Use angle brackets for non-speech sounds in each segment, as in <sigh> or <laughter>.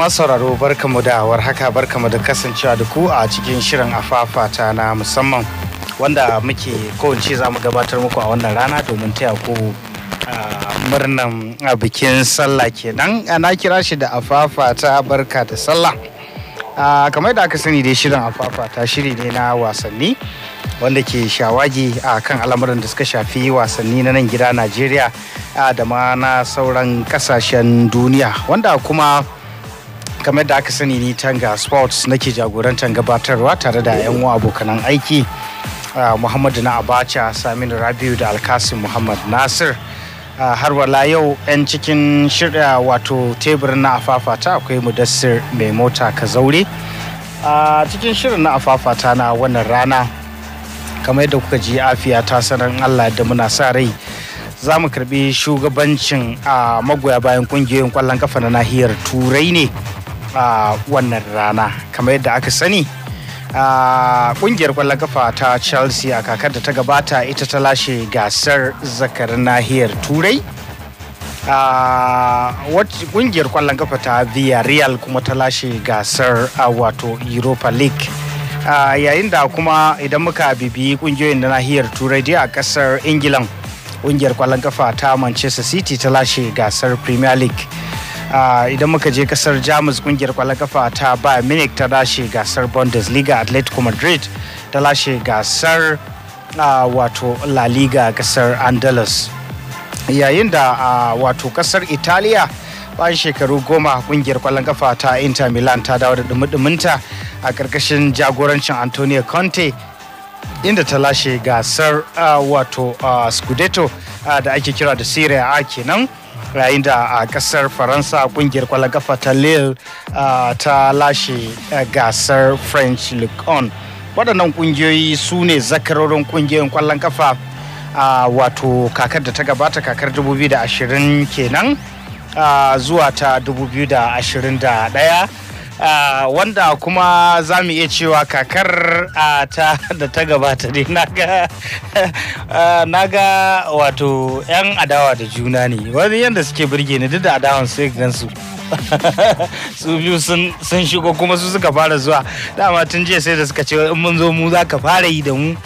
masu sauraro barkamu da war haka barkamu da kasancewa da ku a cikin shirin afafata na musamman wanda muke kowace za mu gabatar muku a wannan rana domin taya ku murnan bikin sallah kenan na kira shi da afafata barka da sallah kamar da aka sani dai shirin afafata shiri ne na wasanni wanda ke shawagi a kan al'amuran da suka shafi wasanni na nan gida najeriya da ma na sauran kasashen duniya wanda kuma kamar da aka sani ni tanga sports nake jagorantar gabatarwa tare da 'yan uwa abokanan aiki muhammadu na abacha saminu rabiu da alkasim muhammad nasir har wala yau 'yan cikin shirya wato tebur na afafata akwai mudassir mai mota ka zaure a cikin shirin na afafata na wannan rana kamar yadda kuka ji afiya ta sanar allah da muna sa rai za mu karbi shugabancin a magoya bayan kungiyoyin kwallon kafa na nahiyar turai ne a wannan rana kamar yadda aka sani a kungiyar kwallon kafa ta chelsea a kakar da ta gabata ita ta lashe gasar zakar nahiyar turai a kungiyar kwallon kafa ta real kuma ta lashe gasar a wato europa league yayin da kuma idan muka bibi kungiyoyin da nahiyar turai dai a kasar ingilan kungiyar kwallon kafa ta manchester city ta lashe gasar premier league idan muka je kasar jamus kungiyar kwallon kafa ta bayern munich ta lashe gasar bundesliga atletico madrid ta lashe gasar wato la liga kasar andalus yayin da wato kasar italiya bayan shekaru goma kungiyar kwallon kafa ta inter milan ta dawo da dumudumunta a karkashin jagorancin antonio conte inda ta lashe gasar wato scudetto da ake kira da syria a kenan yayin da a kasar faransa kungiyar kwallon ta lille ta lashe gasar french league waɗannan ƙungiyoyi su ne zakarorin kungiyoyin kwallon kafa wato kakar da ta gabata kakar 2020 kenan zuwa ta 2021 Ah, wanda kuma za mu iya cewa kakar ah, ta da ta gabata ne ah, na ga wato 'yan adawa da juna ne wani yadda suke birge ni duk da adawan sai gansu <laughs> su biyu sun shigo kuma su suka fara zuwa dama tun jiya sai da suka ce in mun zo mu za ka fara yi da mu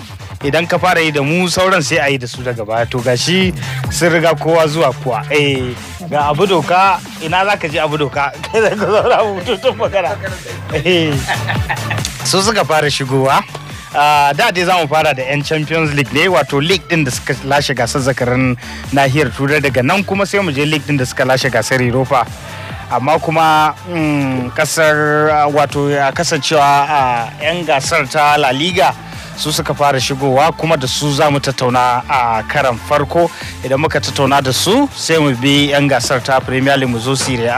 idan ka fara yi da mu sauran sai a yi da su daga baya to gashi sun riga kowa zuwa kuwa eh ga abu doka ina za ka je abu doka <laughs> kai za ka zaura bututun magana eh. su suka fara shigowa ah, da dai za mu fara da 'yan champions league ne wato league din da suka lashe gasar zakarin nahiyar turai daga nan kuma sai mu je league din da suka lashe gasar europa amma kuma mm, kasar ah, wato ah, kasancewa 'yan gasar ta la liga su suka fara shigowa kuma da su za mu tattauna a karan farko idan muka tattauna da su sai mu bi 'yan gasar ta premier league mu zo serie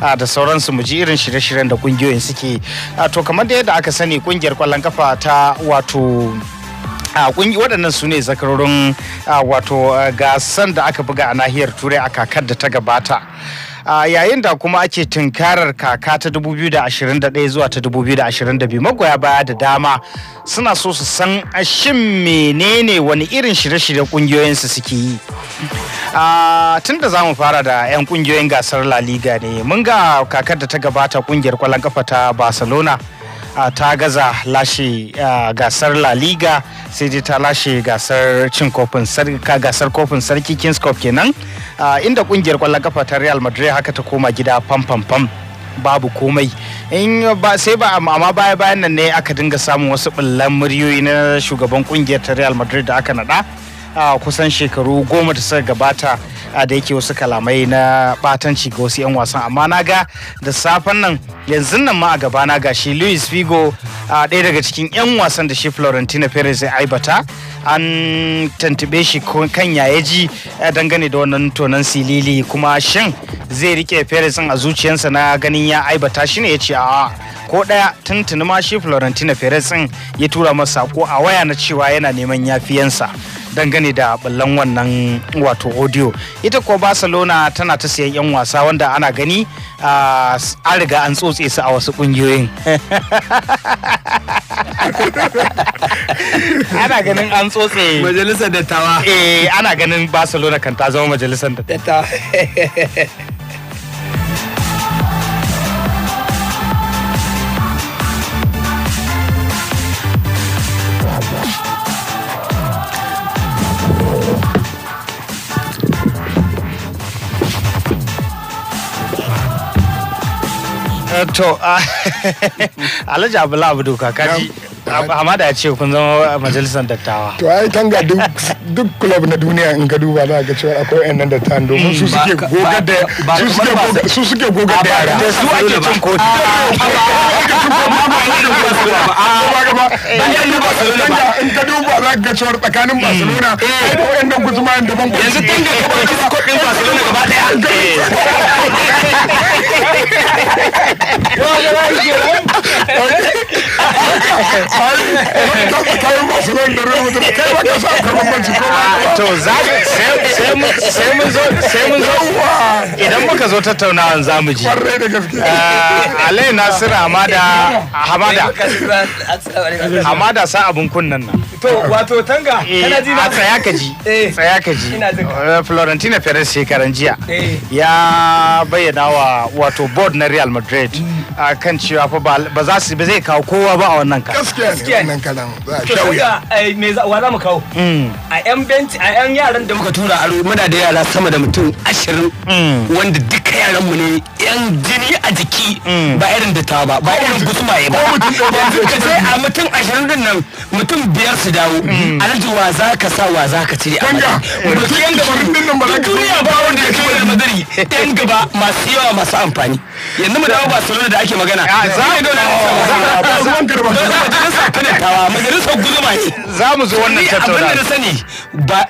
a da sauransu mu ji irin shirye-shiryen da kungiyoyin suke to kamar da yadda aka sani kungiyar kwallon kafa ta wato a kungi waɗannan su ne zakarorin wato gasan da aka buga a nahiyar turai a kakar da ta gabata a yayin da kuma ake tunkarar kaka ta 2021 zuwa ta 2022 magoya baya da dama suna so su san shin menene wani irin shirye-shirye kungiyoyinsu suke yi a tun da za mu fara da 'yan kungiyoyin gasar la liga ne mun ga kakar da ta gabata kungiyar kwallon kafa ta barcelona ta gaza lashe gasar la liga sai dai ta lashe gasar cin kofin sarki gasar kofin sarki kings cup kenan inda kungiyar kwallon kafa ta real madrid haka ta koma gida fam fam fam babu komai in ba sai ba amma baya bayan nan ne aka dinga samun wasu bullan muryoyi na shugaban kungiyar ta real madrid da aka nada kusan shekaru goma da suka gabata a da yake wasu kalamai na batanci ga wasu 'yan wasan amma na ga da safen nan yanzu nan ma a gabana ga shi luis figo ɗaya daga cikin 'yan wasan da shi florentina perez ya aibata an tantube shi kan yaya ji eh, dangane da wannan tonan silili kuma shin zai rike perez a zuciyarsa na ganin ya aibata shi ne ya ce a ko daya tuntuni ma shi florentina perez ya tura masa sako a waya na cewa yana neman yafiyansa dangane da ballan wannan wato audio ita ko barcelona tana ta siyan 'yan wasa wanda ana gani an riga an tsotse su a wasu kungiyoyin <laughs> ana ganin an tsotse majalisar dattawa eh ana ganin barcelona kan ta zama majalisar dattawa <laughs> to ah, <laughs> alhaji abula a kakaji hamada ya ce kun zama majalisar dattawa to ai tanga duk club na duniya in ka duba za ka cewa akwai yan nan dattawan domin su suke gogar da su suke gogar da yara su ake cin kotu eh. in ka duba za ka cewa tsakanin hmm. barcelona ai eh. da wayan nan daban yanzu ka ba barcelona gaba daya to za sai mun zo idan muka zo tattaunawan za ji eh, alai nasiru hamada sa abun kunnan nan wato tanga eh, kana ji na eh, Florentina Perez shekaran ya bayyana wa wato wato board na Real Madrid a kan cewa fa ba za su ba zai kawo kowa ba a wannan kan. Gaskiya ne wannan kalan eh, za a shawuya. wa za mu kawo? Hmm. A yan benci a yan yaran da muka tura aro muna da yara sama da mutum ashirin hmm. wanda duka yaran mu ne yan jini a jiki hmm. ba irin da ta ba ba irin gutsumaye ba. ka sai a mutum ashirin din nan mutum biyar su dawo. Alhaji wa za ka sa wa za ka cire a Mutum yan gaba. Duniya ba wanda ya kai Real madari Yan gaba masu yawa masu amfani. Bye. yanzu mu dawo Barcelona da ake magana za mu ga ruwan garba majalisar kanatawa ne za mu zo wannan tattauna abin da sani ba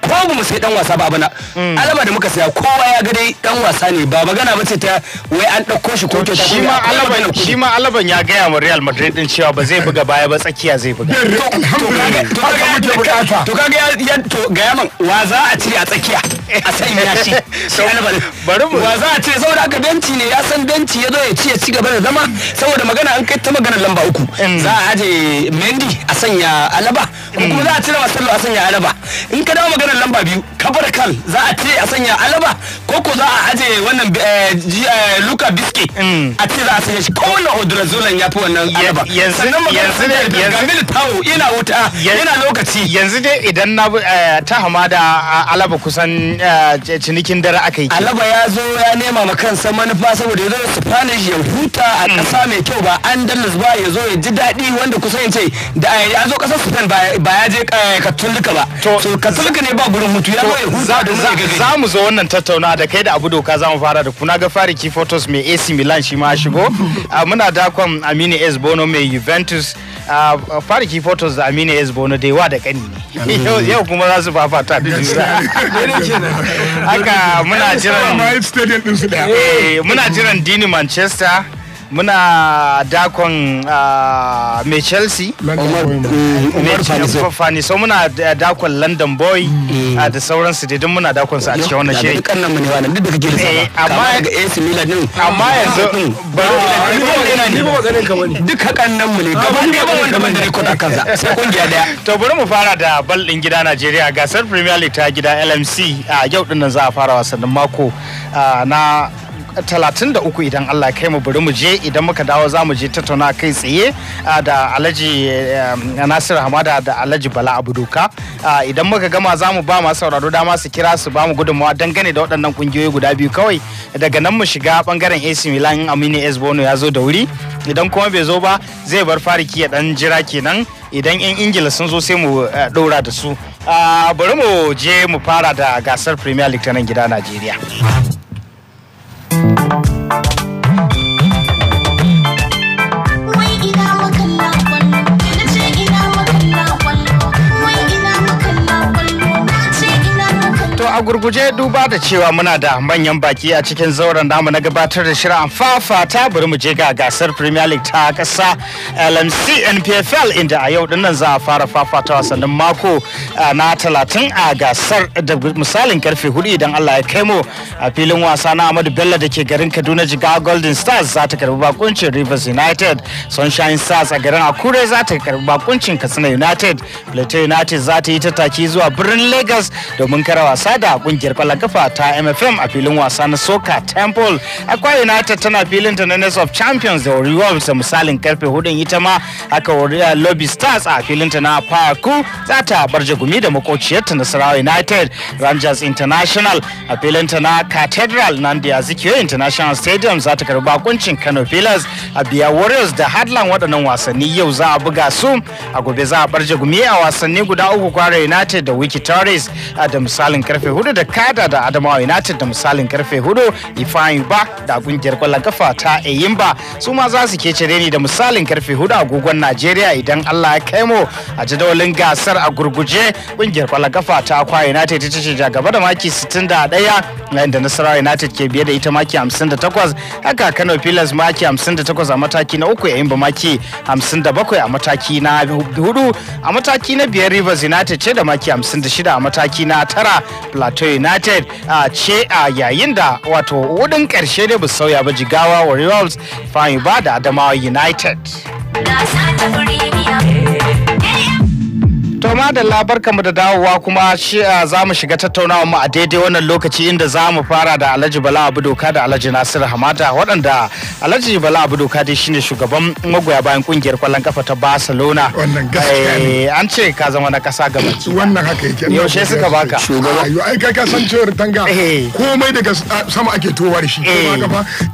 ko mu sai dan wasa ba bana hmm. alaba da muka saya kowa ya ga dai dan wasa ne ba magana ba ce ta wai an dauko shi ko ta shi ma alaban shi ma alaban ya gaya mu Real Madrid din cewa ba zai buga baya ba tsakiya zai buga to kaga ya to ga ya man wa za a ci a tsakiya a sanya shi <laughs> shi alaban bari mu wa za a ci saboda aka benci ne ya san idan benci ya zo ya ci ya ci gaba da zama saboda magana an kai ta magana lamba uku mm. za a aje mendi a sanya alaba kuma mm. za a cire masallo a sanya alaba in ka dawo magana lamba biyu kabar kan za a cire a sanya alaba ko ko za a aje wannan eh, eh, luka biski mm. a ce za a sanya shi kowane odurazolan ya fi wannan alaba sannan magana gamil tawo ina wuta yana lokaci yanzu dai idan na eh, ta hamada alaba kusan cinikin dare aka yi alaba ya zo ya nema ma kansa manufa saboda ya zo spanish ya huta a hmm. ƙasa mai kyau ba andalus ba ya zo ya ji daɗi wanda kusan yace da ya zo ƙasar spain ba ya je katolika eh, ba to katolika ne ba gurin mutu ya zo ya huta da mai za mu zo wannan tattauna da kai da abu doka za mu fara da kuna ga fariki photos mai ac milan shi ma shigo <laughs> ah, muna dakon amini s bono mai juventus ah, fariki photos da amini s bono da yawa da kani ne <laughs> yau kuma za su fafata da juna haka muna jiran eh, muna jiran dini manchester muna dakon ah, mai chelsea eh, fani so muna dakon london boy mm. ah, da sauran sauransu daidai muna dakon su a cikin wannan shiri. dukkanin mu ne wannan duk da kake da amma ga AC Milan din amma yanzu ba ni ba magana ne ba magana kamar duk hakannan mu ne kamar ne ba wanda mun da record akan sai kungiya daya to bari mu fara da bal din gida Najeriya gasar Premier League ta gida LMC a ah, yau din nan za a fara wasannin mako na Talatin da uku idan Allah kai mu bari mu je idan muka dawo za mu je tattauna kai tsaye da Alhaji Nasiru Hamada da Alhaji Bala Abuduka idan muka gama za mu ba masu sauraro dama su kira su ba mu gudunmawa dangane da waɗannan kungiyoyi guda biyu kawai daga nan mu shiga bangaren AC Milan Amini S Bono ya zo da wuri idan kuma bai zo ba zai bar fariki ya dan jira kenan idan 'yan ingila sun zo sai mu eh, ɗora da su bari mu je mu fara da gasar premier league ta nan gida najeriya gurguje duba da cewa muna da manyan baki a cikin zauren namu na gabatar da shirin fafata bari mu je ga gasar Premier League ta kasa LMC NPFL inda a yau dinnan za a fara fafata wasannin mako na 30 a gasar da misalin karfe hudu idan Allah ya kai mu a filin wasa na Ahmadu Bello da ke garin Kaduna Jiga Golden Stars za ta karbi bakuncin Rivers United Sunshine Stars a garin Akure za ta karbi bakuncin Katsina United Plateau United za ta yi tattaki zuwa birnin Lagos domin kara wasa da a kungiyar kwallon kafa ta MFM a filin wasa na Soka Temple. Akwa United tana filin ta na Nest of Champions da Wolves misalin karfe hudun ita ma haka Lobby Stars a filin ta na Parku za ta bar jagumi da makociyarta Nasarawa United Rangers International a filin ta na Cathedral da Azikiwe International Stadium za ta karbi bakuncin Kano Pillars a biya Warriors da Hadland waɗannan wasanni yau za a buga su a gobe za a bar jagumi a wasanni guda uku kwara United da Wiki Torres da misalin karfe hudu da kada da Adamawa United da misalin karfe hudu ifayin ba da kungiyar kwallon kafa ta Eyimba su ma za su kece ni da misalin karfe hudu agogon Najeriya idan Allah ya kai mu a jadawalin gasar a gurguje kungiyar kwallon kafa ta Akwa United ita ce gaba da maki 61 yayin da Nasarawa United ke biye da ita maki 58 haka Kano Pillars maki 58 a mataki na uku ba maki 57 a mataki na hudu a mataki na biyar Rivers United ce da maki 56 a mataki na tara plateau united a ce a yayin da wato wudin karshe ne bu sauya ba jigawa warriors fahimba da adamawa united To madalla barkamu da dawowa kuma shi ah, za mu shiga tattaunawa mu a daidai wannan lokaci inda za mu fara da Alhaji Bala Abu Doka da Alhaji Nasir Hamada waɗanda Alhaji Bala Abu Doka dai shine shugaban magoya bayan kungiyar kwallon kafa ta Barcelona. Wannan gaskiya ne. Eh, an ce ka zama na kasa ga baki. Wannan haka yake. Yaushe suka baka. Shugaba. Yo ai kai ka san cewa tanga. Eh. Komai daga ah, sama ake towar shi. Eh.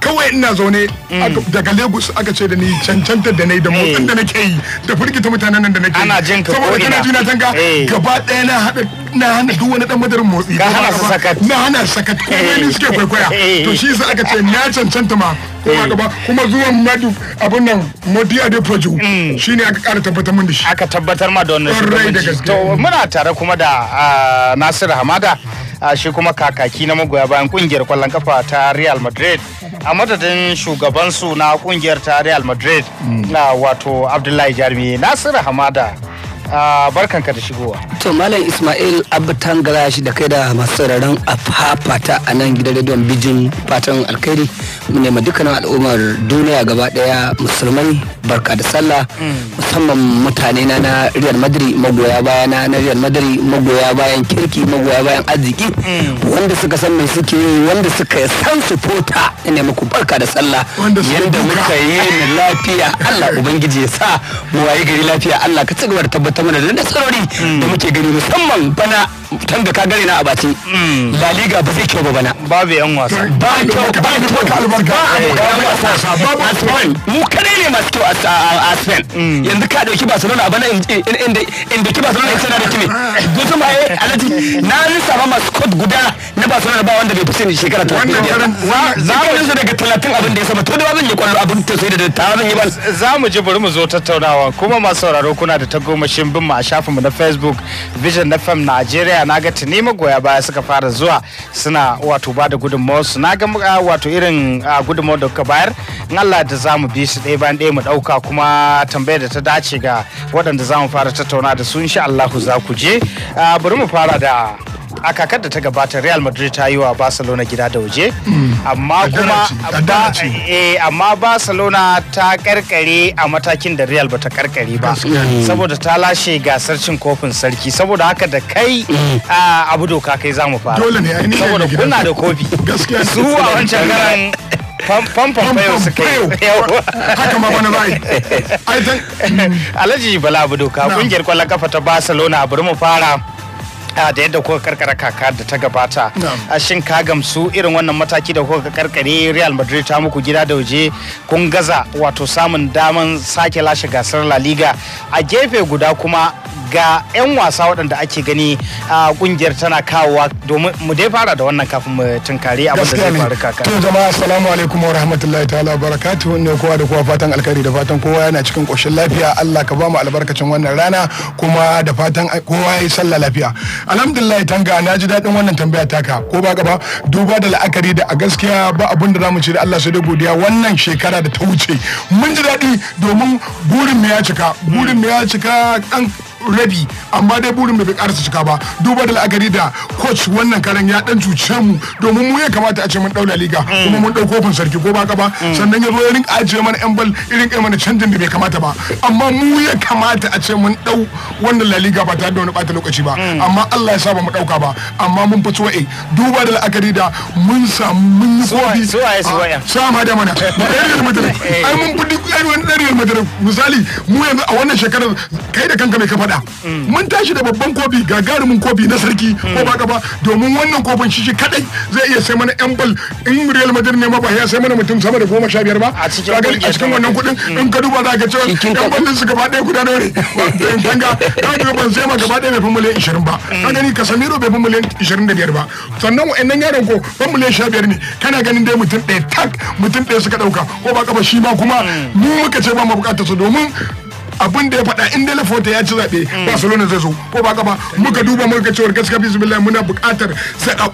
Kawai ina zaune mm. daga Lagos aka ce da ni cancantar da na yi da motsin da nake yi da firgita mutanen nan da nake yi. Ana jin ka ko ina. katanga eh. gaba ɗaya na haɗa na hana duk wani dan madarin motsi ka hana sakat na hana sakat komai eh. ni suke kwaikwaya eh. to shi yasa aka ce na cancanta ma kuma gaba kuma zuwan madu abin nan modi ade proju hmm. shine aka ƙara tabbatar min da shi aka tabbatar ma da wannan shugabanci to muna tare kuma da ah, Nasiru Hamada ah, shi kuma kakaki na magoya bayan kungiyar kwallon kafa ta Real Madrid a madadin shugabansu na kungiyar ta Real Madrid hmm. na wato Abdullahi Jarmi Nasiru Hamada barkanka da shigowa. To Malam Ismail Abtan shi da kai da masu sauraron a fafata a nan gidan rediyon bijin fatan alkhairi mu nema dukkanin al'ummar duniya gaba daya musulmai barka da sallah mm. musamman mutane na na Real Madrid magoya baya na na Real Madrid magoya bayan kirki magoya bayan arziki mm. wanda suka san me suke yi wanda suka san supporta ina muku barka da sallah yanda muka yi lafiya Allah ubangiji ya sa mu wayi gari lafiya Allah ka ci gaba da tabbatar saboda da nasarori da hmm. muke gani musamman bana can da ka gare na a bace la hmm. liga ba zai kyau ba bana ba bai yan wasa ba kyau ba ni ko ka albarka ba eh, ba wasa babu aspen mu kare ne masu kyau a aspen hmm. yanzu ka dauki barcelona a bana inda inda ki barcelona ita na da kime gudu ma eh alaji na lissafa masu kod guda na barcelona ba wanda bai fi sani shekara ta wannan za mu yanzu daga 30 abin da ya saba to da zan yi kwallo abin to sai da ta zan yi ba za mu ji bari mu zo tattaunawa kuma masu sauraro kuna da tagomashin bin mu a shafinmu na facebook vision fm nigeria na ga tuni magoya baya suka fara zuwa suna wato ba da gudunmawar su na ga ah, wato irin ah, gudunmawar da kuka bayar in Allah da za mu bi su ɗaya bayan ɗaya mu ɗauka kuma tambayar da ta dace ga waɗanda za mu fara tattauna da su insha Allahu za ku je ah, bari mu fara da a kakar da ta gabata real madrid ta yi wa barcelona gida da waje hmm. amma kuma eh, amma barcelona ta karkare a matakin da real bata karkare ba saboda ta lashe gasar cin kofin sarki saboda haka da kai hmm. abu doka kai za mu fara saboda kuna da kofi su a wancan garan famfan fayo su kai haka ma wani bai <laughs> alhaji bala abu doka kungiyar kwallon kafa ta barcelona a bari mu fara da yadda kuka karkara kaka da ta gabata a shin ka gamsu irin wannan mataki da kuka karkare real madrid ta muku gida da waje kun gaza wato samun daman sake lashe gasar la liga a gefe guda kuma ga 'yan wasa waɗanda ake gani a kungiyar tana kawowa domin mu dai fara da wannan kafin mu tunkari a da zai faru kaka. To jama'a assalamu alaikum wa rahmatullahi ta'ala barakatuhu ne kowa da kowa fatan alkhairi da fatan kowa yana cikin koshin lafiya Allah ka ba mu albarkacin wannan rana kuma da fatan kowa ya yi sallah lafiya. Alhamdulillah tanga na ji daɗin wannan tambaya taka ko ba gaba duba da la'akari da a gaskiya ba abin da zamu ce da Allah sai dai godiya wannan shekara da ta wuce mun ji daɗi domin burin mu ya cika burin mu ya cika rabi amma dai burin bai karasa cika ba duba da la'akari da coach wannan karan ya dan cuce mu domin mu ya kamata a ce mun daula liga kuma mun dau kofin sarki ko baka ba sannan ya zo irin rinka ajiye mana yan bal irin kai mana canjin da bai kamata ba amma mu ya kamata a ce mun dau wannan la liga ba tare da wani bata lokaci ba amma Allah ya sa ba mu dauka ba amma mun fito eh duba da la'akari da mun samu mun yi kofi ah, sama da mana ba Real Madrid eh. ai mun fi duk wani Real Madrid misali mu yanzu a wannan shekarar kai da kanka mai kafa faɗa mun tashi da babban kofi gagarumin kofi na sarki ko ba gaba domin wannan kofin shi shi kadai zai iya sai mana yan bal in Real Madrid ne ma ba ya sai mana mutum sama da goma sha biyar ba a cikin wannan kuɗin mm. in ka duba za ka cewa yan ballin su gaba ɗaya guda nawa ne kanga ka ga ban sai ma gaba ɗaya bai fi miliyan ishirin ba ka gani kasamiro bai fi miliyan ishirin da biyar ba sannan wa'annan yaron ko ban miliyan sha biyar ne kana ganin dai mutum ɗaya tak mutum ɗaya suka ɗauka ko ba gaba shi ma kuma mu muka ce ba mu bukatar su domin abin da ya faɗa in Dele Forte ya ci zaɓe mm. Barcelona zai zo ko ba ka muka duba muka cewa gaskiya bismillah muna buƙatar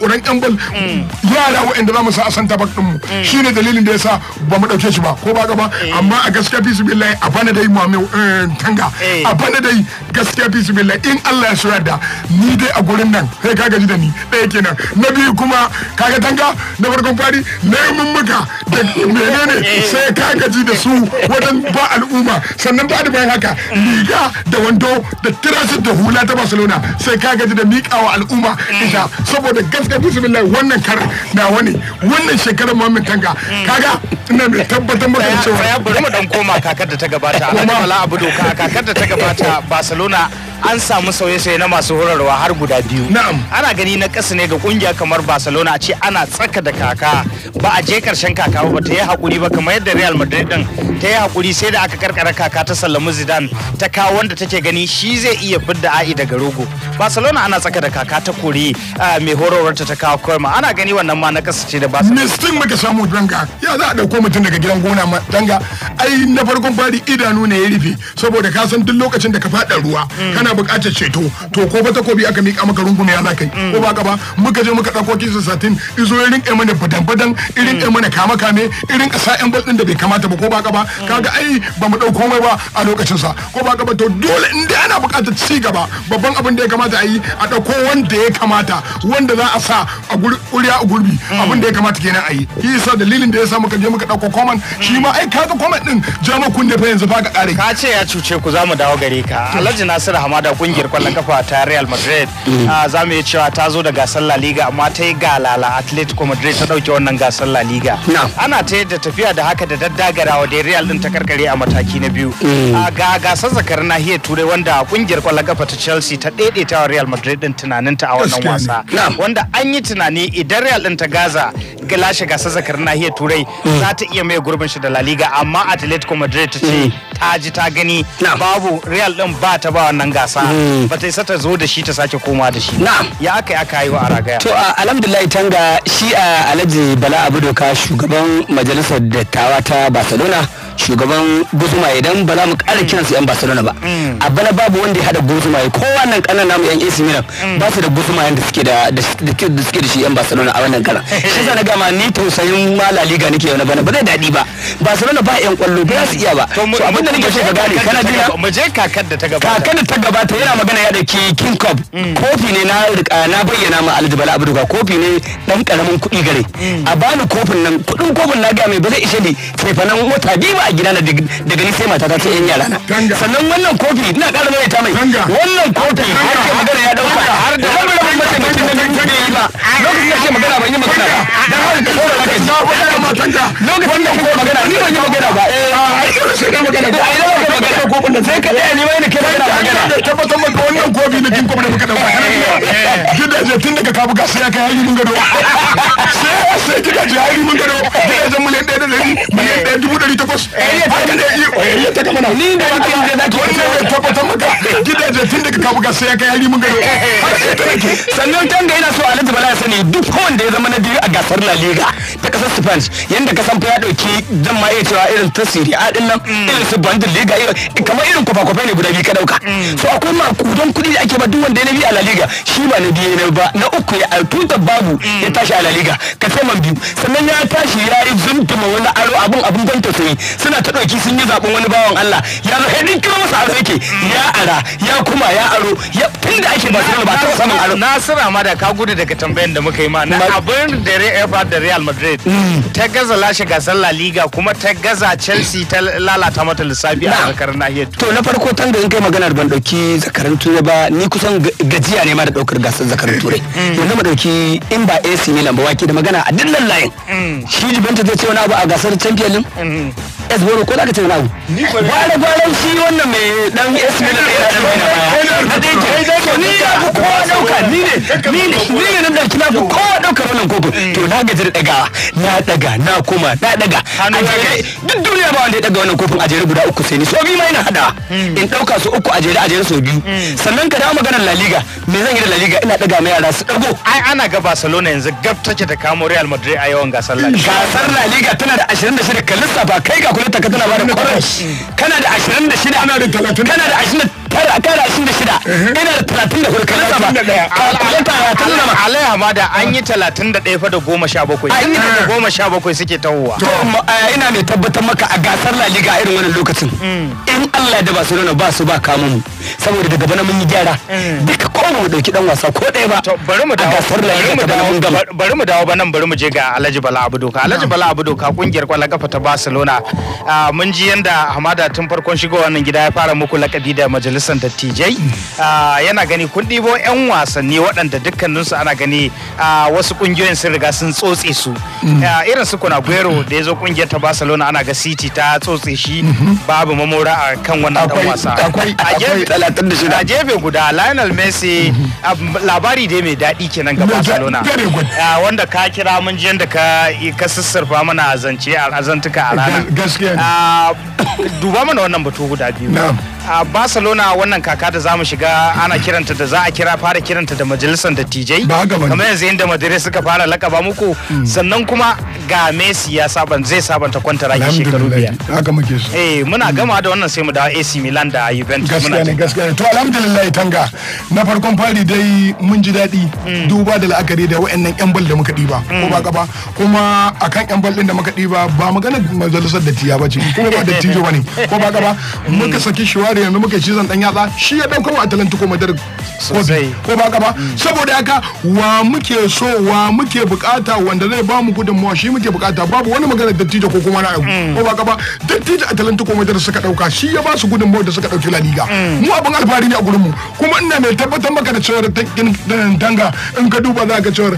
ƙuran yan bal mm. yara waɗanda za mu sa a santa bak ɗinmu mm. shine dalilin da ya sa ba mu ɗauke shi ba ko ba ka eh. amma a gaskiya bismillah a bana dai Muhammad eh, Tanga eh. a bana dai gaskiya bismillah in Allah ya so da ni dai a gurin nan sai ka gaji da ni ɗaya kenan na biyu kuma kaga Tanga na farkon fari na lemun muka da menene sai ka gaji da su wajen ba al'umma sannan ba da bayan haka liga da wando da tirasin da hula ta barcelona sai ka gaji da miƙawa al'umma ita saboda gaske bismillah wannan kar na wani wannan shekarar muhammed tanga kaga ina mai tabbatar maka cewa ya bari mu dan koma kakar da ta gabata wala abu doka kakar da ta gabata barcelona an samu sauye-sauye na masu horarwa har guda biyu. Na'am. Ana gani na ƙasa ne ga ƙungiya kamar Barcelona a ce ana tsaka da kaka ba a je karshen kaka ba ta yi haƙuri ba kamar yadda Real Madrid din ta yi haƙuri sai da aka karkara kaka ta sallami Zidane ta kawo wanda take gani shi zai iya fidda a'i daga rogo Barcelona ana tsaka da kaka ta kore mai horarwar ta kawo Koyma ana gani wannan ma na kasa ce da Barcelona Mestin muka samu danga ya za a dauko mutum daga gidan gona ma danga ai na farkon fari idanu ne ya rufe saboda ka san duk lokacin da ka fada ruwa mm. kana buƙatar ceto to ko ba takobi aka mika maka rungume ya za kai mm. ko ba ka ba muka je muka dauko kisa satin izo ya ƴan mana badan-badan irin ƴan mm. mana kama-kame irin ƙasa ƴan bal ɗin da bai kamata ba ko ba ka ba kaga ai ba mu ɗauko mai ba a lokacin lokacinsa ko ba gaba to dole inda ana bukatar ci gaba babban abin da ya kamata a yi a dauko wanda ya kamata wanda za a sa a guri a gurbi mm. abin da ya kamata kenan a yi shi yasa dalilin da ya sa muka je muka dauko koman shi ma ai kaga koman din jama kun da yanzu fa ka ƙare ka ce ya cuce ku za mu dawo gare ka alhaji nasir hamada kungiyar kwallon kafa ta real madrid mm. ah, za mu iya cewa ta zo da gasar la liga amma ta yi galala atletico madrid ta ɗauke wannan gasar la liga ana ta yadda tafiya da haka da daddagarawa da real din ta karkare a mataki na biyu mm. ah, ga gasar zakar nahiyar turai wanda kungiyar kwallon kafa ta chelsea ta daidaita wa real madrid din tunanin ta a wannan wasa wanda an yi tunani idan real din ta gaza ga lashe gasar zakar nahiyar turai mm. za ta iya mai gurbin shi da la liga amma atletico madrid ta ce mm. ta ji ta gani babu real din ba ta ba wannan gasa mm. ba ta isa ta zo da shi ta sake koma da shi ya aka yi aka yi wa aragaya to alhamdulillah tanga shi a alhaji bala abu doka shugaban majalisar dattawa ta barcelona shugaban guzuma idan ba za mu kara kiran su yan barcelona ba mm. a bana babu wanda ya hada guzuma ko wannan kanan namu yan ac milan mm. ba su da guzuma yanda suke da da suke da shi yan barcelona a wannan kanan <laughs> shi yasa gama ni tausayin ma la liga nake na bana ba zai daɗi ba barcelona ba yan kwallo ba su iya ba to abin da nake so ka gane kana jira mu je kakar da ta gabata kakar da ta gabata yana magana ya dauki king cup mm. kofi ne na na bayyana ma aljibala bala kofi ne dan karamin kuɗi gare a bani kofin nan kuɗin kofin na ga mai ba zai ishe ni sai fa nan wata biyu ba a gida na daga ni sai mata ta ce yan yara na sannan wannan kofi ina ƙara mai ta mai wannan kofi har ke magana ya dauka har da har mai mataimakin na biyu ne ba lokacin da ke magana ban yi magana ba dan har da kora ka ji lokacin da ke magana ni ban yi magana ba eh ai kana sai ka magana ba ai na magana magana kofin da sai ka tsaya ni wai ne ke magana magana tabbatar maka wannan kofi da kin kuma da muka dauka eh. gida je tun daga kabu ga sai ka yi mun gado sai sai gidaje ya yi mun gado gidajen miliyan 1 da miliyan 1 dubu 800 haka ni na ka sannan can da yana so alhaji bala ya sani duk wanda ya zama na biyu a gasar la liga ta kasar spain yanda ka san fa ya dauki zan ma iya cewa irin ta siri a din nan irin su bandin liga kamar irin kwafa-kwafa ne guda biyu ka dauka so akwai makudan kuɗi da ake ba duk wanda ya na biyu a la liga shi ba na biyu ne ba na uku ya tuta babu ya tashi a la liga ka sai man biyu sannan ya tashi ya yi zumtuma wani aro abun abun ban tausayi suna ta ɗauki sun yi zaɓen wani bawan Allah ya zo hedin kiro masa aro yake ya ara ya kuma ya aro ya tunda ake ba ba ta samun aro Nasira ma da ka gudu daga tambayan da muka yi ma na abin da Real da Real Madrid mm. ta gaza lashe gasar La Liga kuma ta gaza Chelsea ta lalata mata lissafi a zakarar nahiyar to na farko tan da in kai maganar ban dauki zakarin turai ba ni kusan gajiya ne ma da daukar gasar zakarin mm. turai mm. yanzu mu dauki in ba AC Milan ba wake da magana a dillan layin shi Juventus zai ce wani abu a gasar Champions League s bono ko zaka ce na gware gwaren shi wannan mai dan s na ni ya ku dauka ni ne ni ne ni ne nan da kina ku dauka wannan koko eh. to na daga na daga na na daga a duk duniya ba wanda ya daga wannan kofin a guda uku sai ni so bi mai na hada hmm. in dauka su uku so biyu hmm. sannan ka dawo maganar la liga me zan yi da la liga ina daga mai yara su dago ai ana ga barcelona yanzu da kamo real a yawan gasar la tana da 26 calculator ka tana ba da kwarash kana da 26 ana da 30 kana da 29 kana da 26 ina da 34 kana da 31 calculator ya tana ma alaiha ma da an yi 31 fa da 17 an yi da 17 suke tawowa to eh, ina mai tabbatar maka a gasar La Liga irin wannan lokacin mm. in Allah da Barcelona ba su ba kama mu saboda daga bana mun yi gyara mm. duka ko mu dauki dan wasa ko dai ba to bari mu dawo bari mu dawo ba nan bari mu je ga Alhaji Bala ka Alhaji Bala ka kungiyar kwallon kafa ta Barcelona mun ji yanda hamada tun farkon shigo wannan gida ya fara muku lakabi da majalisar dattijai yana gani kun ɗibo 'yan wasanni waɗanda dukkaninsu ana gani wasu ƙungiyoyin sun riga sun tsotse su mm. irin su kuna guero da ya zo ƙungiyar ta barcelona ana ga city ta tsotse shi mm-hmm. babu mamora a kan wannan ɗan wasa a jefe guda lionel messi mm-hmm. labari dai mai daɗi kenan ga barcelona wanda ka kira mun ji yanda ka sassarfa mana zance a azantuka a ranar Ah, <coughs> duba mana wannan batu guda biyu a barcelona wannan kaka da za mu shiga ana kiranta da za a kira fara kiranta da majalisar dattijai kamar yanzu yadda madrid suka fara lakaba muku hmm. sannan kuma ga messi ya saban zai sabanta kwanta ya shekaru biyar haka muke su eh muna hmm. gama da wannan sai mu dawo ac milan da juventus gaskiya ne gaskiya ne to alhamdulillah tanga na farkon fari dai mun ji daɗi hmm. duba da la'akari da wa'annan yan bal da muka ɗiba ko ba gaba kuma akan yan bal din da muka ɗiba ba magana majalisar tiya ba ce kuma ba dattijo ba ne ko ba gaba muka saki shiwari da yanzu muke shi zan dan yatsa shi ya dauko wa Atlantico Madrid sosai ko ba ka ba saboda haka wa muke so wa muke bukata wanda zai ba mu gudunmawa shi muke bukata babu wani magana tijo ko kuma na yau. Mm. ko ba ka ba dattijo ko madar suka dauka shi ya ba su gudunmawa da suka dauki La Liga mm. mu abin alfahari ne a gurin mu kuma ina mai tabbatar maka da cewar tanga in ka duba za ka cewar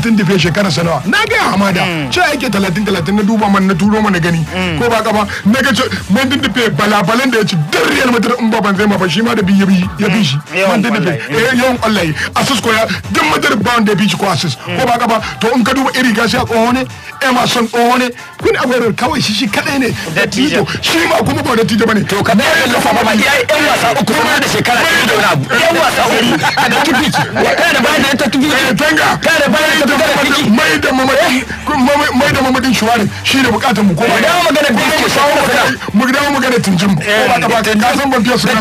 tun dife shekara sanawa na ga hamada mm. ce yake 30 30 na duba man na turo mana gani ko ba ka ba na ga tun dife balabalan da ya ci dare fetur in ba zai ma ba shi ma da biyu ya bi shi mm, man da da eh, mm. yawan kwallaye asis ko ya duk madar ba wanda ya bi shi ko asis mm. ko ba gaba to in ka duba iri gashi a tsoho ne emerson tsoho ne kun abuwar kawai shi shi kadai ne da tito shi ma kuma ba da tito bane to ka dai da fama ba iya yan wasa uku kuma da shekara ɗaya da wani abu yan wasa uku a da tufi kada bayan da ta tufi tanga kada bayan da ta tufi mai da mamadi eh? mai da mamadin shuwarin shi da bukatar mu ko ba da magana biyu mu dawo magana tunjin eh, ko ba ka ba ka san bɔ diɛ fɛnɛ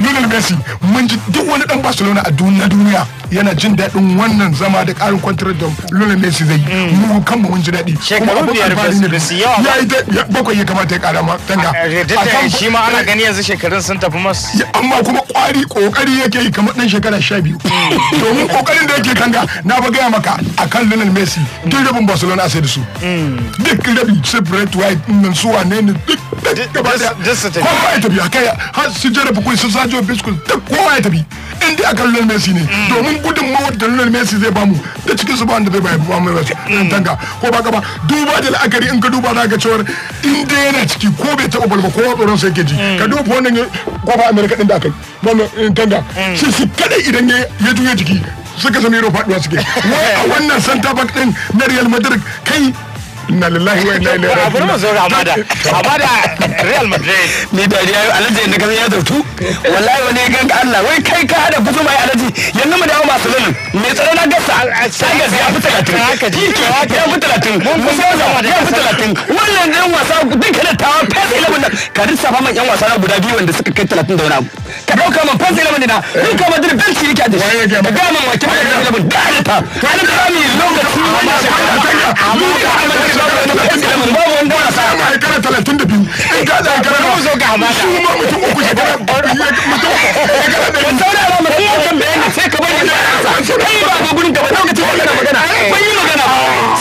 Lionel Messi mun ji duk wani dan Barcelona a duniya duniya yana jin daɗin wannan zama da ƙarin kwantar da Lionel Messi zai yi mm. mu kanmu mun ji daɗi shekaru biyar Messi yawa ya yi bakwai ya kamata ya ƙara tanga eh, shi ma ana gani yanzu shekarun sun tafi mas amma kuma ƙwari ƙoƙari yake yi kamar ɗan shekara sha biyu mm. domin ƙoƙarin da yake tanga na ba gaya maka akan Lionel Messi mm. duk rabin Barcelona sai da su duk rabi separate White nan su wane ne duk gaba ɗaya ko ba ya tafi kai har su jarabi kuwa su sajo bidiyo biskus duk kowa ya tafi in dai akan Lionel Messi ne mm. domin gudun mawar da Lionel Messi zai bamu da cikin su ba wanda zai bayar ba mai wasu mm. tanga ko ba gaba duba da la'akari in ka duba za ka cewar in dai yana ciki ko bai taɓa balba ko tsoron sai ke ji mm. ka duba wannan kofa Amerika din da aka yi eh, tanga shi shi kadai idan ya juya jiki suka sami yaro faduwa suke <laughs> wai a wannan santa back din na Real Madrid kai inna lillahi wa inna ilaihi abu abun mu zaura amada amada real madrid ni da ya alaji ne kaza ya zautu wallahi wani ya ganka Allah wai kai ka hada kuzo mai alaji yanzu mu dawo Barcelona mai tsaro na gasa Sagas ya fi talatin haka ji ke ya fi talatin mun fi zama ya fi talatin wannan yan wasa duka da tawa fesa 11 ka lissafa man yan wasa na guda biyu wanda suka kai talatin da wani abu ka dauka ma fansa ilimin dina in ka madrid dan ciki a dashi ka ga man ma man ilimin da alita an da mi lokaci wanda shi ka tanka mu da ilimin babu wanda na sa kai kana 32 in ka da kana mu zo ga hamata su ma mutum uku shi kana mutum ka saura ba mutum ya tambaye ni sai ka bari kai ba a gurin ka ba lokacin da magana bai yi magana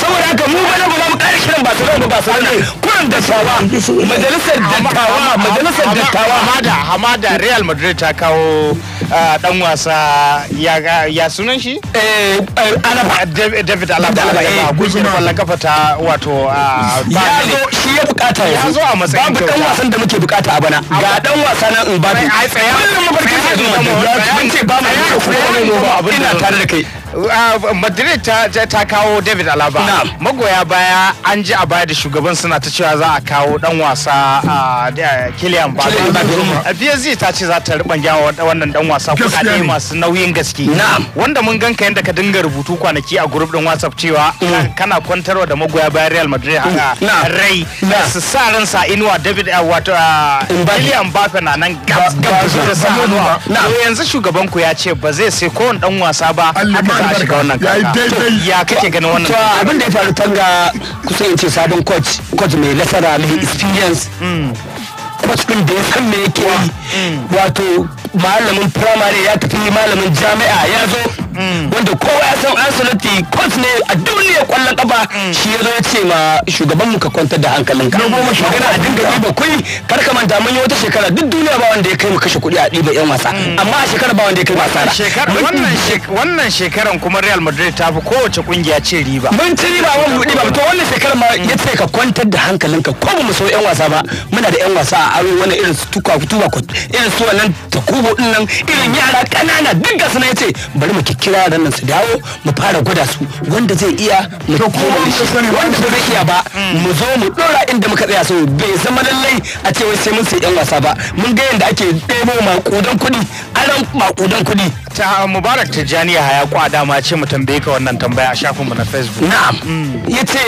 saboda haka mu ba na ba shirin ba sauran ba sauran kurin dattawa majalisar dattawa majalisar dattawa hamada hamada real madrid ta kawo ah, dan wasa ya sunan shi eh, eh ah, alaba david alaba eh, eh, kafa ta wato ah, ya zo shi ya bukata ya zo a matsayin babu dan wasan da muke bukata a bana ga dan wasa kullum mafarkin ya zo ce ba mu kuma ina tare da kai Ah, madrid ta kawo david alaba magoya baya an ji a baya da shugaban suna ta cewa za a kawo dan wasa ah, kilian mbappe psg ta ce za ta gyawa wannan dan wasa kudade masu nauyin gaske wanda mun ganka yadda ka dinga rubutu kwanaki a group din whatsapp cewa mm. kana kwantarwa da magoya baya real madrid haka mm. rai su sa ransa inuwa david ah, wato kilian mbappe na nan gaba da sa yanzu shugaban ku ya ce ba zai sai kowane dan wasa ba a shiga wannan kaka ya kake ganin wannan to abin da ya faru tanga kusan yace sabon coach coach mai nasara mai mm. experience mm. coach din da ya san me yake mm. wato malamin primary ya tafi malamin jami'a ya zo wanda kowa ya san ancelotti kwas ne a duniya kwallon kafa shi ya zo ya ce ma shugaban mu ka kwantar da kuma shugaban a dinga ba kuɗi kar ka manta mun yi wata shekara duk duniya ba wanda ya kai mu kashe kuɗi a diba yan wasa mm. amma a shekara ba wanda ya kai wasa wannan shekaran kuma Real Madrid ta fi kowace kungiya ce riba mun ci riba mun buɗe ba to wannan shekaran ma ya ce ka kwantar da ka ko ba mu so yan wasa ba muna da yan wasa a aro wani irin su tuka tuba irin su wannan takuba taho din nan irin yara kanana duk gasu na yace bari mu kikkira da nan su dawo mu fara gwada su wanda zai iya mu koma wanda ba zai iya ba mm. mu zo mu dora inda muka tsaya so bai zama lallai a ce wai sai mun sai yan wasa ba mun ga yanda ake ɗebo maƙudan kuɗi aran makudan kuɗi ta mubarak ta tijjani ya kwa dama ce mu tambaye ka wannan tambaya a shafinmu na facebook na'am mm. ya ce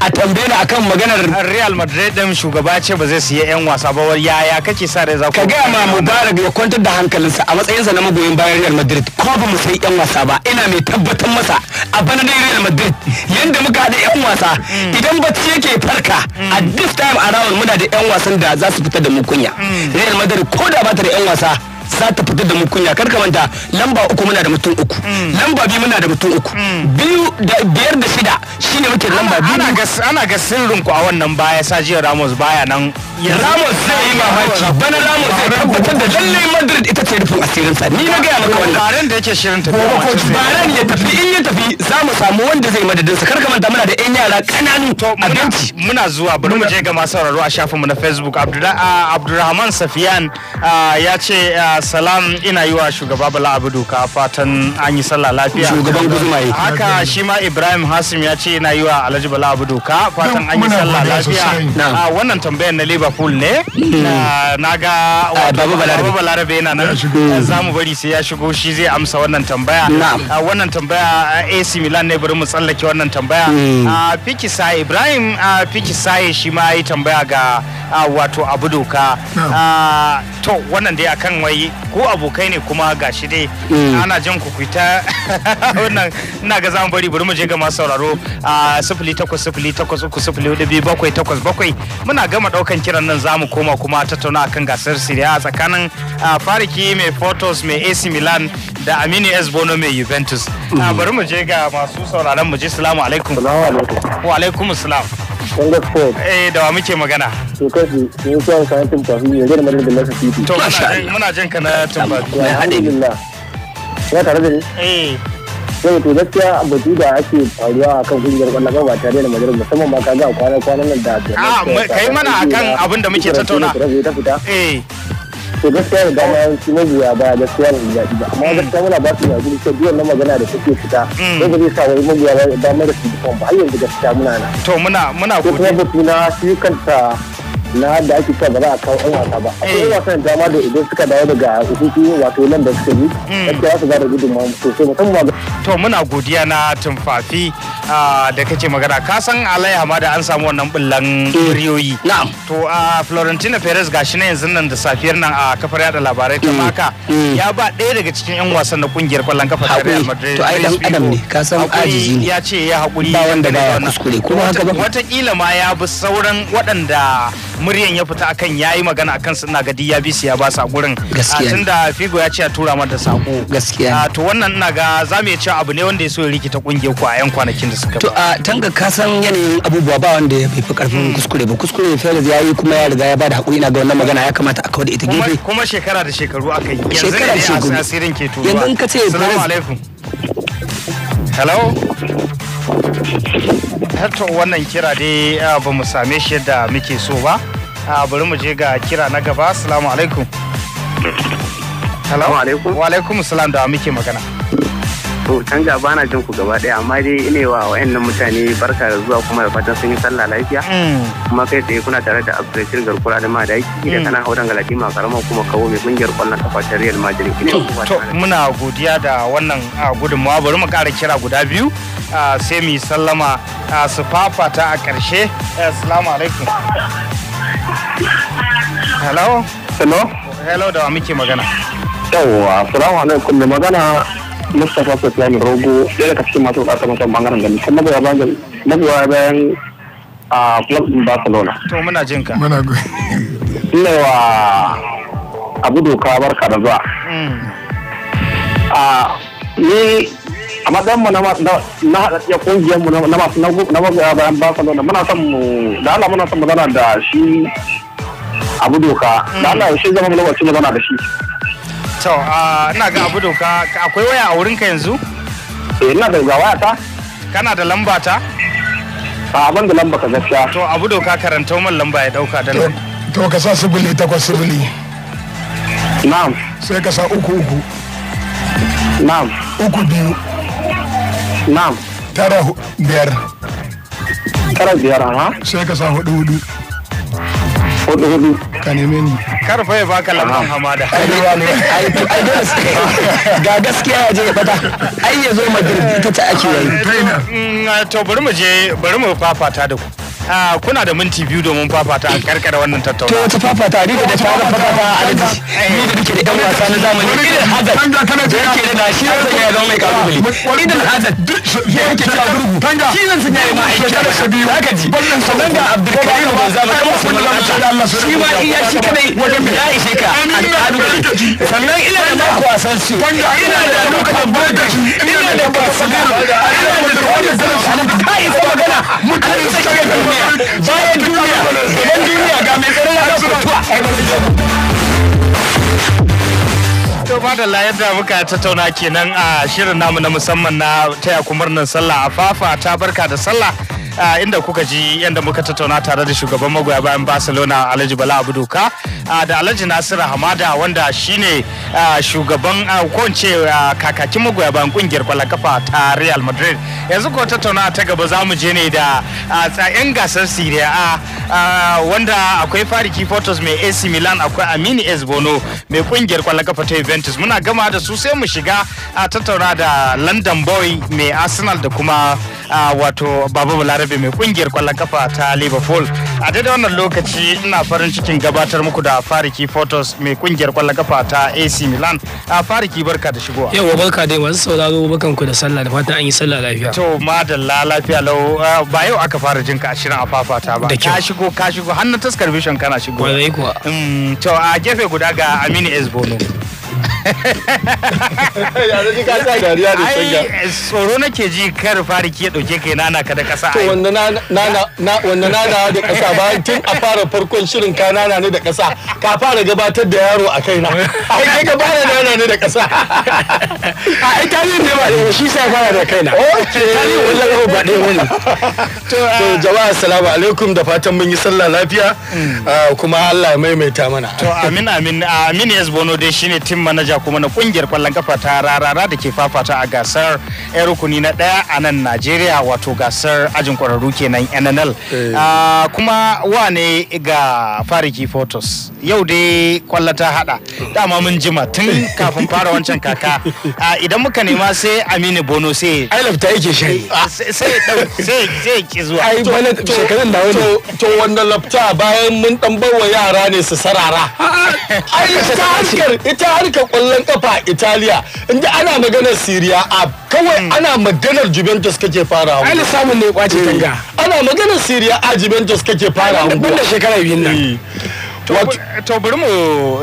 a tambaye ni akan maganar real madrid din shugaba ce ba zai siya yan wasa ba yaya kake sa rai za ka gaya ma mubarak ya kwantar da hankalinsa a matsayinsa na magoyin bayan real madrid ko ba mu sai yan wasa ba ina mai tabbatar masa a bana dai real madrid yadda muka haɗa yan wasa mm. idan ba bacci yake farka mm. a this time around muna da yan wasan da za su fita da mu kunya real madrid ko da ba ta da yan wasa za ta fitar da mu kunya kar ka manta lamba uku muna da mutum uku mm. lamba biyu muna da mutum uku mm. biyu da biyar da shida shine muke lamba biyu ana ga sirrin ku a wannan baya Sergio Ramos baya nan Ramos zai yi mamaki bana Ramos zai tabbatar da lallai Madrid ita ce rufin asirin sa ni na ga maka wannan baran da yake shirin tafiya baran ya tafi in ya tafi za mu samu wanda zai madadin sa kar ka manta muna da yan yara kananu to abinci muna zuwa bari mu je ga masu sauraro a shafinmu na Facebook Abdulrahman ah, Safiyan ah, ya ce ah, salam ina yi wa shugaba bala abu doka fatan an yi sallah lafiya shugaban guzumaye haka shi ma ibrahim hasim ya ce ina yi wa alhaji bala abu doka fatan an yi sallah lafiya a ah, wannan tambayar na liverpool ne hmm. na ga ah, Babu balarabe yana nan eh, za mu bari sai ya shigo shi zai amsa wannan tambaya ah, wannan tambaya ac milan ne bari mu tsallake wannan tambaya hmm. fiki sa ibrahim fiki saye shi ma yi tambaya ga wato abu doka to wannan dai akan wai ko abokai ne kuma gashi dai mm. ana jan ku kuita <laughs> wannan ina ga zamu bari bari mu je ga masu sauraro a sifili takwas sifili takwas uku sifili hudu biyu bakwai takwas bakwai muna gama daukan kiran nan zamu koma kuma tattauna akan gasar siriya tsakanin fariki mai photos mai ac milan da aminu s bono mai juventus mm. bari mu je ga masu sauraron mu je salamu alaikum wa alaikum salam Eh da wa muke magana? To kaji, ni kuwa kan tumfafi ne zai da lasa titi. To muna jin ka na tumfafi. Alhamdulillah. Ya tare da ni? Eh. Yau to gaskiya batu da ake faruwa a kan kungiyar kwallon kan ba tare da majalar musamman ma ka ga kwana kwanan nan da. Ah, kai mana akan abin da muke tattauna. Eh. to gaskiya da dama yawanci mabiya ba gaskiya na daɗi ba amma mm. gaskiya muna ba su yanzu da duk wannan magana da suke fita ko mm. ba zai sa wani mabiya ba da su ba har yanzu gaskiya muna na. to muna muna godiya. ko kuma na shi kanta na da ake cewa ba za a kawo ɗan wasa ba akwai eh. wasan dama da idan suka dawo daga hukuku wato nan da suka yi hmm. yadda za su ba da gudunmawa sosai musamman ba to muna godiya na tumfafi ah, da kace magana ka san alai ma da an samu wannan bullan riyoyi eh, na'am to a ah, Florentina Perez gashi na yanzu nan da safiyar nan a kafar yada labarai ta maka hmm. hmm. ya ba ɗaya daga cikin yan wasan na kungiyar kwallon kafa ta Real Madrid to ai dan adam ne ka san ajiji ne ya ce ya hakuri ba wanda ba kuskure kuma haka ba wata kila ma ya bi sauran waɗanda muryan ya fita akan yayi magana akan suna ga DBC ya ba sa gurin gaskiya da Figo ya ce ya tura mata sako gaskiya ah, to wannan ina ga za mu iya cewa abu ne wanda ya so ya rikita kungiyar ku a yan kwanakin da suka to a ah, tanga ka san yanayin abubuwa ba wanda ya fi karfin hmm. kuskure ba kuskure Felix ya yi kuma ya riga ya bada hakuri ina ga wannan magana ya kamata a kawo da ita gefe kuma shekara da shekaru aka yi yanzu ne asirin ke turuwa yanzu in ka ce alaikum hello Eh, to wannan kira dai eh, ba mu same shi da muke so ba eh, bari mu je ga kira na gaba salamu alaikum alaikum wa alaikum salam da muke magana to can ga bana jin ku gaba ɗaya amma dai ine wa wa'annan mutane barka da zuwa kuma da fatan sun yi sallah lafiya mm. kuma kai tsaye kuna tare da abdulrashid garkura da ma da yake da kana mm. hauran galati ma karama kuma kawo mai kungiyar kwallon kafa ta real madrid to muna godiya da wannan gudunmawa bari mu kara kira guda biyu sai mu sallama su fafata a ƙarshe eh, assalamu alaikum hello hello hello da wa muke magana yawwa assalamu alaikum da magana mustapha sufyan rogo ɗaya daga cikin masu bukatar wancan bangaren gani kuma ga bayan magoya bayan a club din barcelona to muna jin ka muna ina wa abu doka barka da zuwa a ni a matsayin mu na na ya ƙungiyar mu na masu na na magoya bayan barcelona muna son mu da Allah muna son mu zana da shi abu doka da Allah shi zama lokacin mu zana da shi to ina ga abu doka akwai waya a wurinka yanzu eh ina da waya ta kana da lamba ta a abin da lamba ka gaskiya to abu doka karanta man lamba ya dauka da nan to ka sa sibili takwas sibili na'am sai ka sa uku uku na'am uku biyu na'am tara biyar tara biyar ha sai ka sa hudu hudu hudu hudu ka neme ni kar fa ya baka lamban hamada ai dole sai ga gaskiya ya je ya fata ai ya zo madrid ita ta ake yayi mm, to bari mu je bari mu fafata da ku Ah, kuna da minti biyu domin fafata a karkar wannan tattauna. To wata fafata ni da ta fara fafata a alaji eh. ni da nake da ɗan wasa na zamani idan hazard da yake da shi ya zama mai kalubale hazard ya yake cewa gurgu shi ya da biyu haka ji ba zama kuma sun da Allah shi ma iya shi kadai yi ka sannan ina da mako a san su ina da lokacin ina da barkaci ina da ina da bayan duniya idan duniya ga mai tsaron ya to madalla yadda muka tattauna kenan a shirin namu na musamman na taya kumurnin sallah a fafa ta barka da sallah inda kuka ji yadda muka tattauna tare da shugaban magoya bayan barcelona alhaji bala abuduka da alhaji nasiru hamada wanda shine shugaban ko kakakin magoya bayan kungiyar kwallon kafa ta real madrid yanzu ko tattauna ta gaba za mu je ne da tsayen gasar siriya a wanda akwai fariki photos mai ac milan akwai amini s bono mai kungiyar kwallon kafa ta juventus muna gama da su sai mu shiga a tattauna da london boy mai arsenal da kuma wato baba balarabe mai kungiyar kwallon kafa ta liverpool a daidai wannan lokaci ina farin cikin gabatar muku da fariki photos mai kungiyar kwallon kafa ta ac milan a fariki barka da shigowa yau barka dai masu sauraro bakan ku da sallah da fatan an yi sallah lafiya to madalla lafiya lau ba yau aka fara jinka a shirin a fafata ba ka shigo ka shigo har na taskar vision kana shigo kuwa mm, to a gefe guda ga aminu esbono yanzu ji ka sa dariya da sanya tsoro nake ji kar fari ke dauke kai nana ka da kasa to wanda nana wanda nana da kasa bayan tun a fara farkon shirin ka nana ne da kasa ka fara gabatar da yaro a kaina ai kai ka fara nana ne da kasa ai ta yi ne ba eh, shi sai fara da kaina okay kai wallahi ba dai wani uh, to jama'a assalamu alaikum da fatan mun yi sallah lafiya mm. uh, kuma Allah ya maimaita mana to amin amin amin yes bono dai shine tim manaja kuma na kungiyar kwallon kafa ta rarara da ke fafata a gasar yan rukuni na daya a nan najeriya wato gasar ajin kwararru kenan nnl eh. ah, kuma wane ga fariki photos yau dai kwallo ta hada dama mun jima tun kafin fara wancan kaka ah, idan muka nema sai aminu bono sai ailaf ta yake shari ah, sai ki zuwa ai bana shekarun da wani to wannan lafta bayan mun dan bawa yara ne su sarara ai ita harkar duka kwallon kafa a Italiya inda ana maganar Syria a kawai hmm. ana maganar Juventus kake farawa. Ai samun ne kwace tanga. Eh, ana maganar Syria a Juventus kake farawa. da shekara biyu nan. Eh. to bari mu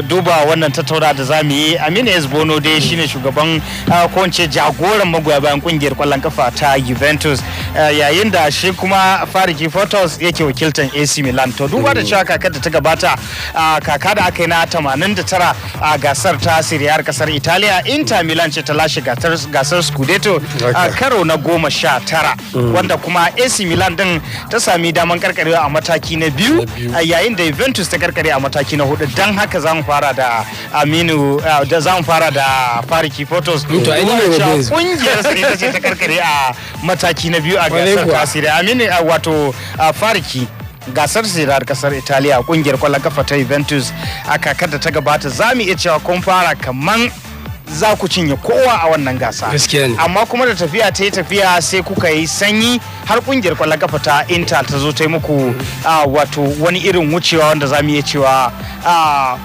duba wannan tattauna da za yi aminu s bono dai shine shugaban uh, ko jagoran magoya bayan kungiyar kwallon kafa ta juventus uh, yayin da shi kuma fariki photos yake wakiltan ac milan to duba da cewa kakar da ta gabata uh, kaka da aka yi na 89 a gasar ta Serie A kasar italiya inter milan ce ta lashe gasar scudetto karo na goma sha tara mm. wanda kuma ac milan din ta sami daman karkarewa a mataki na biyu yayin da juventus ta karkare a mataki na hudu don haka za mu fara da aminu da za mu fara da fariki photos kungiyar sai ta ce ta karkare a mataki na biyu a gasar tasiri aminu wato fariki gasar zirar kasar italiya kungiyar kwallon kafa ta juventus a kakar da ta gabata za mu iya cewa kun fara kaman za ku cinye kowa a wannan gasa gaskiya ne amma kuma da tafiya ta yi tafiya sai kuka yi sanyi har kungiyar kwallon kafa ta Intel ta zo ta yi muku wato wani irin wucewa wanda za mu iya cewa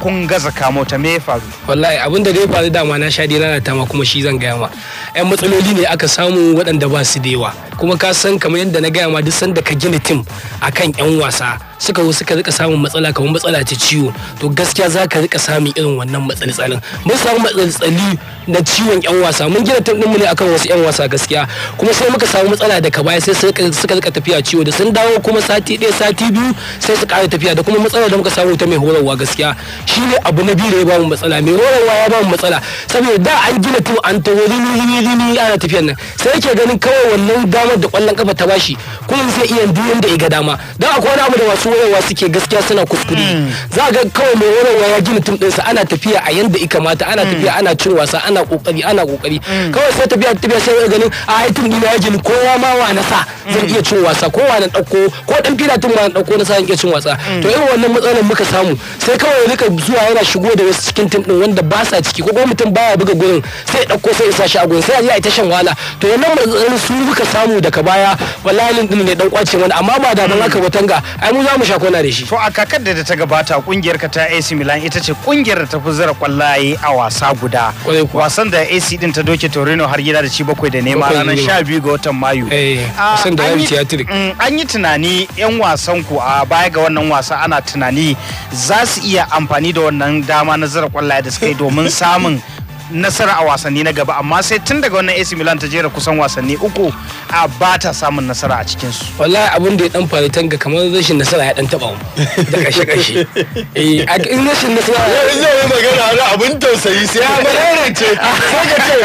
kun gaza kamo ta me faru wallahi abin da dai faru dama na sha dina ta ma kuma shi zan gaya ma yan matsaloli ne aka samu waɗanda ba su da yawa kuma ka san kamar yadda na gaya ma duk sanda ka gina tim a kan yan wasa suka wasu suka rika samun matsala kamar matsala ta ciwo to gaskiya za ka rika samun irin wannan matsalitsalin. mun samu matsalitsali na ciwon yan wasa mun gina tun mu ne akan wasu yan wasa gaskiya kuma sai muka samu matsala daga baya sai suka rika tafiya ciwo da sun dawo kuma sati ɗaya sati biyu sai su ƙara tafiya da kuma matsala da muka samu ta mai horarwa gaskiya shine abu na biyu da ya bamu matsala mai horarwa ya bamu matsala saboda da an gina tun an wuri wuri wuri ana tafiyar nan sai yake ganin kawai wannan damar da kwallon kafa ta bashi kuma sai iya duk yanda ya ga dama don akwai wani abu da wasu wayewa suke gaskiya suna kuskure hmm. za ga kawai mai wayewa ya gina tim ɗinsa ana tafiya a yanda ika kamata ana hmm. tafiya ana cin wasa ana kokari ana kokari hmm. kawai sai tafiya tafiya sai ya ganin a ai tim ɗina ya gina kowa ma wa na sa zan iya cin wasa ko wa na ɗauko ko ɗan fila tim ma na ɗauko na sa zan iya cin wasa to irin wannan matsalar muka samu sai kawai rika zuwa yana shigo da wasu cikin tim ɗin wanda ba sa ciki ko ko mutum baya buga gurin sai ɗauko sai isa shi a gurin sai ya ta shan wahala to wannan matsalar su muka samu daga baya wallahi din ne dan kwace wani amma ba da ban haka ba ai mu za mu sha kona da shi to a kakar da ta gabata kungiyar ka ta AC Milan ita ce kungiyar da ta fi zira kwallaye a wasa guda wasan da AC din ta doke Torino har gida da ci bakwai da nema ranar biyu ga watan Mayu wasan eh, ah, da mm, an yi tunani yan wasan ku a baya ga wannan wasa ana tunani za su iya amfani da wannan dama na zira kwallaye da suka yi domin <laughs> samun nasara a wasanni na gaba amma sai tun daga wannan AC Milan ta jera kusan wasanni uku a ba ta samun nasara a cikin su wallahi abin da ya dan faru tanga kamar rashin nasara ya dan taba mu da kashe kashe eh in rashin nasara ya yi magana da abin tausayi sai ya magana ce sai ka ce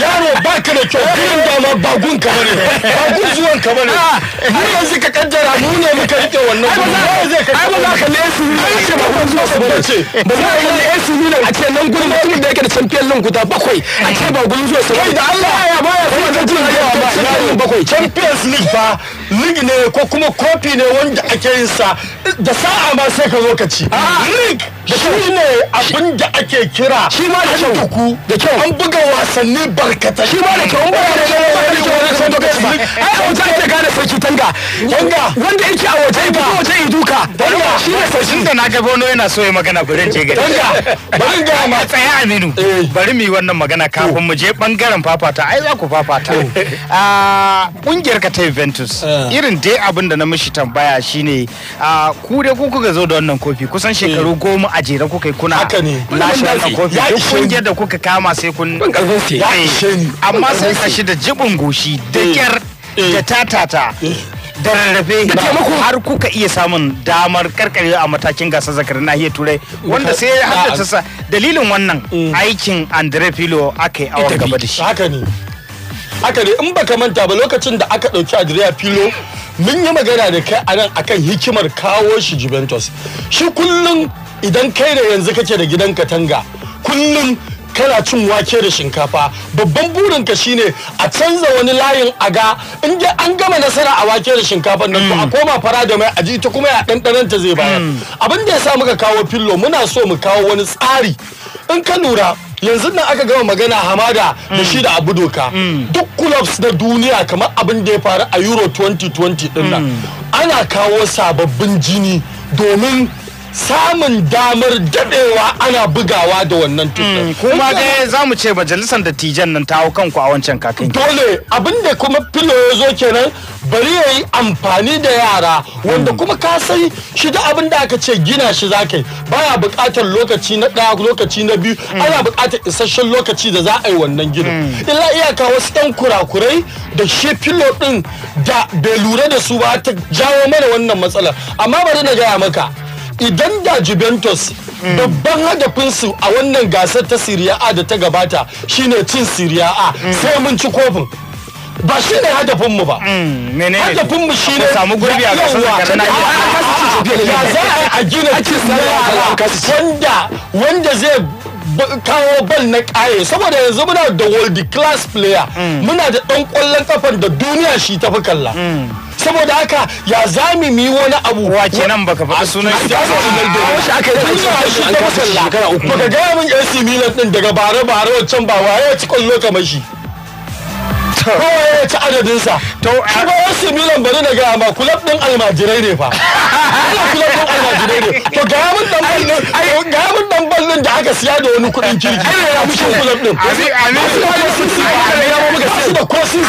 yaro ba ka da kyau dama ba gun ka bane ba gun zuwan ka bane mu ah, eh, yanzu ka kaddara mu ne muka rike wannan ai ba za ka ne su ba gun zuwan ka bane ba za ka ne ne a ce nan gurin da yake da champion linku guda bakwai a ce ba gwanzo sai da Allah ya baya kuma da jin bakwai champions league ba rig ne ko kuma kofi ne wanda ake yin sa da sa'a ma sai ka zo ka ci rig shi ne abin da ake kira shi ma da kyau da kyau an buga wasanni barkatai shi ma da kyau ba da kyau ba da kyau ba da kyau ai a wajen ake gane sarki tanga wanda wanda yake a waje ba waje yi duka wanda shi ne sarki da na ga bono yana so ya magana bari je gari tanga bari ga ma tsaya aminu eh. bari mu yi wannan magana kafin mu je bangaren fafata ai za ku fafata eh. a ah, kungiyar ka ta Juventus eh. Eh. irin dai abin da na mishi tambaya shine a ku dai ku kuka zo da wannan kofi kusan eh. shekaru goma a jere kuka kuna haka ne wannan kofi duk kungiyar da kuka kama sai kun eh. amma sai kashi da jibin goshi da kyar da tatata da rarrafe har kuka iya samun damar karkare a matakin gasar zakarin nahiyar turai wanda sai ya haddasa dalilin wannan aikin andre filo aka yi awa gaba da shi haka ne in baka manta ba lokacin da aka ɗauki Adria Pilo mun yi magana da kai anan akan hikimar kawo shi Juventus shi kullum idan kai da yanzu kake da gidan katanga kullum kana cin wake da shinkafa babban burinka shine a canza wani layin aga in an gama nasara a wake da shinkafa nan to a mm. koma fara da mai aji ta kuma ya ɗanɗanan ta zai bayar mm. abin da ya sa muka kawo fillo muna so mu kawo wani tsari in ka lura yanzu nan aka gama magana hamada da shi da abu doka duk clubs na duniya kamar abin da ya faru a euro 2020 din nan mm. ana kawo sababbin jini domin samun damar dadewa ana bugawa da wannan tutar. Hmm, kuma ga za mu ce majalisar dattijan nan ta hau kanku a wancan kakan dole abinda kuma filo ya zo kenan bari ya yi amfani da yara wanda hmm. kuma ka sai shi da abin aka ce gina shi za ka yi baya buƙatar lokaci na ɗaya lokaci na biyu hmm. ana buƙatar isasshen lokaci da za a yi wannan gina illa iyaka wasu ɗan kurakurai da shi filo ɗin da bai lura da su ba ta jawo mana wannan matsalar amma bari na gaya maka idan da Juventus babban hadafinsu a wannan gasar ta Serie A da ta gabata shine cin Serie A sai mun ci kofin ba shi ne hadafinmu ba hadafinmu shi ne samu gurbi a kasar ya za a gina cin wanda wanda zai kawo bal na kaye saboda yanzu muna da world class player muna da ɗan ƙwallon kafan da duniya shi ta fi kalla saboda haka ya zami mu wani abu wa kenan baka faɗi sunan shi da shi aka yi shi da masalla baka ga mun AC Milan din daga bare bare wancan ba ya ci kwallo kamar shi kawai ya ci adadinsa to kuma wasu milan bari na gaya ma kulab din almajirai ne fa kulab din almajirai ne to ga mun dan ballin ga mun dan ballin da aka siya da wani kuɗin kirki ai ya mushin kulab din da ko sun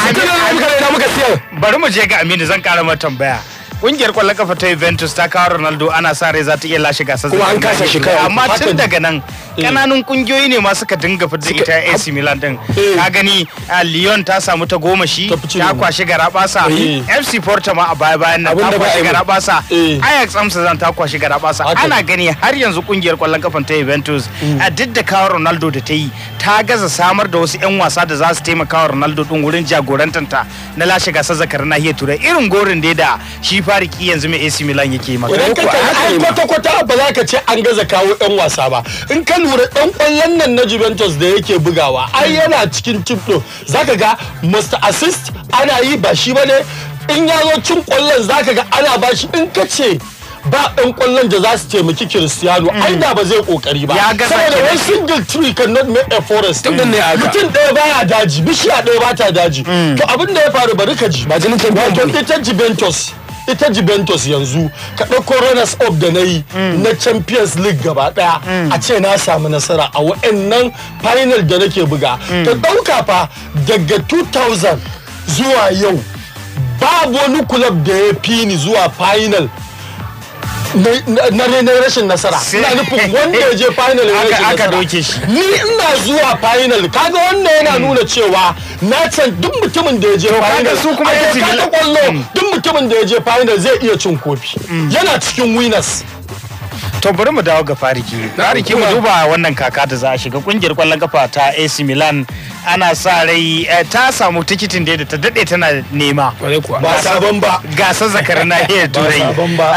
da muka siya bari mu je ga Aminu zan kara ma tambaya kungiyar kwallon kafa ta Juventus ta kawo Ronaldo ana sa rai za ta iya lashe gasar kuma an kasa shi kai amma tun daga nan kananun eh. kungiyoyi ne ma suka dinga fitar ita AC Milan din eh. ka gani Lyon ta samu ta goma shi ta kwashi garabasa eh. FC Porto ma a baya bayan nan ta kwashi garabasa Ajax Amsterdam ta kwashi garabasa ana gani har yanzu kungiyar kwallon kafa ta Juventus hmm. a duk da kawo Ronaldo da ta yi ta gaza samar da wasu 'yan wasa da za su taimaka wa Ronaldo din wurin jagorantanta na lashe gasar zakar nahiyar Turai irin gorin da shi ki yanzu mai AC Milan yake maka idan ka kai kwata kwata ba za ka ce an gaza kawo yan wasa ba in ka lura dan kwallon nan na Juventus da yake bugawa ai yana cikin tip za ka ga must assist ana yi ba shi bane in ya zo cin kwallon za ka ga ana ba shi in ka ce ba ɗan kwallon da za su taimaki Cristiano ai hmm. da ba zai kokari ba saboda wani single tree not make a forest mutum ɗaya baya daji bishiya ɗaya ba ta daji hmm. to abin da ya faru bari ka ji ba jinin ita Juventus ita Juventus yanzu ka ɗauko runners up da na yi mm. na Champions League gaba ɗaya mm. a ce na samu nasara a wa'annan final da nake buga ta mm. ɗauka fa daga 2000 zuwa yau babu wani club da ya fi ni zuwa final na rashin nasara ina nufin wanda ya je final ya aka doke shi ni ina zuwa final kaga wannan yana hmm. nuna cewa na can duk mutumin da ya je final su kuma ya kwallo hmm. duk mutumin da ya je final zai iya cin kofi hmm. yana cikin winners to bari mu dawo ga fariki fariki mu duba wannan kaka da za a shiga kungiyar kwallon kafa ta AC Milan ana sa rai eh, ta samu tikitin da ta dade tana nema ba sabon ba gasa zakar na iya turai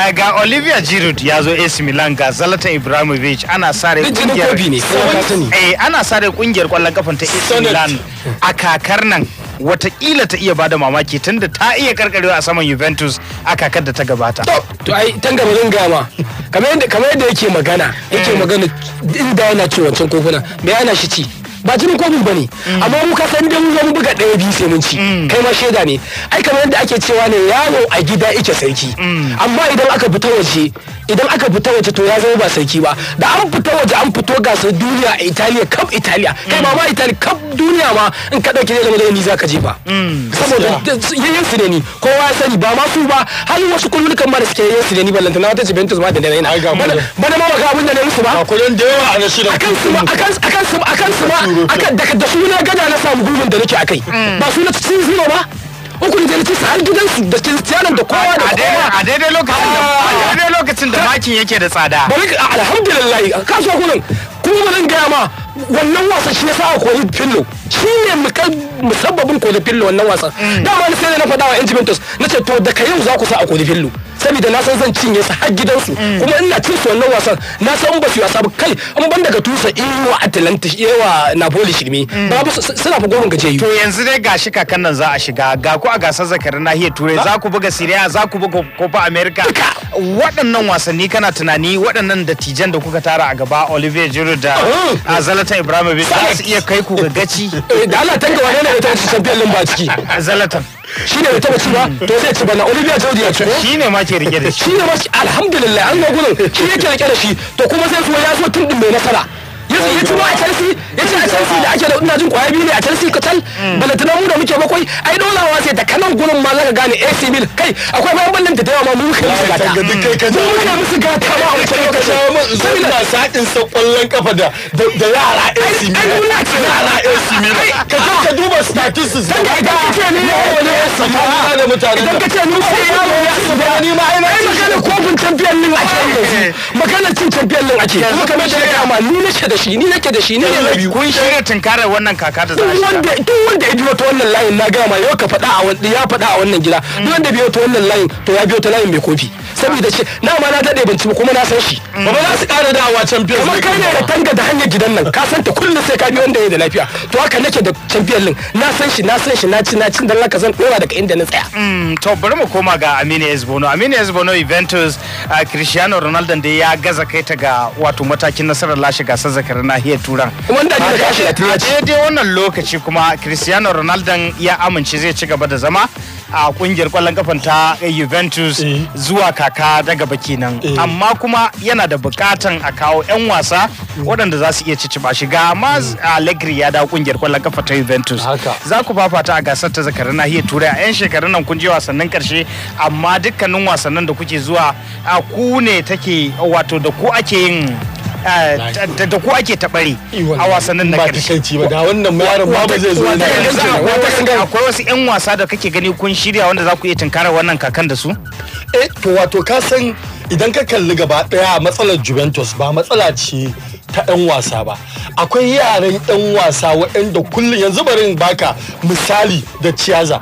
eh, ga Olivia Giroud ya zo AC Milan ga Zlatan Ibrahimovic ana sa rai kungiyar eh ana sa rai kungiyar kwallon kafa ta AC Milan a kakar nan watakila ta iya bada mamaki tunda ta iya karkarewa a saman Juventus a kakar da ta gabata. To ai tangarin gama kamar yadda yake magana yake eh. magana inda yana ci wancan kofuna me yana shi ci ba jinin ko ba ne mm. amma mu ka san dai mun zo buga ɗaya biyu sai mun ci mm. kai ma shaida ne ai kamar yadda ake cewa ne yaro a gida yake sarki mm. amma idan aka fita waje idan aka fita waje to ya zama ba sarki ba da an fita waje an fito gasa duniya a italiya cup italiya kai ma ma italiya cup duniya ma in ka dauke ne zama ni zaka je ba saboda yayin su ne ni kowa ya sani ba ma su ba har wasu kullun kan ma da suke yayin su ne ni ballanta na wata Juventus ma da dana bana ma ga abin da ne musu ba akwai da yawa a nashi akan su ma akan su akan su ma akan daga da suna gada na samu gurbin da nake akai mm. ba suna cin zero ba uku ne da su har gidansu da kiristiyanin da kowa da kowa a daidai lokacin da a daidai makin yake da tsada bari alhamdulillah kasuwa gurin kuma ba zan gaya ma wannan wasan shi yasa a koyi fillo shi ne musabbabin koyi fillo wannan wasan mm. dama ni sai na faɗa wa yan juventus na ce to daga yau za ku sa a koyi fillo saboda na san zan cinye su har gidansu mm. kuma ina cin su wannan wasan na san ba su wasa ba kai an ban daga tusa in wa Atalanta yawa Napoli shirme mm. ba suna fa gorin gajeyi to yanzu dai gashi kakan nan za a shiga ga ku a gasar zakarin nahiyar turai za ku buga Syria za ku buga kofa America waɗannan wasanni kana tunani waɗannan dattijan da kuka tara a gaba Olivier Giroud da Zalatan Ibrahimovic za su iya kai ku ga gaci eh, da Allah tanga wani ne ta champion din ba ciki Zalatan shi ne bai taba ci ba to zai ci bana olivia jordi ya ci ko shi ne ma ke rike da shi shi ne ma alhamdulillah an ga gurin shi yake rike da shi to kuma sai so ya so tun din mai nasara yanzu ya tuno a chelsea ya ce a chelsea da ake da ina jin kwaya biyu ne a chelsea katal balantana mu da muke bakwai ai dolawa sai da kanan gurin ma zaka gane ac mil kai akwai bayan ballon da yawa ma mu kai musu gata mu kai musu gata ma a wancan lokacin na sa'in sa kwallon kafa da da yara ac mil yara ac mil ka je ka duba statistics da ka ga wani ya saka da mutane idan ka ce ni sai yaro ya saka ni ma ai magana kofin champion din a cikin magana cin champion din ake kuma kamar da ya kama ni nake da shi ni nake da shi ni ne kun shirya tunkarar wannan kaka da zai a wanda duk wanda ya biyo ta wannan layin na gama yau ka faɗa a wannan ya faɗa a wannan gida duk mm. wanda biyo ta wannan layin to ya biyo ta layin mai kofi saboda shi na ma na dade bincike kuma na san shi mm. ba ba za su ƙara dawowa champion kuma kai ne da tanga da hanyar gidan nan ka san ta kullum sai ka biyo wanda ya da lafiya to haka nake da champion din na san shi na san shi na ci na cin dan laka zan dora daga inda na tsaya mm, to bari mu koma ga Aminu Esbono Aminu Esbono Juventus uh, Cristiano Ronaldo da ya gaza kai ta ga wato matakin nasarar lashe gasar kakar nahiyar turan wanda ne da shi a daidai wannan lokaci kuma cristiano ronaldo ya amince zai ci gaba da zama a kungiyar kwallon kafan ta juventus eh. zuwa kaka daga baki nan eh. amma kuma yana da bukatan a kawo 'yan wasa mm. waɗanda za su iya ciciba shi ga amma allegri ya da kungiyar kwallon kafa ta juventus za ku fafata a gasar ta zakarin nahiyar turai a 'yan shekarun nan kun je wasannin karshe amma dukkanin wasannin da kuke zuwa a ku ne take wato da ku ake yin Ah, da ku ake taɓare a wasannin na ƙarshe. Ba da wannan yaron ma ba zai zo na Akwai wasu 'yan wasa da kake gani kun shirya wanda za ku iya tunkarar wannan kakan da su? Eh to wato ka san idan ka kalli gaba ɗaya matsalar Juventus ba matsala ce ta 'yan wasa ba akwai yaran 'yan wasa waɗanda kullum yanzu barin baka misali da ciyaza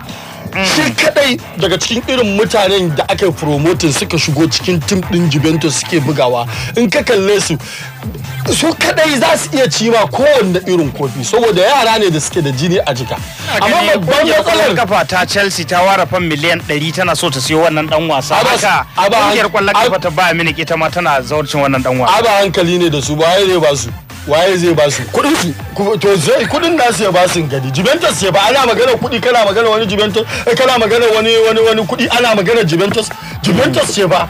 shi kadai daga cikin irin mutanen da aka promoting suka shigo cikin tim din Juventus suke bugawa in ka kalle su su kadai za su iya ci ma kowanne irin kofi saboda yara ne da suke da jini a jika amma babban matsalar kafa ta Chelsea ta ware fan miliyan 100 tana so ta siyo wannan dan wasa haka kungiyar kwallon kafa ta Bayern Munich ita ma tana zaurcin wannan dan wasa aba hankali ne da su ba ne ba su waye zai ba su kudin su to zai kudin da su ya ba su gadi Juventus ya ba ana magana kudi kana magana wani Juventus eh, kana magana wani wani wani kudi ana magana Juventus Juventus ya ba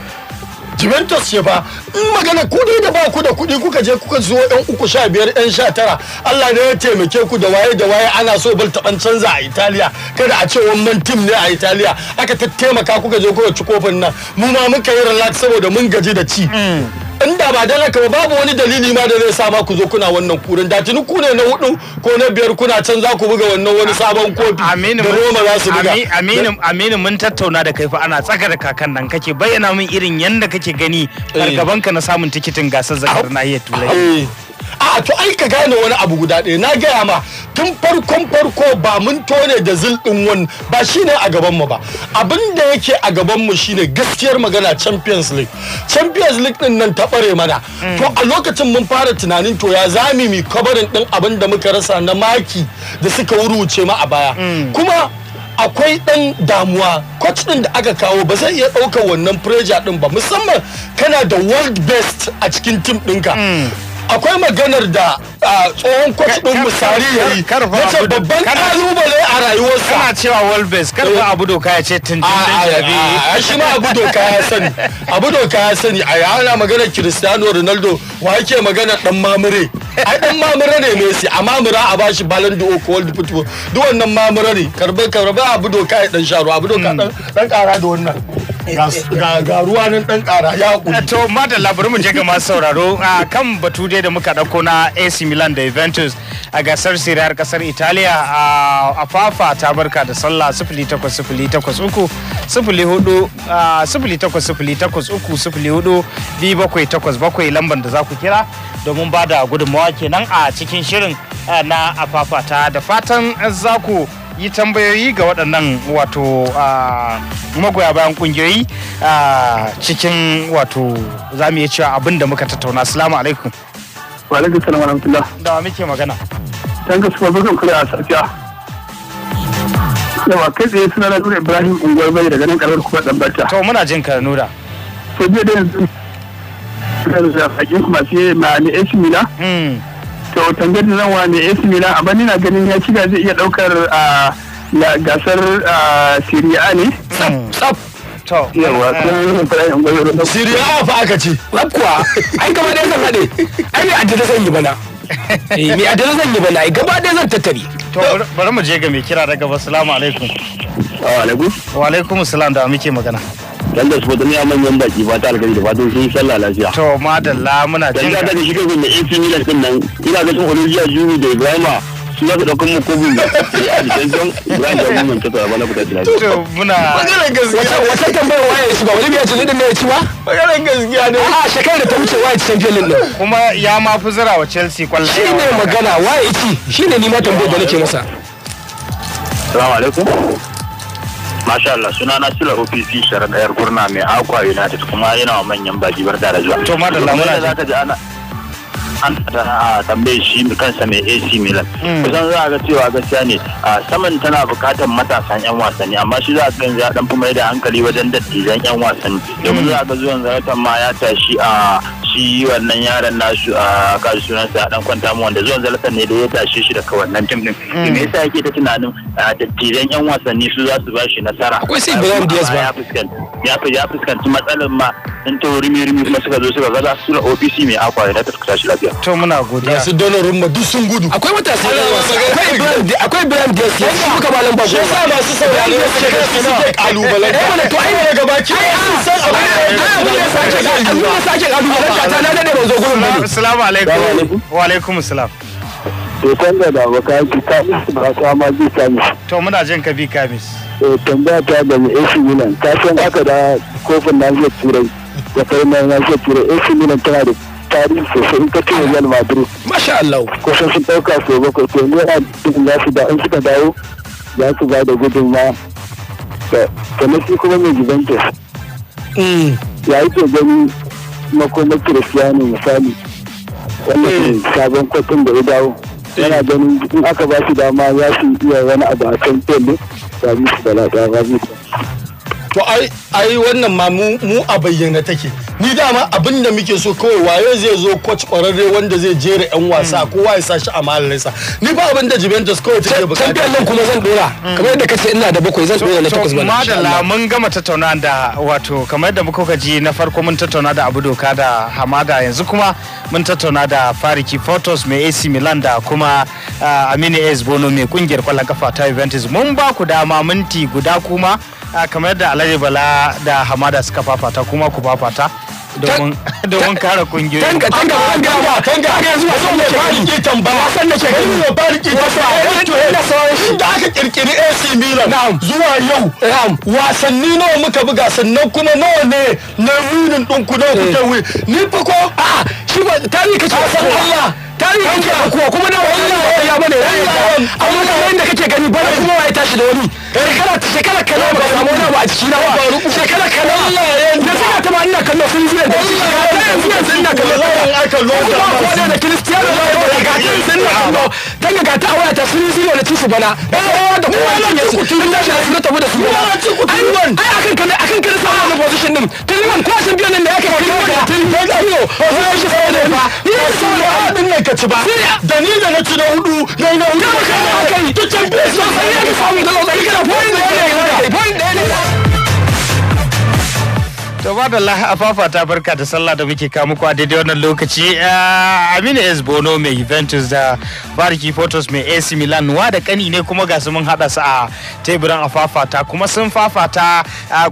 Juventus ce ba in magana kudi da ba ku da kudi kuka je kuka zo yan uku sha biyar yan sha tara Allah ne ya taimake ku da waye da waye ana so bal taban canza a Italiya kada a ce wannan tim ne a Italiya aka tattaimaka kuka je kuka ci kofin nan mu ma muka yi relax saboda mun gaji da ci. Mm. inda ba dan haka ba babu wani dalili ma da zai sa ma ku zo kuna wannan kurin da tuni ku ne na hudu ko na biyar kuna can za ku buga wannan wani sabon kofi da Roma za su buga aminu aminu mun tattauna da kai fa ana tsaka da kakan nan kake bayyana min irin yanda kake gani eh. ka na samun tikitin gasar zakar nahiyar turai eh. A'a to ai ka gane wani abu guda ɗaya na gaya ma tun farkon farko ba mun tone da zulɗin wani ba shine a gaban mu ba abin da yake a gaban mu shine gaskiyar magana champions league champions league din nan ta bare mana to a lokacin mun fara tunanin to ya zami mi kabarin din abin da muka rasa na maki da suka wurwuce ma a baya mm. kuma akwai ɗan damuwa coach ɗin da aka kawo ba zai iya ɗaukar wannan preja din ba musamman kana da world best a cikin tim ɗinka mm. akwai maganar da tsohon coach din misali yayi yace babban kalubale a rayuwarsa kana cewa Wolves kar ba eh. abu doka ya ce tun a shi ma abu doka ya sani <laughs> abu doka ya sani a yana magana Cristiano Ronaldo wa yake magana dan mamure ai dan mamure ne Messi a mamura a bashi Ballon d'Or ko World Football duk wannan mamure ne karbe karbe abu doka ya dan sharo abu doka dan hmm. kara da wannan ga ruwa nan dan kara ya kuri to madalla bari mu je ga masu sauraro kan batu dai da muka dauko na AC Milan da Juventus a gasar Serie kasar Italiya a Fafa ta barka da sallah takwas bakwai lambar da za ku kira domin ba da gudunmawa kenan a cikin shirin eh, na afafata da fatan za ku yi tambayoyi ga waɗannan wato magoya bayan ƙungiyoyi cikin wato za mu iya cewa abin da muka tattauna salamu alaikum wa alaikum salam alhamdulillah da muke magana dan ga suka bugun kula a safiya yawa kai tsaye suna na nuna ibrahim unguwar bai daga nan karar kuma dambata to muna jin ka nura to biyu da yanzu da zafakin kuma sai ma'ani esimina tangar da wa ne AC Milan amma na ganin ya ci zai iya daukar gasar Serie A ne. Tsaf tsaf. Yawa eh. Serie A fa aka ci. Tsaf kuwa. Ai gaba ɗaya zan haɗe. Ai a zan yi bana. <laughs> Eh, me a zan yi bana ai gaba ɗaya zan tattari. To bari mu je ga mai kira daga Assalamu alaikum. Wa alaikum. Wa alaikum salam da muke magana. dan da su fatan ya manyan baki ba ta alkali da fatan sun sallah lafiya to madalla muna jin ka da shi kai da AC Milan din nan ina ga tsohon Olivier Juni da Ibrahima su za su ɗauka mu kobin da ya da canjon Ibrahim Jamu mun ta ba na fita tunani. To muna. Maganar gaskiya. Wata tambayar waye shi ba wani biya jini ne ya ci ba? Maganar gaskiya ne. A shekarar da ta wuce waye champion din nan. Kuma ya ma fi zira wa Chelsea kwallaye. Shi ne magana waye ci shi ne ni ma tambayar da nake masa. Salamu alaikum. Masha Allah suna na Sula OPC Sharan Ayar Gurna mai Akwa United kuma yana wa manyan baki bar da zuwa. To madalla muna za ka ji ana an a tambaye shi kansa mai AC Milan. Hmm. Kusan za ga cewa gaskiya ne saman tana bukatar matasan 'yan wasanni amma shi za ka yanzu ya dan fi mai da hankali wajen dattijan 'yan wasanni. Domin za ga zuwan zaratan ma ya tashi a shi wannan yaron nasu a kasu sunansa dan kwanta mu wanda zuwan zalatan ne da ya tashe shi daga wannan tim din me yasa yake ta tunanin dattijan yan wasanni su za su ba shi nasara akwai sai bayan Diaz ba ya fi ya fuskanci matsalar ma in ta rimi rimi kuma suka zo suka gaza su na OPC mai akwa ya ta shi lafiya to muna godiya su donor rumma duk sun gudu akwai matasa akwai bayan Diaz ya yi muka malam ba shi yasa masu sauraro suke kalubalen to ai daga baki sun san abin da ya sake kalubalen ta na dade ban zo gurin ba assalamu alaikum wa alaikum assalam to san da da baka ki ka ba sa ma ji kamis to muna jin ka bi kamis eh tambaya ta da mu AC Milan ka san aka da kofin Najeriya Turai da kai na Najeriya Turai AC Milan tana da tarihi sosai in ka ce Real Madrid masha Allah ko sun sun dauka so bakwai to ne a cikin za su da in suka dawo za su ba da gudunma da kamar shi kuma mai Juventus mm. ya yi ke gani kuma kuma ne misali wanda eh. sabon kwatin da ya dawo eh. yana ganin in aka ba su dama za su iya wani abu a kan pele ba musu da lada ba to ai wannan ma mu a bayyana take ni dama abin da muke so kawai waye zai zo coach kwararre wanda zai jera yan wasa hmm. kowa ya sa shi a mahalarsa ni ba abin da Juventus kawai take bukata champion nan kuma zan dora hmm. kamar yadda kace ina da bakwai zan dora na takwas bane madalla mun gama tattauna da wato kamar yadda muka ji na farko mun tattauna da Abu Doka da Hamada yanzu kuma mun tattauna da Fariki Portos mai AC Milan da kuma uh, amini es Bono mai kungiyar kwallon kafa ta Juventus mun ba ku dama minti guda kuma uh, kamar yadda Alhaji Bala da Hamada suka fafata kuma ku fafata domin kare kungiyoyi tanga tanga tanga tambaya san ne tambaya sauran shi da aka kirkiri AC Milan zuwa yau wasanni nawa muka buga sannan kuma nawa ne na wunin din ku nawa kuke eh. ni fa ko shi ba tarihi kace ka san Allah tarihi kace ka kuwa kuma na wallahi ba ya bane amma da wanda kake gani bana kuma waye tashi da wani eh. shekara shekara kana ba samu wani ba a ciki na ba shekara kana da suka ta ma ina kallo sun zuwa da shi yanzu yanzu ina kallo aka lota ba ko da kristiyano ba da ga sun na kallo ta ga ta waya ta sun zuwa da su bana da kowa da kowa ne su tun da shi su tafi da su ai wan ai akan kana akan kana samu position din tun man ko san biyan nan da yake kai ka ko shi ne ba ni su ne abin ne ka ba da ni da na ci da hudu na na hudu ka ma kai to champions ba sai ya samu da lokaci kana point da ne point da ne To ba da lahi afafa ta barka da sallah da muke kamu kwa daidai wannan lokaci eh, Aminu S Bono mai Juventus da Bariki Photos mai AC Milan wa da kani ne kuma ga su mun hada su a teburin afafata kuma sun fafata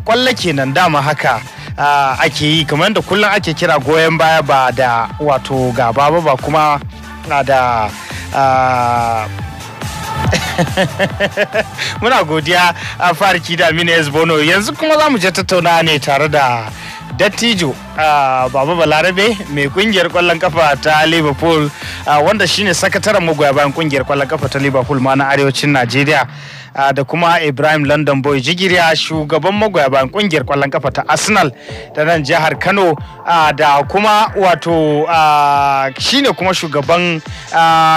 kwallo eh, kenan dama haka ake yi kamar da kullum ake kira goyon baya ba da wato gaba ba ba kuma da <laughs> muna godiya a fariki da amina bono yanzu kuma za mu je tattauna ne tare da dattijo baba balarabe mai kungiyar kwallon kafa ta liverpool wanda shine sakataren magoya bayan kungiyar kwallon kafa ta liverpool ma na arewacin najeriya da kuma Ibrahim London Boy Jigiriya shugaban magoya bayan kungiyar kwallon kafa ta Arsenal da nan jihar Kano da kuma wato shine kuma shugaban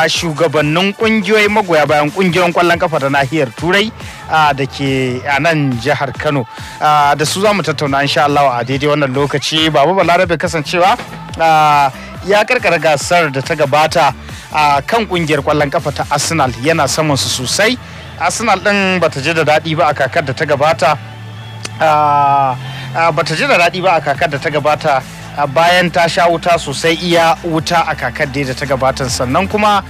shugabannin kungiyoyi magoya bayan kungiyoyin kwallon kafa da nahiyar Turai da ke a nan jihar Kano da su za mu tattauna insha Allah a daidai wannan lokaci Baba Balarabe kasancewa ya karkara gasar da ta gabata kan kungiyar kwallon kafa ta Arsenal yana saman su sosai arsenal din bata ji da daɗi ba a kakar da ta gabata ah, ah, bata ji da daɗi ba a kakar da ta gabata bayan ta sha wuta sosai iya wuta a kakar da ta gabata sannan kuma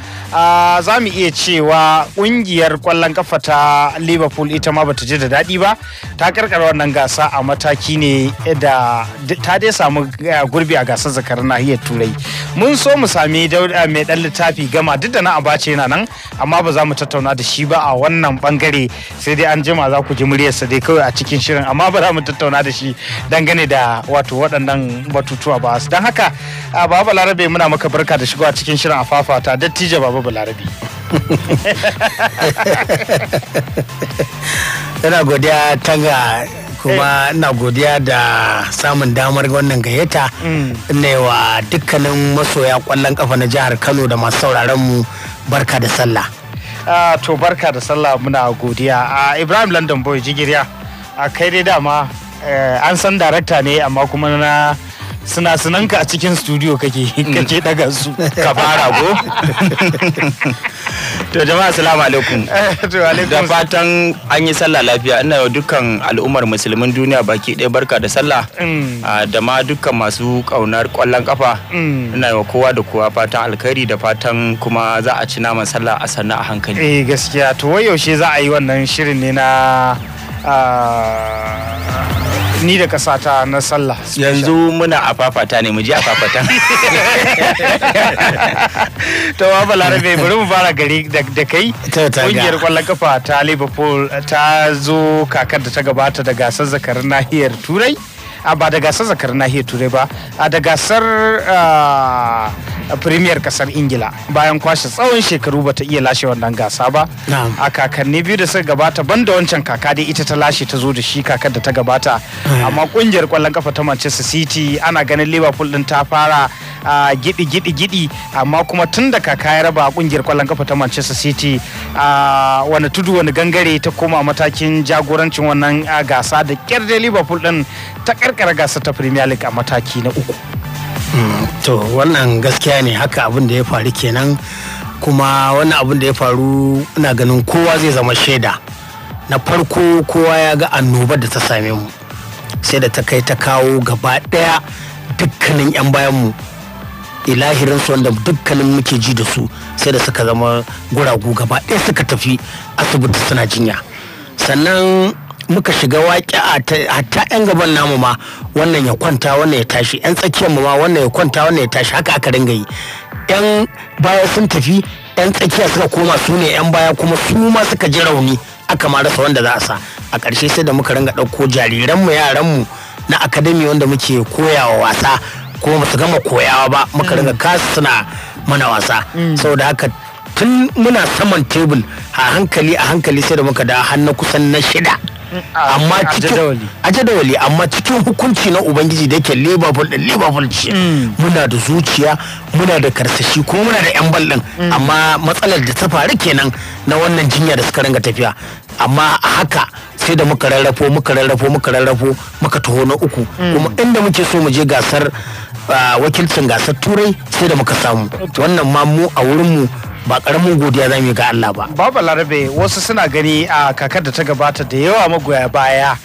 za mu iya cewa kungiyar kwallon kafa ta liverpool ita ma bata ji da daɗi ba ta karkara wannan gasa a mataki ne da ta dai samu eh, gurbi a gasar zakarar nahiyar turai mun so mu sami dauda eh, mai ɗan littafi gama duk da na abace yana nan amma ba za mu tattauna da shi ba a wannan bangare sai dai an jima za ku ji muryarsa dai kawai a cikin shirin amma ba za mu tattauna da shi dangane da wato waɗannan batu batutuwa ba don haka baba balarabe muna maka barka da shigowa cikin shirin afafata dattijo baba balarabe yana <laughs> godiya tanga kuma eh. ina godiya da samun damar wannan gayyata mm. ne wa dukkanin masoya kwallon kafa na jihar kano da masu sauraron mu barka da sallah to barka da sallah muna godiya ibrahim london boy jigiriya a kai dai dama eh, an san darakta ne amma kuma na ka a cikin studio kake kake daga su ka fara ko <laughs> to jama'a assalamu alaikum eh, da fatan an yi sallah lafiya ina yau dukkan al'ummar musulmin duniya baki ɗaya barka da sallah mm. ah, da ma dukkan masu kaunar kwallon kafa mm. ina yau kowa da kowa fatan alkhairi da fatan kuma za a ci naman sallah a sannu a hankali eh gaskiya to wai yaushe za a yi wannan shirin ne na ah, ni da kasata na sallah yanzu muna a fafata ne mu je a fafata to wa balarabe bari mu fara gari da kai kungiyar kwallon kafa ta liverpool ta zo kakar da ta gabata da gasar zakarin nahiyar turai a ah, ba da gasar zakar nahiyar turai ba a ah, da gasar ah, premier kasar ingila bayan kwashe tsawon shekaru bata iya lashe wannan gasa ba a kakanni biyu da suka gabata banda wancan kaka dai ita ta lashe ta zo da shi kakar da ta gabata eh. amma kungiyar kwallon kafa ta manchester city ana ganin liverpool din ta fara gidi gidi gidi amma kuma tun da kaka ya raba kungiyar kwallon kafa ta manchester city wani tudu wani gangare ta koma matakin jagorancin wannan gasa da kyar da liverpool din ta karkara gasar ta premier league a mataki na uku hmm, to wannan gaskiya ne haka abin da ya faru kenan kuma wannan abin da ya faru ina ganin kowa zai zama shaida na farko kowa ya ga annobar da ta same mu sai da ta kai ta kawo gaba daya dukkanin 'yan bayanmu ilahirin su wanda dukkanin muke ji da su sai da suka zama guragu gaba ɗaya suka tafi asibiti suna jinya sannan muka shiga waƙi hatta yan gaban namu ma wannan ya kwanta wannan ya tashi yan tsakiyar mu ma wannan ya kwanta wannan ya tashi haka aka ringa yi yan baya sun tafi yan tsakiya suka koma su ne yan baya kuma su ma suka ji rauni aka ma rasa wanda za a sa a ƙarshe sai da muka ringa ɗauko jariranmu yaranmu na akademi wanda muke koyawa wasa ko ba su gama koyawa ba muka ringa kasu suna mana wasa mm. saboda haka tun muna saman tebul a hankali a hankali sai da muka da hannu kusan na shida Ah, amma cikin a jadawali amma cikin hukunci na ubangiji da yake liverpool da liverpool ce mm. muna da zuciya muna da karsashi kuma muna da yan ballin. Mm. amma matsalar da ta faru kenan na wannan jinya da suka ranga tafiya amma haka sai da muka rarrafo muka rarrafo muka rarrafo muka taho na uku mm. kuma inda muke so mu je gasar ah, wakilcin gasar turai sai da muka samu wannan ma mu a wurin mu ba karamin godiya za mu yi ga Allah ba. Baba Larabe wasu suna gani a kakar da ta gabata da yawa magoya baya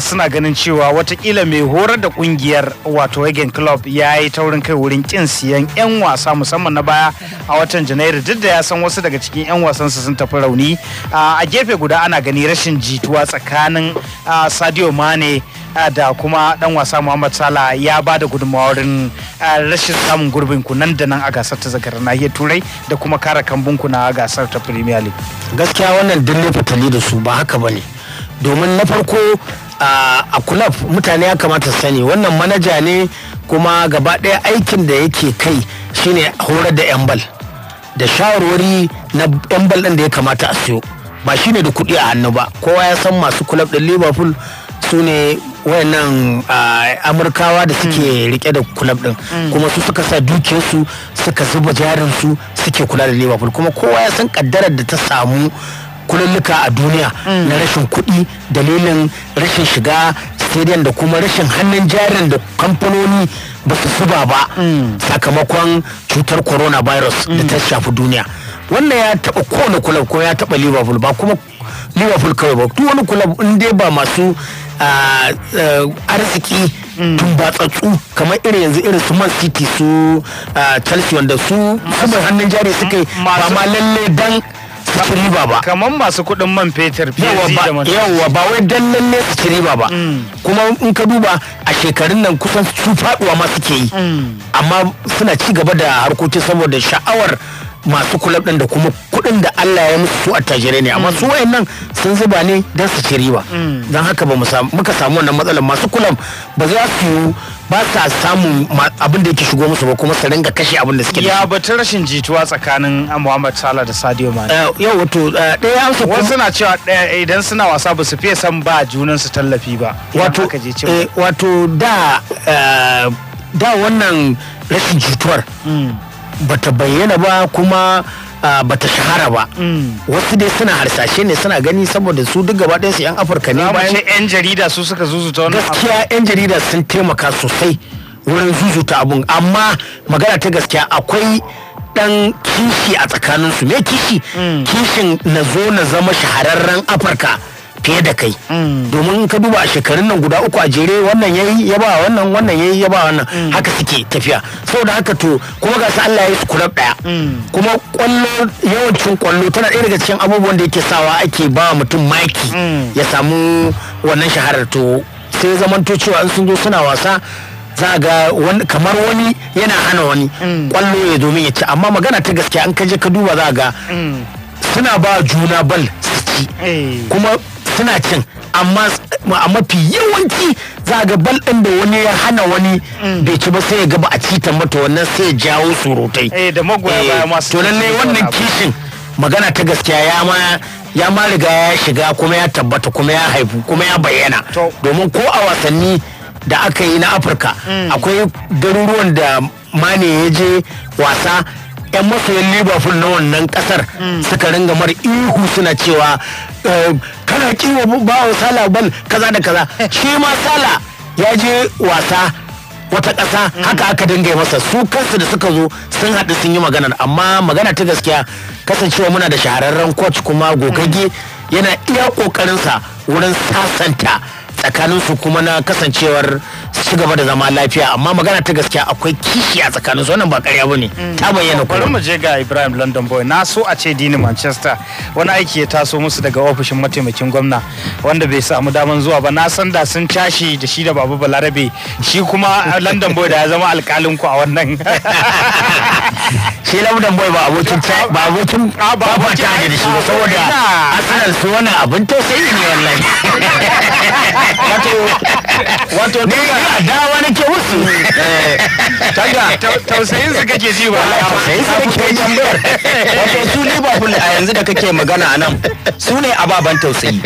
suna ganin cewa watakila mai horar da kungiyar wato wagen Club ya yi taurin kai wurin kin siyan 'yan wasa musamman na baya a watan Janairu duk da ya san wasu daga cikin 'yan wasansa sun tafi rauni. A gefe guda ana gani rashin jituwa tsakanin Sadio Mane da kuma dan wasa Muhammad Salah ya ba da gudunmawarin rashin samun gurbin ku nan da nan a gasar ta zakar nahiyar Turai da kuma kara kambun ku na gasar ta Premier League. Gaskiya wannan dillin fitali da su ba haka bane. domin na farko a kulab mutane ya kamata sani wannan manaja ne kuma gaba ɗaya aikin da yake kai shine horar da yan bal da shawarwari na yan ɗin da ya kamata a siyo ba shine da kuɗi a hannu ba kowa ya san masu kulab ɗin liverpool su ne wayannan amurkawa da suke mm. rike da kulab ɗin mm. kuma su suka sa dukiyarsu suka zuba jarin su suke kula da liverpool kuma kowa ya san kaddarar da ta samu kululluka a duniya mm. na rashin kuɗi dalilin rashin shiga stadium da kuma rashin hannun jarin da kamfanoni ba su suba ba mm. sakamakon cutar coronavirus da mm. ta shafi duniya wannan ya taɓa kowane kulab ko ya taɓa liverpool ba kuma liverpool kawai ba duk wani kulab in dai ba masu ah, ah, arziki tun ba tsatsu kamar irin yanzu irin su man city su ah, chelsea wanda su su hannun jari suka yi ba ma lalle dan riba ba kamar masu kuɗin man fetur yawa ba wai dan lalle su ci riba ba mm. kuma in ka duba a shekarun nan kusan su faduwa ma suke yi mm. amma suna ci gaba da harkoki saboda sha'awar masu kulab ɗin da kuma kuɗin da Allah ya musu su attajirai ne amma su mm. nan sun zuba ne don su ci riba mm. don haka ba muka samu wannan matsalar masu kulab ba za su yi ba sa samun abin da yake shigo musu ba kuma su ringa kashe abin da suke ya batun rashin jituwa tsakanin Muhammad Salah da Sadio Mane eh, yau wato eh, ɗaya amsa wasu suna cewa eh, idan suna wasa ba su fiye san ba junan su tallafi ba wato wato da da wannan rashin jituwar mm. bata bayyana ba kuma Uh, bata shahara ba mm. wasu dai suna harsashe ne suna gani saboda su duk gaba su yan afirka ne bayan yan jarida su suka zuzuta wani gaskiya yan jarida sun taimaka sosai wurin zuzuta abun amma magana ta gaskiya akwai dan kishi a tsakanin su me kishi mm. kishin na zo na zama shahararren afirka fiye da kai domin ka duba a shekarun nan guda uku a jere wannan yayi ya ba wannan wannan yayi ya ba wannan haka suke tafiya saboda haka to kuma ga su Allah ya su kurab daya kuma kwallo yawancin kwallo tana ɗaya daga cikin abubuwan da yake sawa ake ba mutum maki ya samu wannan shaharar to sai zamanto cewa in sun zo suna wasa za ga kamar wani yana hana wani kwallo ya domin ya ci amma magana ta gaskiya an je ka duba za ga mm. suna ba juna bal su ci eh. kuma tana cin amma a mafi yawanci za ga bal ɗin da wani ya hana wani mm. bai ci ba sai ya gaba a cita mata wannan sai ya jawo surutai eh, da magoya baya masu eh, to ne wannan kishin magana ta gaskiya ya ma ya ma riga ya shiga kuma ya tabbata kuma ya haifu kuma ya bayyana domin ko a wasanni da aka yi na afirka mm. akwai garuruwan da mane ya je wasa yan masoyin liverpool na wannan kasar mm. suka ringa mar ihu suna cewa eh, kana ba wa sala bal kaza da kaza <laughs> shi ma sala ya je wasa wata ƙasa mm. haka aka dinga masa su kansu da suka zo sun haɗu sun yi maganar amma magana ta gaskiya kasancewa muna da shahararren coach kuma gogagge mm. yana iya ƙoƙarinsa wurin sasanta tsakaninsu kuma na kasancewar su gaba da zama lafiya amma magana ta gaskiya akwai kishi a tsakanin tsakaninsu wannan ba karya bane mm. ta bayyana kuma mu je ga Ibrahim London boy na so a ce dini Manchester wani aiki ya taso musu daga ofishin mataimakin gwamna wanda bai samu daman zuwa ba na san da sun tashi da shi da Babu Balarabe shi kuma London boy da ya zama alkalin ku a wannan <laughs> shi laudan boy ba abokin ba abokin ba fata ne da shi ba saboda asalin su wannan abin sai ne wallahi wato wato ne wani ke wusu tanga tausayin su kake ji ba tausayin su kake tambayar wato su liverpool a yanzu da kake magana a nan su ne ababen tausayi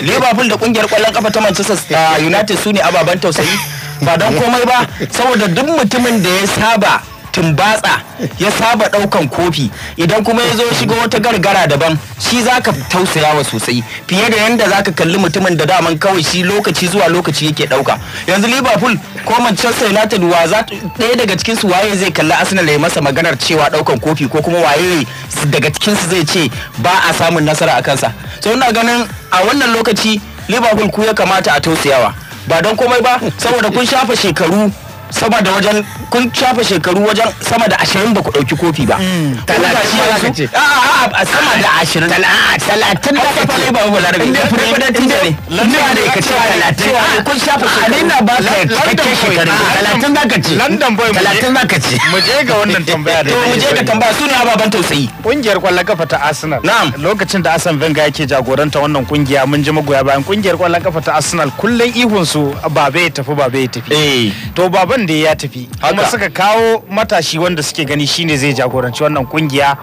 liverpool da kungiyar kwallon kafa ta manchester eh, united su ne ababen tausayi ba don komai ba saboda duk mutumin da ya saba tumbatsa ya saba daukan kofi idan kuma ya zo shiga wata gargara daban shi zaka tausayawa sosai fiye da yanda zaka kalli mutumin da daman kawai shi lokaci zuwa lokaci yake dauka yanzu liverpool ko manchester united wa za ɗaya daga cikin su waye zai kalli arsenal ya masa maganar cewa daukan kofi ko kuma waye daga cikin su zai ce ba a samun nasara a kansa so ina ganin a wannan lokaci liverpool ku ya kamata a tausayawa ba don komai ba saboda kun shafa shekaru sama da wajen kun shafa shekaru wajen sama da ashirin ba ku ɗauki kofi ba. Hmm, talatin a sama da ashirin. Talatin da ka ce. Ba ba larabi. Inda firimanci ne. London ne ka ce talatin. Kun shafa shekaru. Adina ba ka kake shekaru. Talatin za ka ce. London boy. Talatin za ka ce. Mu je ga wannan tambaya da. Mu je ga tambaya su ne ababen tausayi. Kungiyar kwallon kafa ta Arsenal. Na'am. Lokacin da Asan Venga yake jagoranta wannan kungiya mun ji magoya bayan kungiyar kwallon kafa ta Arsenal kullum ihunsu ba bai tafi ba bai tafi. Eh. To baban abin ya tafi kuma suka kawo matashi wanda suke gani shine zai jagoranci wannan kungiya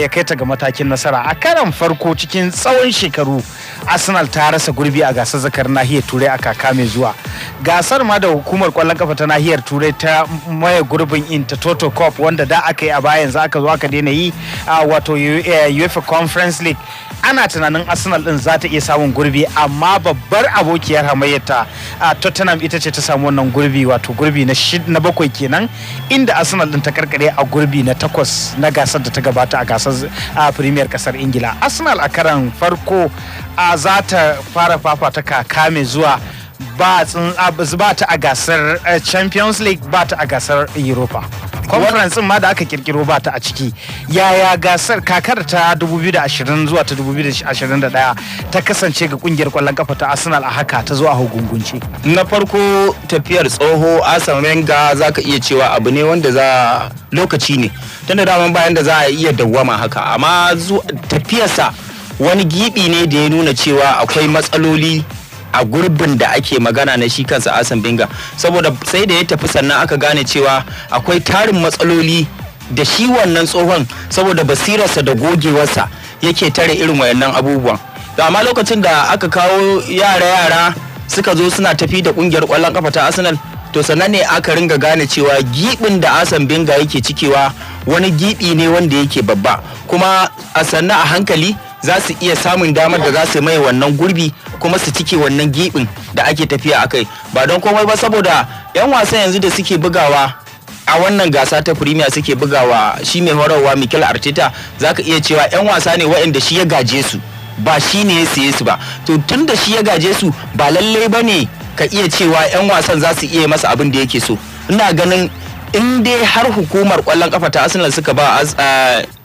ya kai ta ga matakin nasara a karan farko cikin tsawon shekaru arsenal ta rasa gurbi a gasar zakar nahiyar turai a kaka mai zuwa gasar ma da hukumar kwallon kafa ta nahiyar turai ta maye gurbin inter toto cup wanda da aka yi a bayan za aka zo aka daina yi a wato eh, uefa conference league ana tunanin arsenal din za ta iya samun gurbi amma babbar abokiyar hamayyata a tottenham ita ce ta samu wannan gurbi wato gurbi na na bakwai kenan inda arsenal din ta karkare a gurbi na takwas na gasar da ta gabata a gasar a premier kasar ingila arsenal a karan farko a za ta fara fafata kaka mai zuwa ba ta a gasar eh, champions league ba ta a gasar europa conference ma da aka kirkiro ba ta a ciki yaya gasar kakar ta 2020 zuwa ta 2021 ta kasance ga kungiyar kwallon kafa ta arsenal a haka ta zo a hugungunce na farko tafiyar tsoho asan wenga za ka iya cewa abu ne wanda za lokaci ne tunda daman bayan da za a iya dawwama haka amma tafiyarsa wani gibi ne da ya nuna cewa akwai matsaloli a gurbin da ake magana na shi kansa asan binga saboda sai da ya tafi sannan aka gane cewa akwai tarin matsaloli da shi wannan tsohon saboda basirarsa da gogewarsa yake tare irin wayannan abubuwan da amma lokacin da aka kawo yara-yara suka zo suna tafi da kungiyar kwallon kafa ta arsenal to sannan ne aka ringa gane cewa gibin da asan binga yake cikewa wani gibi ne wanda yake babba kuma a sannan a hankali za su iya samun damar da za su mai wannan gurbi kuma su cike wannan gibin da ake tafiya a kai ba don komai ba saboda 'yan wasan yanzu da suke bugawa a wannan gasa ta premier suke bugawa shi mai horarwa mikel arteta za ka iya cewa 'yan wasa ne wa'anda shi ya gaje su ba shi ne ya siye su ba to tun da shi ya gaje su ba lallai ba ne ka iya cewa 'yan wasan za su iya masa abin da yake so ina ganin in dai har hukumar kwallon kafa ta Arsenal suka ba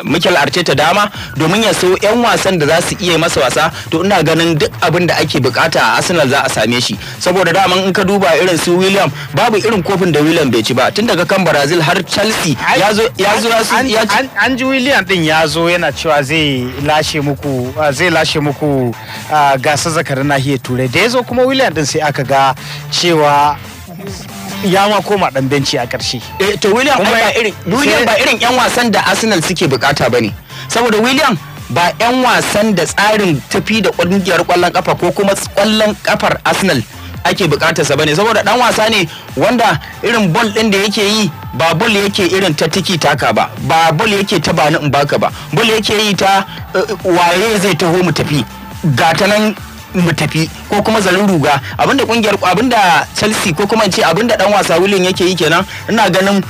Mikel ta dama domin ya so 'yan wasan da za su iya masa wasa to ina ganin duk abin da ake bukata a Arsenal za a same shi saboda daman in ka duba irin su William babu irin kofin da William bai ci ba tun daga kan Brazil har Chelsea ya zo ya zo ya an ji William din ya zo yana cewa zai lashe muku zai lashe muku gasar zakarin nahiyar Turai da ya zo kuma William din sai aka ga cewa ya ma koma dan benci a karshe eh to William ba irin William ba irin yan wasan da Arsenal suke bukata bane saboda William ba 'yan wasan da tsarin tafi da kungiyar kwallon kafa ko kuma kwallon kafar arsenal ake bukatarsa bane saboda dan wasa ne wanda irin bol din da yake yi ba bol yake irin ta tiki taka ba ba bol yake ta bani in baka ba bol yake yi ta eh, waye zai taho mu tafi Ga ta nan mu tafi ko kuma zarin ruga abinda kungiyar abinda Chelsea ko kuma in ce abinda dan wasa Willian yake yi kenan ina ganin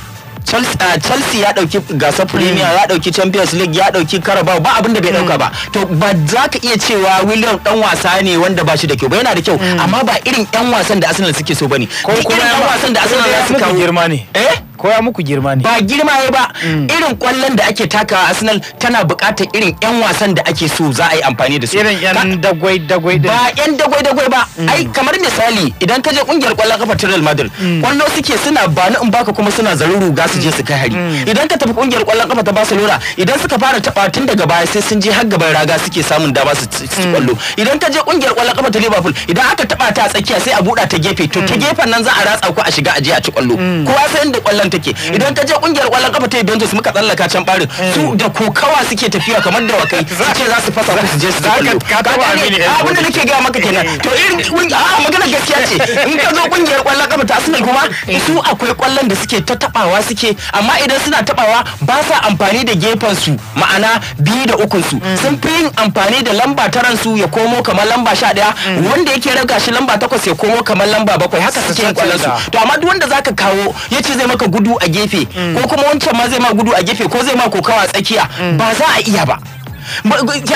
Chelsea ah, ya dauki gasar Premier hmm. ya dauki Champions League ya dauki Carabao ba abin da bai dauka hmm. ba to ba za ka iya cewa William dan wasa ne wanda ba shi da kyau ba yana da kyau hmm. amma ba irin yan wasan da Arsenal suke so bane ko kuma yan wasan da Arsenal za su girma ne eh koya muku girma ne ba girma ya ba mm. irin kwallon da ake takawa Arsenal tana buƙatar irin yan wasan da ake so za a yi amfani da su irin yan dagwai dagwai ba yan dagwai dagwai ba ai kamar misali idan ka je kungiyar kwallon kafa ta Real Madrid kwallo mm. suke suna ba ni in baka kuma suna zarin ruga su je su kai hari mm. idan ka tafi kungiyar kwallon kafa ta Barcelona idan suka fara taba tun daga baya sai sun je har gaban raga suke samun dama su ci kwallo idan ka je kungiyar kwallon kafa ta Liverpool idan aka taba ta a tsakiya sai a buɗa ta gefe to ta gefen nan za a ratsa ku a shiga a je a ci kwallo kowa sai inda kwallon nan take idan ta je kungiyar kwallon kafa ta Juventus muka tsallaka can barin su da kokawa suke tafiya kamar da wakai suke za su fasa su je su abin da nake gaya maka kenan to irin magana gaskiya ce in ka zo kungiyar kwallon kafa ta Arsenal kuma su akwai kwallon da suke ta tabawa suke amma idan suna tabawa ba sa amfani da gefen su ma'ana biyu da ukun su sun fi yin amfani da lamba taran su ya komo kamar lamba sha daya wanda yake raga shi lamba takwas ya komo kamar lamba bakwai haka suke yin kwallon su to amma duk wanda zaka kawo yace zai maka gudu a gefe mm. ko kuma wancan ma zai ma gudu a gefe ko zai ma kokawa a tsakiya mm. ba za a iya ba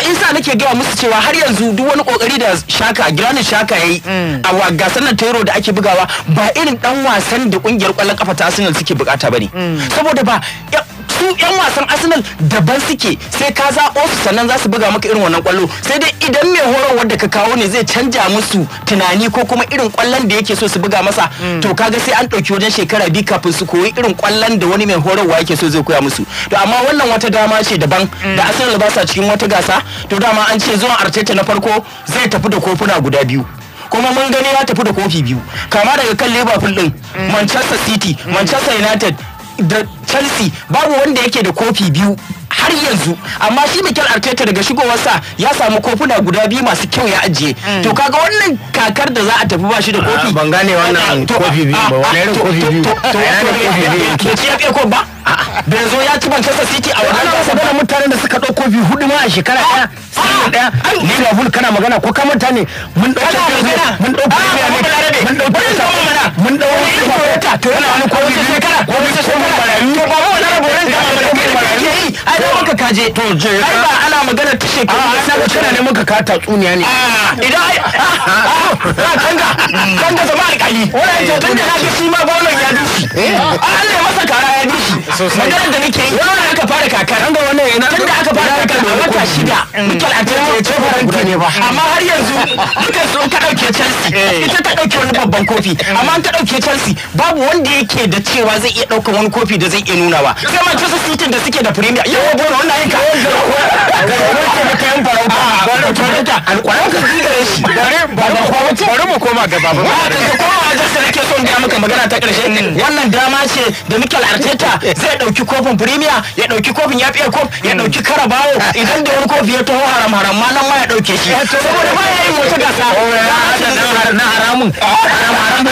in sa nake gaya musu cewa har yanzu duk wani kokari da shaka granit shaka yayi mm. a gasar nan tero da ake bugawa ba irin dan wasan da kungiyar kwallon kafa ta suke bukata bane saboda ba su yan wasan arsenal daban suke sai ka za su sannan za su buga maka irin wannan kwallo sai dai idan mai horarwar da ka kawo ne zai canja musu tunani ko kuma irin kwallon da yake so su buga masa mm. to kaga sai an ɗauki wajen shekara biyu kafin su koyi irin kwallon da wani mai horarwa yake so zai koya musu to amma wannan wata dama ce daban mm. da arsenal ba sa cikin wata gasa to dama an ce zuwan arteta na farko zai tafi da kofuna guda biyu kuma mun gani ya tafi da kofi biyu kama daga kan liverpool din mm. manchester city manchester united da Chelsea babu wanda yake da kofi biyu har yanzu amma shi Mikel Arteta daga shigowarsa ya samu kofuna guda biyu masu kyau ya ajiye to kaga wannan kakar da za a tafi ba shi da kofi ban gane wannan kofi biyu ba wani irin kofi biyu to ya ko ba da yanzu ya ci Manchester City a wajen ana magana mutanen da suka dauko biyu hudu ma a shekara daya ah, ah, sai daya Liverpool kana magana ko ka manta ne mun dauke mun dauke ah, mun dauke mun dauke to yana wani ko biyu ko biyu ko biyu to ba wani raborin da ai da muka kaje to je ai ba ana magana ta shekaru da sai kana ne muka ka tatsuniya ne idan ai kanga kanga mm. zama alƙali wannan to da na ga shi ma gonan ya dushi eh? Allah ya masa kara ya dushi maganar da nake yi wannan aka fara kakar an ga wannan yana tun da aka fara kakar a wata shida mikel arteta ya ce faranti ne ba amma har yanzu mikel sun ka dauke chelsea eh. ita ta dauke wani babban kofi mm. amma an ta dauke chelsea babu wanda yake da cewa zai iya daukar wani kofi da zai iya nuna ba sai manchester city da suke da premier yawa bono wannan yanka bari mu koma gaba ba mm. da koma wajen sarki son da muka mm. magana ta karshe wannan dama ce da mikel arteta zai dauki kofin premier ya dauki kofin ya fiye kof ya dauki karabawo idan da wani kofi ya taho haram haram ma nan ma ya dauke shi saboda ba ya yi wata gasa oh, na haramun <laughs> oh, haram haram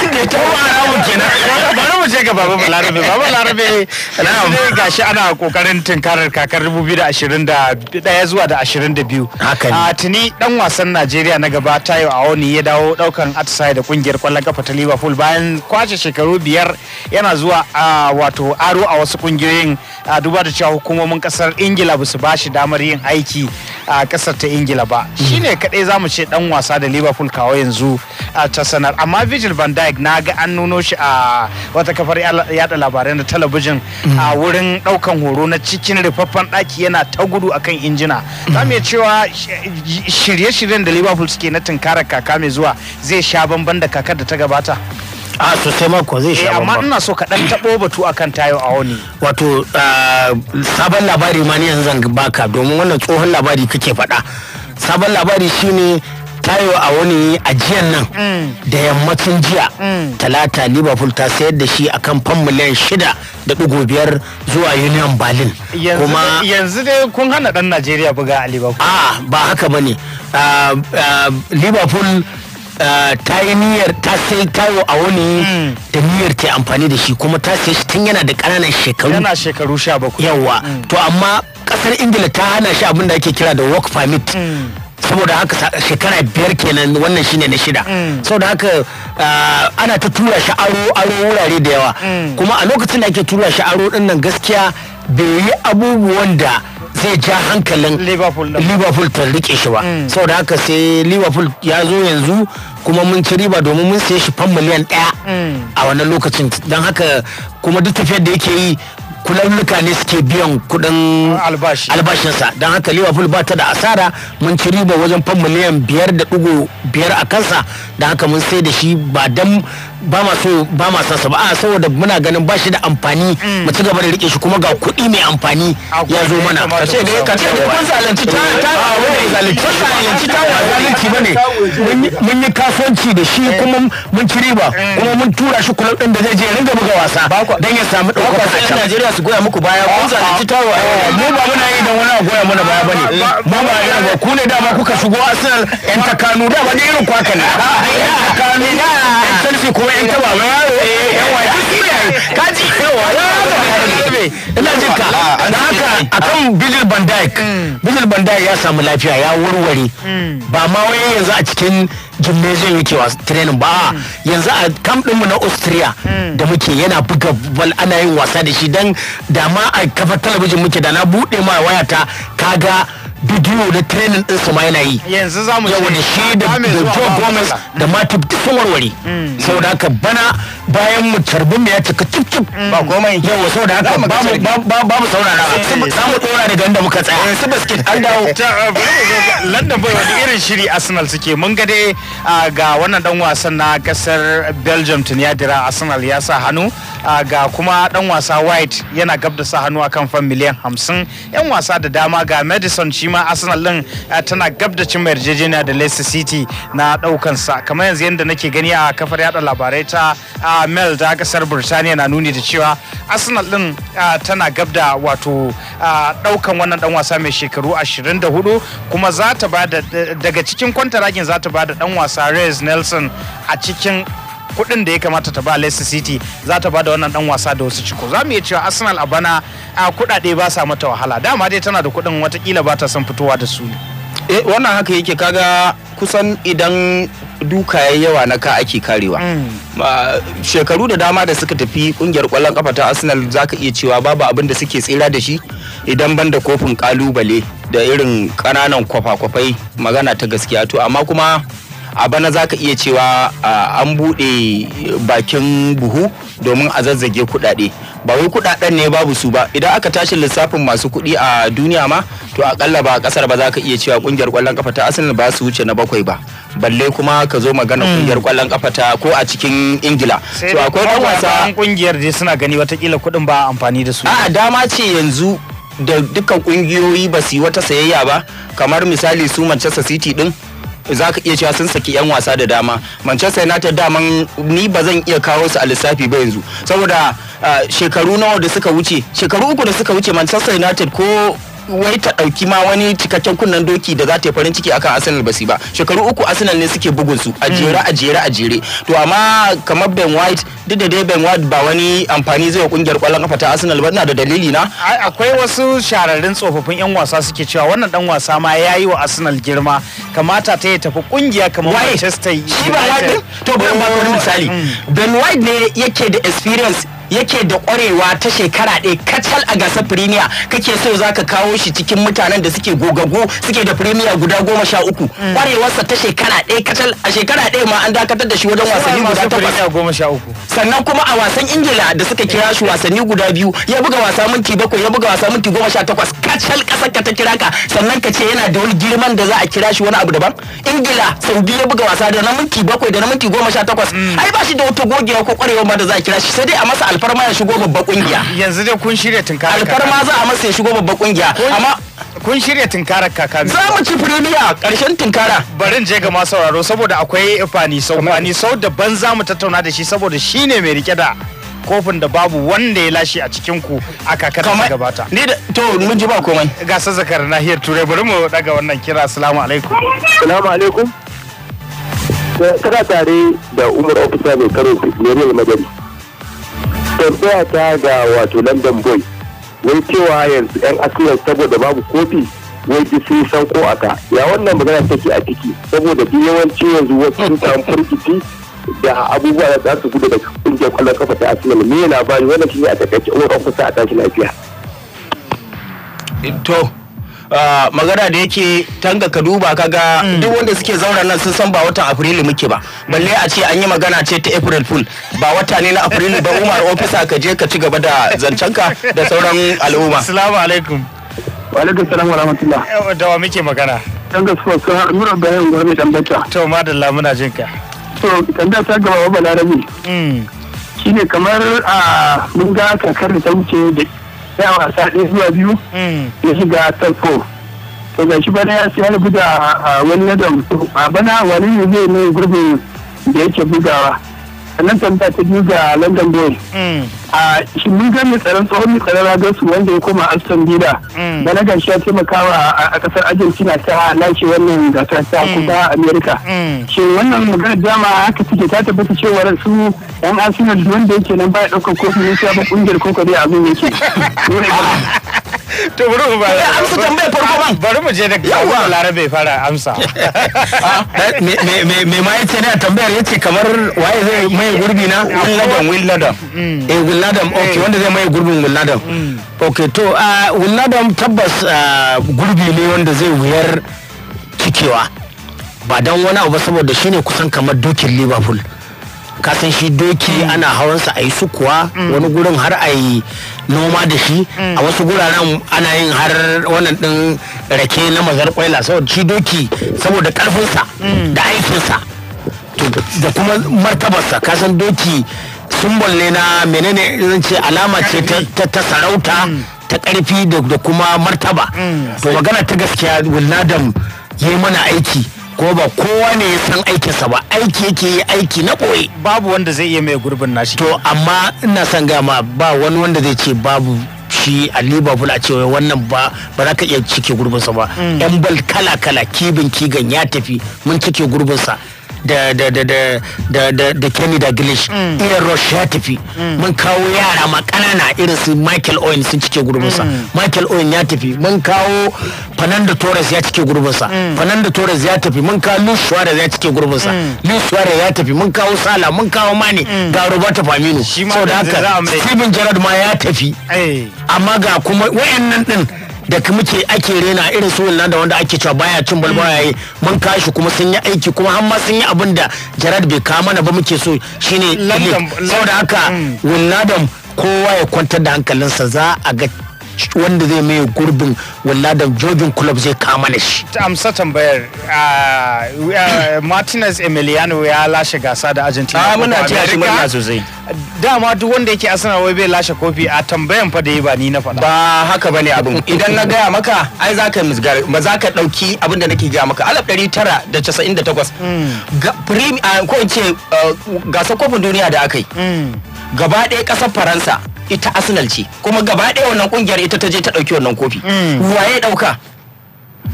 wanda ya taho haramun kenan bari mu je ga baba balarabe baba balarabe na'am gashi ana kokarin tinkarar kakar 2021 zuwa da 22 a ah, tuni dan wasan Najeriya na gaba Tayo Awoni ya dawo daukan atisaye da kungiyar kwallon kafa ta Liverpool bayan kwace shekaru biyar yana zuwa ah, wato wato aro a wasu kungiyoyin duba da cewa hukumomin kasar ingila ba su ba shi damar yin aiki a kasar ta ingila ba mm. Shi shine kadai mu ce dan wasa da liverpool kawo yanzu ta sanar amma virgil van dijk na ga an nuno shi a wata kafar yada labarai na talabijin mm. a wurin daukan horo na cikin rufaffen daki yana ta gudu akan injina mm. za mu cewa shirye-shiryen da liverpool suke na tunkarar kaka mai zuwa zai sha bamban da kakar da ta gabata a sosai mako zai sha eh, amma ina so ka dan tabo batu akan tayo a wani wato ah, sabon labari ma ni yanzu zan baka domin wannan tsohon labari kake faɗa sabon labari shine tayo a wani ajiyan nan mm. da yammacin jiya mm. talata liverpool ta sayar da shi akan fan miliyan shida da ɗigo biyar zuwa union berlin kuma yanzu dai kun hana ɗan najeriya buga a liverpool ba haka ba ne ah, ah, liverpool ta yi niyyar ta sai tayo a wani hmm. da niyyar ta yi amfani da shi kuma ta sai shi tun yana da ƙananan shekaru yana shekaru sha bakwai yawa hmm. to amma ƙasar ingila ta hana shi abin da ake kira da work permit hmm. saboda haka shekara biyar kenan wannan shine na shida saboda haka ana ta tura shi aro aro wurare da yawa kuma a lokacin da ake tura shi aro din gaskiya bai yi abubuwan da zai ja hankalin liverpool ta rike shi ba mm. da haka sai liverpool ya zo yanzu kuma mun ci riba domin mun siye shi fan miliyan daya mm. a wannan lokacin don haka kuma duk tafiyar da yake yi kulallika ne suke biyan kudin albashinsa don haka liverpool ba ta da asara mun ci riba wajen fan miliyan biyar da dugu biyar a kansa don haka mun sai da shi ba dan ba ma so ba ma san sa ba a saboda muna ganin ba shi da amfani mm. mu ci gaba da rike shi kuma ga kuɗi mai amfani ya zo mana ka ce ne ka ce ne kun zalunci ta ta zalunci ta zalunci ta wa zalunci bane mun yi kasuwanci da shi mm. kuma mun ci riba mm. kuma mun tura shi kulub din da zai je ringa buga wasa dan ya samu dauka a can Najeriya su goya muku baya kun zalunci ta wa eh, mu ba muna yi dan wani goya muna baya bane mu ba yi ku ne da dama kuka shigo Arsenal yan takanu ba ne irin kwaka ne <laughs> takanu da Chelsea kuma wannan ita ba ba yaro eh, ka ji yawa ina jin ka da haka akan Bilal mm. Van Dijk ya samu lafiya ya warware mm. ba ma wai yanzu a cikin gymnasium yake wa training ba mm. yanzu a camp mu na Austria da muke yana buga bal ana yin wasa da shi dan da ma a kafa talabijin muke da na bude ma wayata kaga bidiyo na training din su ma yana yi yanzu za mu yau da shi da Joe Gomez da Matip sun sau da aka bana bayan mu carbin mu ya cika cip cip hmm. ba komai sau da aka ba mu saurara eh. za mu tsora daga inda muka tsaya yanzu basket an dawo eh, London boy wani irin shiri Arsenal suke mun ga dai ah, ga wannan dan wasan na kasar Belgium tun ya dira Arsenal ya sa hannu ah, ga kuma dan wasa White yana gab da sa hannu akan fan miliyan 50 yan wasa da dama ga Madison shi ma arsenal din eh, tana gab da cin yarjejeniya da leicester city na daukan sa kamar yanzu yadda nake gani a kafar yada labarai ta eh, mel da kasar burtaniya na nuni da cewa arsenal din eh, tana gab da wato daukan wannan dan wasa mai shekaru 24 kuma za ta ba daga cikin kwantaragin za ta ba da dan wasa reyes nelson a cikin kuɗin da ya kamata ta ba Leicester City za ta ba da wannan dan wasa da wasu ciko za mu iya cewa Arsenal a bana a kuɗaɗe ba sa mata wahala dama dai tana da kuɗin watakila ba ta son fitowa da su eh wannan haka yake kaga kusan idan duka ya yawa na ka ake karewa mm. shekaru da dama da suka tafi kungiyar kwallon kafa ta arsenal za ka iya cewa babu abin da suke tsira da shi idan ban da kofin kalubale da irin kananan kwafa-kwafai magana ta gaskiya to amma kuma a bana za ka iya cewa an buɗe bakin buhu domin a zazzage kuɗaɗe ba wai kuɗaɗen ne babu su ba idan aka tashi lissafin masu kuɗi a duniya ma to akalla ba ƙasar ba za ka iya cewa kungiyar ƙwallon ƙafa ta arsenal ba su wuce na bakwai ba balle kuma ka zo magana hmm. ƙungiyar ƙwallon ƙafa ta ko a cikin ingila to akwai ɗan wasa ƙungiyar da suna gani watakila kuɗin ba amfani da su a dama ce yanzu da dukkan ƙungiyoyi ba su yi wata sayayya ba kamar misali su manchester city din za ka iya cewa sun saki 'yan wasa da dama manchester united daman ni ba zan iya kawo su a lissafi ba yanzu saboda ah, shekaru nawa da suka wuce shekaru uku da suka wuce manchester united ko wai ta ɗauki ma wani cikakken kunnen doki da za ta yi farin ciki akan Arsenal ba basi ba shekaru uku Arsenal ne suke bugun su a jere a jere a jere to amma kamar Ben White duk da dai Ben White ba wani amfani zai kungiyar kwallon kafa ta Arsenal ba ina da dalili na akwai wasu shahararrun tsofaffin yan wasa suke cewa wannan dan wasa ma yayi wa Arsenal girma kamata ta ya tafi kungiya kamar Manchester United shi ba to misali mm. Ben White ne yake da experience yake da kwarewa ta shekara ɗaya kacal a gasar premier kake so za ka kawo shi cikin mutanen da suke gogago suke da premier guda goma sha uku kwarewarsa mm. ta shekara ɗaya kacal a shekara ɗaya ma an dakatar da shi wajen wasanni guda takwas sannan kuma a wasan ingila da suka kira shi wasanni guda biyu ya buga wasa minti bakwai ya buga wasa minti goma sha takwas kacal ƙasar ka ta kira ka sannan ka ce yana da wani girman da za a kira shi wani abu daban ingila sau biyu ya buga wasa da na minti bakwai da na minti goma sha takwas mm. ai ba shi da wata gogewa ko kwarewa ma da za a kira shi sai dai a masa alfarma ya shigo babba kungiya yanzu dai kun shirya tunkarar alfarma za a masa ya shigo babba kungiya amma kun shirya tunkarar kaka za mu ci premier karshen tunkara barin je ga masu sauraro saboda akwai ifani sau fani sau daban za mu tattauna da shi saboda shine mai rike da kofin da babu wanda ya lashe a cikin ku a kakar ta gabata ni da to mun ji ba komai ga zakar nahiyar turai bari mu daga wannan kira assalamu alaikum assalamu alaikum eh, kana tare da umar ofisa mai karo ne mai madari tambaya ta ga wato london boy wai cewa yanzu yan asirar saboda babu kofi wai bi sun san ko aka ya wannan magana take a ciki saboda duk yawanci yanzu wasu sun samu firgici da abubuwa da za su gudu da kungiyar kwallon kafa ta asirar me yana bani wannan shi ne a takaice umar kusa a tashi lafiya. Ah, magana da yake tanga ka duba kaga mm. duk wanda suke zauna nan sun san ba watan afrilu muke ba balle a ce an yi magana ce ta april fool ba wata ne na afrilu ba umar ofisa ka je ka ci gaba da zancenka da sauran al'umma assalamu alaikum wa alaikum salam wa rahmatullah da wa muke magana dan gaskiya sun har mura bayan gwamnati tambata to madalla muna jinka to tambaya ta gaba wa balarabi mm. shine kamar a ah, mun ga kakar da ta wuce da a wasa ɗaya zuwa biyu ya hmm. shiga top to ga shi bana ya sai buga wani na da bana wani ne zai ne gurbin da yake bugawa sannan tambaya ta biyu ga london Bay. Mm. a shi mun ga mai tsaron tsohon mai tsaron su wanda ya koma aston villa mm. na shi ya taimakawa a kasar argentina ta lashe wannan gasar ta mm. a america shin wannan maganar dama haka take ta tabbata cewa su yan arsenal wanda yake nan baya ɗaukar kofi ne ya ba kungiyar kokari abin yake <laughs> to bari mu bari amsa tambayar farko ban bari mu je da yawa larabe fara amsa <laughs> ah, me ma yace ne a tambayar yace kamar waye zai maye gurbi na willadam willadam mm. eh willadam okay eh. wanda zai maye gurbin willadam mm. okay to ah, willadam tabbas ah, gurbi ne wanda zai wuyar cikewa ba dan wani abu saboda shine kusan kamar dukin liverpool kasan shi doki ana hawansa a yi sukuwa wani gurin har ayi noma da shi a wasu guraren ana yin har wannan din rake na mazar kwaila saboda shi doki saboda karfinsa da aikinsa da kuma martabarsa kasan doki simbol ne na menene zan ce alama ce ta sarauta ta karfi da kuma martaba mm. to magana ta gaskiya wilnadam ya yi mana aiki ko ba kowa ne ya san aikinsa ba aiki yake yi aiki na ɓoye babu wanda zai iya mai gurbin nashi to amma ina son ma ba wani wanda zai ce babu shi a liverpool a cewa wannan ba ba za ka iya cike gurbinsa ba mm. yan bal kala kala kibin kigan ya tafi mun cike gurbinsa da da da da da da da Kenny da Glish mm. Ian Rush ya tafi mm. mun kawo yara ma kanana irin su Michael Owen sun cike gurbinsa mm. Michael Owen ya tafi mun kawo Fernando Torres ya cike gurbinsa Fernando Torres ya tafi mun kawo Luis Suarez ya cike gurbinsa Luis Suarez ya tafi mun kawo Sala mun kawo Mane ga Roberto Firmino saboda haka Steven Gerrard ma ya tafi eh. amma ga kuma wayannan din da muke ake rena irin su wannan da wanda ake cewa baya cin balbara yayi mun kashi kuma sun yi aiki kuma har ma sun yi abin da Gerard bai kawo mana ba muke so shine saboda haka mm. wannan kowa ya kwantar da hankalinsa za a ga wanda zai maye gurbin da jobin club zai kama na shi amsa tambayar ah, martinez emiliano ya lashe gasa da argentina ah, muna ce shi murna sosai dama duk wanda yake arsenal wai bai lashe kofi a tambayan fa da yi ba ni na faɗa ba haka bane abin idan na gaya maka ai zaka misgar ba zaka dauki abin da nake gaya maka alaf 998 hmm. ah, ko in ce gasar kofin duniya da aka yi hmm. gaba ɗaya ƙasar faransa ita arsenal ce kuma gaba ɗaya wannan ƙungiyar ita ta je ta ɗauki wannan kofi mm. waye ɗauka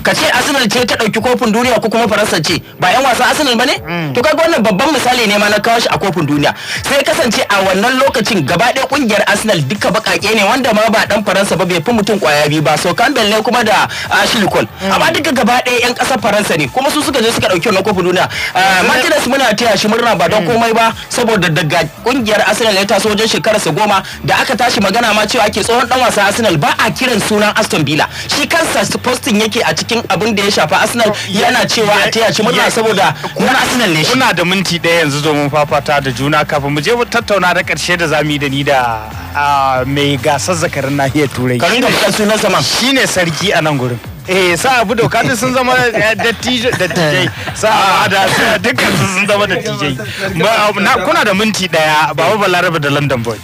ka ce arsenal ce ta ɗauki kofin duniya ko kuma faransa ce ba yan wasan arsenal ba ne mm. to kaga wannan babban misali ne ma na kawo shi a kofin duniya sai kasance a wannan lokacin gaba ɗaya kungiyar arsenal duka baƙaƙe ne wanda ma ba dan faransa ba bai fi mutum kwaya biyu ba so campbell ne kuma da ah, ashley mm. amma duka gaba ɗaya yan ƙasar faransa ne kuma su suka je suka ɗauki wannan kofin duniya ah, martinez muna taya shi murna ba don mm. komai ba saboda daga kungiyar arsenal ya taso wajen shekararsa goma da aka tashi magana ma cewa ake tsohon dan wasan arsenal ba a kiran sunan aston villa shi kansa postin yake a cikin cikin abin da ya shafa Arsenal yana cewa a taya shi murna saboda kuma Arsenal ne shi. kuna da minti ɗaya yanzu domin fafata da juna kafin mu je mu tattauna da ƙarshe da zamu yi da ni da mai gasar zakarin nahiyar turai karin da sunan zaman shine sarki a nan gurin eh sa abu doka duk sun zama eh, da dattijai sa da dukkan sun zama Na kuna da minti daya baba balarabe da london boy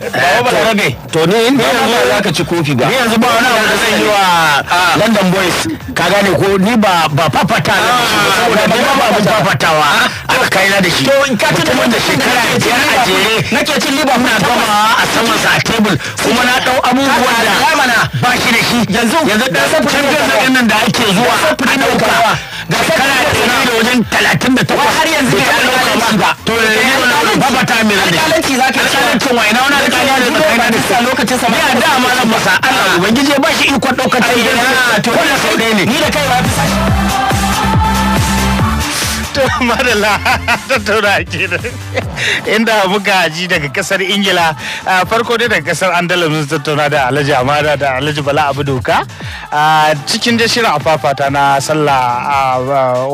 baba balarabe to ni in ba za ka ci kofi ba ni yanzu ba wani abu da zan yi wa London Boys ka gane ko ni ba ba fafata na saboda ni ba mun fafatawa aka kai na da shi to in ka tuna da shekara biyar a jere nake cin Liverpool na gabawa a saman sa a table kuma na dau abubuwan da ba shi da shi yanzu yanzu da sabon nan da ake zuwa a ga shekara ɗari da wajen talatin da takwas har yanzu ne an ɗauka man ba to da ne wani ba ba ta mai rani alƙalanci za ka alƙalancin wa ina wani alƙalanci da kai na da lokacin sama ya da malam masa Allah ubangiji ba shi ikon ɗaukar ta yi ko da sau ɗaya ne ni da kai ba fi sashi to <laughs> madalla <laughs> ta tura kenan inda muka ji daga kasar ingila farko dai daga kasar andalus musu tattauna da alhaji amada da alhaji bala abu doka cikin da shirin afafata na sallah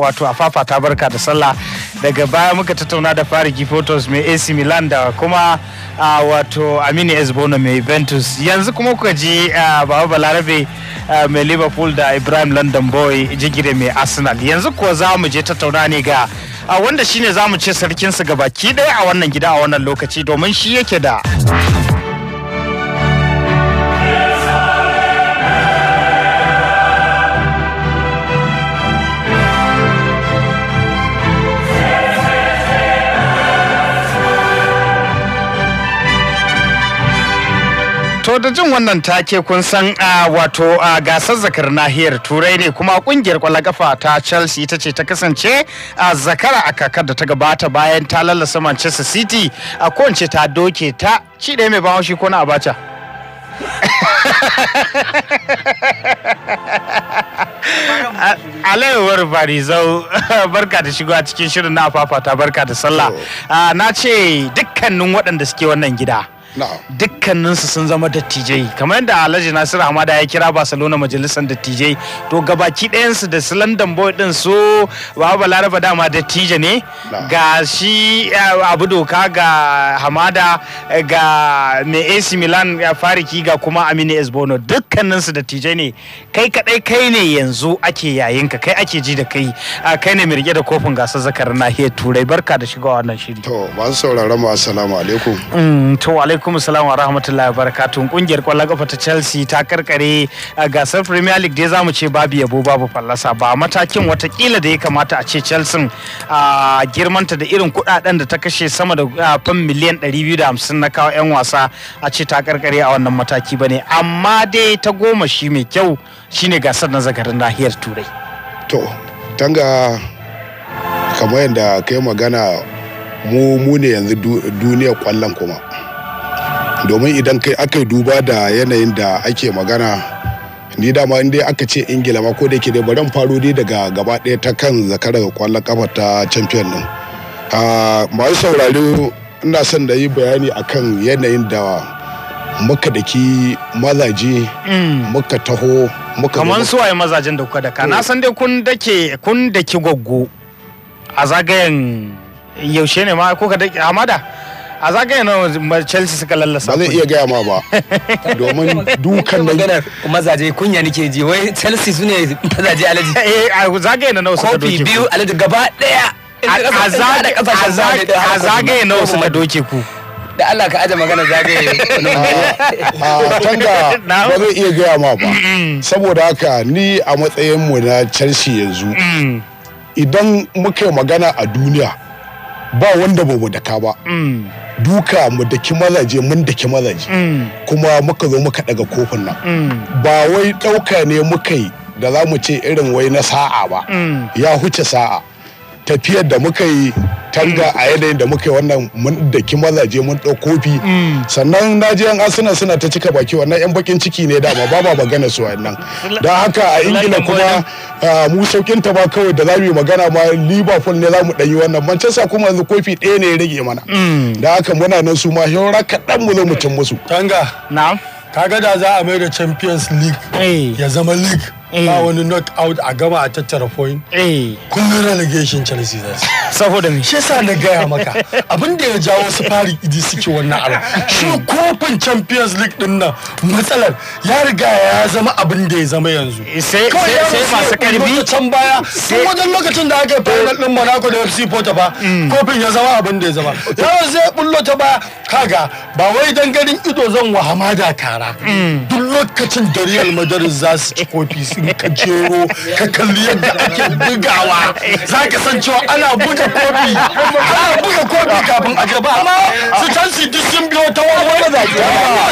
wato afafata barka da sallah daga baya muka tattauna da fari gifotos mai ac milan da kuma wato amini esbono mai ventus yanzu kuma kuka ji baba balarabe mai liverpool da ibrahim london boy jigire mai arsenal yanzu kuwa za mu je tattauna ne A wanda shine zamu ce sarkinsu baki ɗaya a wannan gida a wannan lokaci domin shi yake da da jin wannan take kun san a wato a gasar zakar nahiyar turai ne kuma kungiyar kwallon kafa ta Chelsea ita ce ta kasance a zakara a kakar da ta gabata bayan ta lallasa Manchester City a kowace ta doke ta ci ɗaya mai bawon shi ko na abacha. alaiwar barizau <laughs> barka da shigo a cikin shirin na fafata barka da sallah na ce dukkanin waɗanda suke wannan gida dukkaninsu sun zama dattijai kamar yadda alhaji nasiru hamada ya kira barcelona majalisar dattijai to gabaki ɗayansu da slandan boy din su baba laraba dama dattija ne ga shi abu doka ga hamada ga mai ac milan fariki ga kuma amini esbono dukkaninsu dattijai ne kai kadai kai ne yanzu ake yayinka kai ake ji da kai kai ne mirge da kofin gasar zakarar nahiyar turai barka da shiga wannan shiri to masu sauraron mu assalamu alaikum mm, to alaikum alaikum salamu wa rahmatullahi barakatun kungiyar kwallon kafa ta Chelsea ta karkare a gasar Premier League dai zamu ce babu yabo babu fallasa ba matakin watakila da ya kamata a ce Chelsea a girmanta da irin kudaden da ta kashe sama da fan miliyan 250 na kawo 'yan wasa a ce ta karkare a wannan mataki bane amma dai ta goma shi mai kyau shine gasar na zakarin nahiyar Turai to tanga kamar yadda kai magana mu mu yanzu duniyar kwallon kuma domin idan kai aka duba da yanayin da ake magana ni dama in dai aka ce ingila ma ko da yake dai bari faro dai daga gaba ɗaya ta kan zakarar kwallon kafa ta champion din ah, masu saurari ina son da yi bayani akan yanayin da muka da ki mazaje mm. muka taho muka kamar waye mazajen da kuka daka na san dai kun dake kun daki goggo a zagayen yaushe ne ma kuka da amada. a zagaye na chelsea suka lallasa ba zai iya gaya ma ba <laughs> domin dukan da maganar mazaje kunya nake ji wai chelsea su ne mazaje alaji <laughs> eh zagaye na nawa suka doke kofi biyu alaji gaba daya a zagaye nawa suka doke ku da Allah ka aje magana zagaye <laughs> a ah, ah, tanga ba zai iya gaya ma ba saboda haka ni a matsayin mu na chelsea yanzu mm. idan muka yi magana a duniya ba wanda ba da ka ba mm. duka mu daki mazaje mun daki mazaje mm. kuma muka zo muka daga kofin nan mm. ba wai ɗauka ne muka yi da za mu ce irin wai na sa'a ba mm. ya huce sa'a tafiyar da muka yi tanga a yanayin da muka yi wannan mun maza mazaje mun ɗau kofi mm. sannan na je yan asuna suna ta cika baki wannan yan bakin ciki ne dama ba ba magana su wannan don haka a ingila kuma mu saukin ta ba kawai da za mu yi magana ma liverpool ne za mu ɗanyi wannan manchester kuma yanzu kofi ɗaya ne ya rage mana mm. da haka muna nan su ma hira kaɗan mu zo mu musu tanga na'am kaga da za a mai da champions league ya zama league Eh. ba wani knock out a gama a tattara point eh. kullum relegation chelsea zai saboda me shi yasa na gaya maka <laughs> abin da ya jawo su fari idi suke wannan abu shi kofin champions league din nan matsalar ya riga ya zama abin da ya zama yanzu eh, sai masu karbi can baya sai wajen lokacin da aka yi final din monaco da fc porto ba mm. kofin ya zama abin da ya zama <laughs> yawan zai bullo ta baya kaga ba wai dan ganin ido zan wa hamada kara mm. duk lokacin da real madrid za su ci kofi in ka jero ka kalli yadda ake bugawa za ka san cewa ana buga kofi ana buga kofi kafin a gaba amma su can su duk sun biyo ta wani wani zaki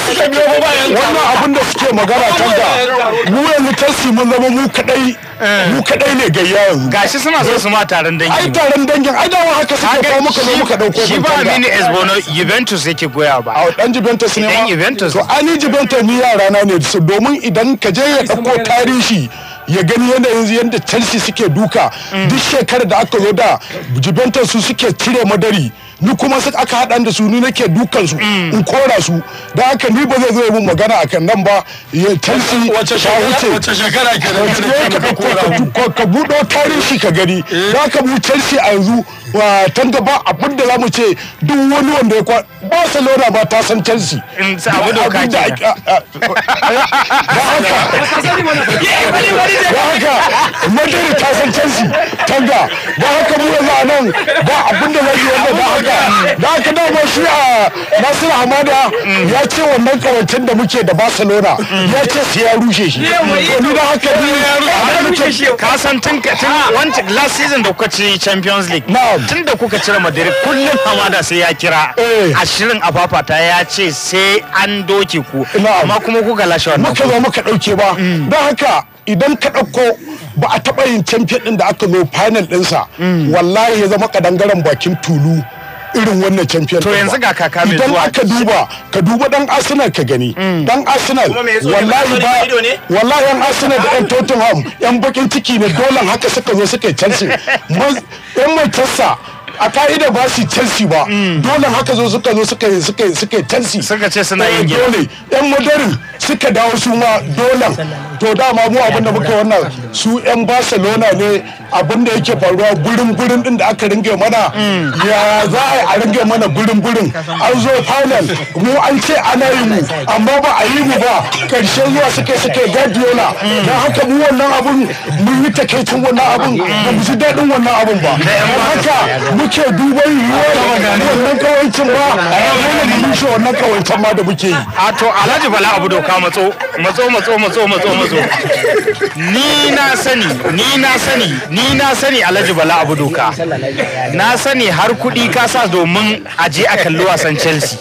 suka biyo ba bayan wannan abin da suke magana can da mu yanzu can su mun zama mu kadai eh. mu kadai ne gayya yanzu gashi suna so su ma taron dangin ai taron dangin ai dawo haka suke kawo muka zo muka dauko shi ba mini esbono juventus yake goya ba a dan juventus ne ma to ani juventus ni yara na ne domin idan ka je ya dauko tarihi ya gani yanayin yadda chelsea suke duka mm. duk shekarar da aka zo da juventus su suke cire madari ni kuma sai aka haɗan da su ni nake dukan su in kora su da haka ni ba zai zo mun magana akan nan ba ya tansi wace shekara wace shekara ke da ka kora ka budo tarihi ka gani eh. za ka bu Chelsea a yanzu tun da ba abin da za mu ce duk wani wanda ya kwa Barcelona ba ta san Chelsea abu da haka Madrid ta san Chelsea tanga ba haka mu yanzu a nan ba abin da za yi wannan ba haka da haka dama shi a nasir hamada ya ce wannan kawancin da muke da barcelona ya ce su ya rushe shi to ni da haka ni ka san tun wancan last season da kuka ci champions league tun da kuka cire madrid kullum hamada sai ya kira shirin a fafata ya ce sai an doke ku amma kuma kuka lashe wannan muka zo muka dauke ba don haka idan ka ɗauko ba a taɓa yin champion ɗin da aka zo final ɗinsa wallahi ya zama kadangaren bakin tulu irin wannan champion to yanzu ga kaka mai zuwa idan aka duba ka duba dan Arsenal ka gani mm. dan Arsenal wallahi ba wallahi yan Arsenal da yan Tottenham yan bakin ciki ne <laughs> dole haka suka zo suka Chelsea yan Manchester a ka'ida ba su chelsea ba mm. dole haka zo suka zo suka suka suka chelsea suka ce suna eh, yin dole yan madarin suka dawo su ma dolan to dama mu abinda muka wannan su yan barcelona ne abinda yake faruwa gurin gurin din da aka ringe mana ya za a ringe mana gurin gurin an zo final mu an ce ana yi mu amma ba a yi mu ba karshe zuwa suke suke gadiola don haka mu wannan abun mu yi takaicin wannan abun ba mu ji daɗin wannan abun ba haka muke duban yiwuwar wannan kawancin ba a yi mun shi wannan kawancin ma da muke yi a to alhaji bala abu ka matso matso matso matso matso matso ni na sani ni na sani ni na sani alhaji bala abu doka na sani har kuɗi ka sa domin aje a kalli wasan chelsea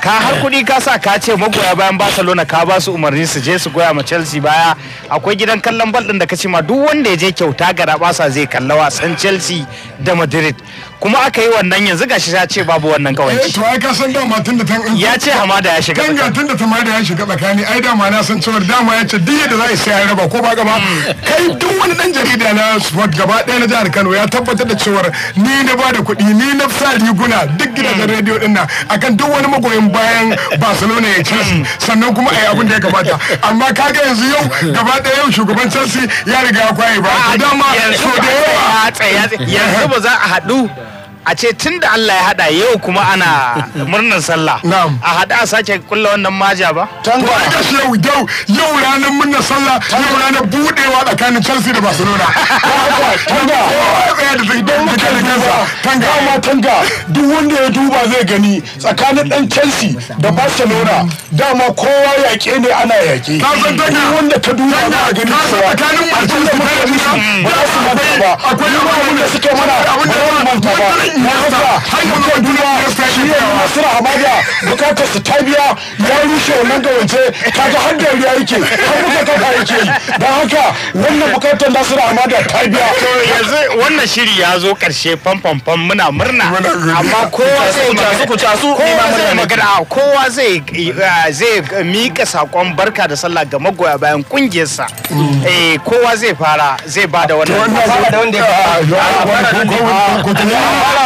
ka har kuɗi ka sa ka ce magoya bayan barcelona ka ba su umarni su je su goya ma chelsea baya akwai gidan kallon bal ɗin da ka ce ma duk wanda ya je kyauta gara basa zai kalla wasan chelsea da madrid kuma aka yi wannan yanzu gashi ya ce babu wannan kawai eh, to ai ka san dama tunda tan ya ce hamada ya shiga tanga tunda hamada ya shiga tsakani ai dama na san cewa dama ya ce duk yadda za a sai raba ko ba gaba hmm. kai duk wani dan jarida na sport gaba ɗaya na jihar Kano ya tabbatar da cewa ni na ba da kuɗi ni na sa riguna duk gidajen hmm. rediyo din nan akan duk wani magoyin bayan Barcelona ya Chelsea hmm. sannan kuma ai abin da ya gabata amma kaga yanzu yau gaba ɗaya yau shugaban Chelsea ya riga ya kwaye ba dama so da yawa yanzu ba za a haɗu a ce tun da Allah ya hada yau kuma ana murnar sallah a hada a sake kulla wannan maja ba to ai yau yau yau ranar murnar sallah yau ranar budewa tsakanin Chelsea da Barcelona <laughs> tanga tsaya tanga duk wanda ya duba zai gani tsakanin dan Chelsea da Barcelona dama kowa yaƙe ne ana yaƙe duk wanda ka duba za gani tsakanin Manchester da Barcelona ba akwai abin suke mana ba nasa har yau na duniya shi ne yi nasara hamada bukatar su ta biya ya rushe wannan gawance kaga har da riya yake har muka kafa yake yi don haka wannan bukatar nasara hamada ta biya yanzu wannan shiri ya zo karshe fanfanfan muna murna amma kowa zai casu ku kowa zai magana kowa eh, zai miƙa saƙon barka da sallah ga magoya bayan ƙungiyarsa mm. eh, kowa zai fara zai bada wannan da wanda ya fara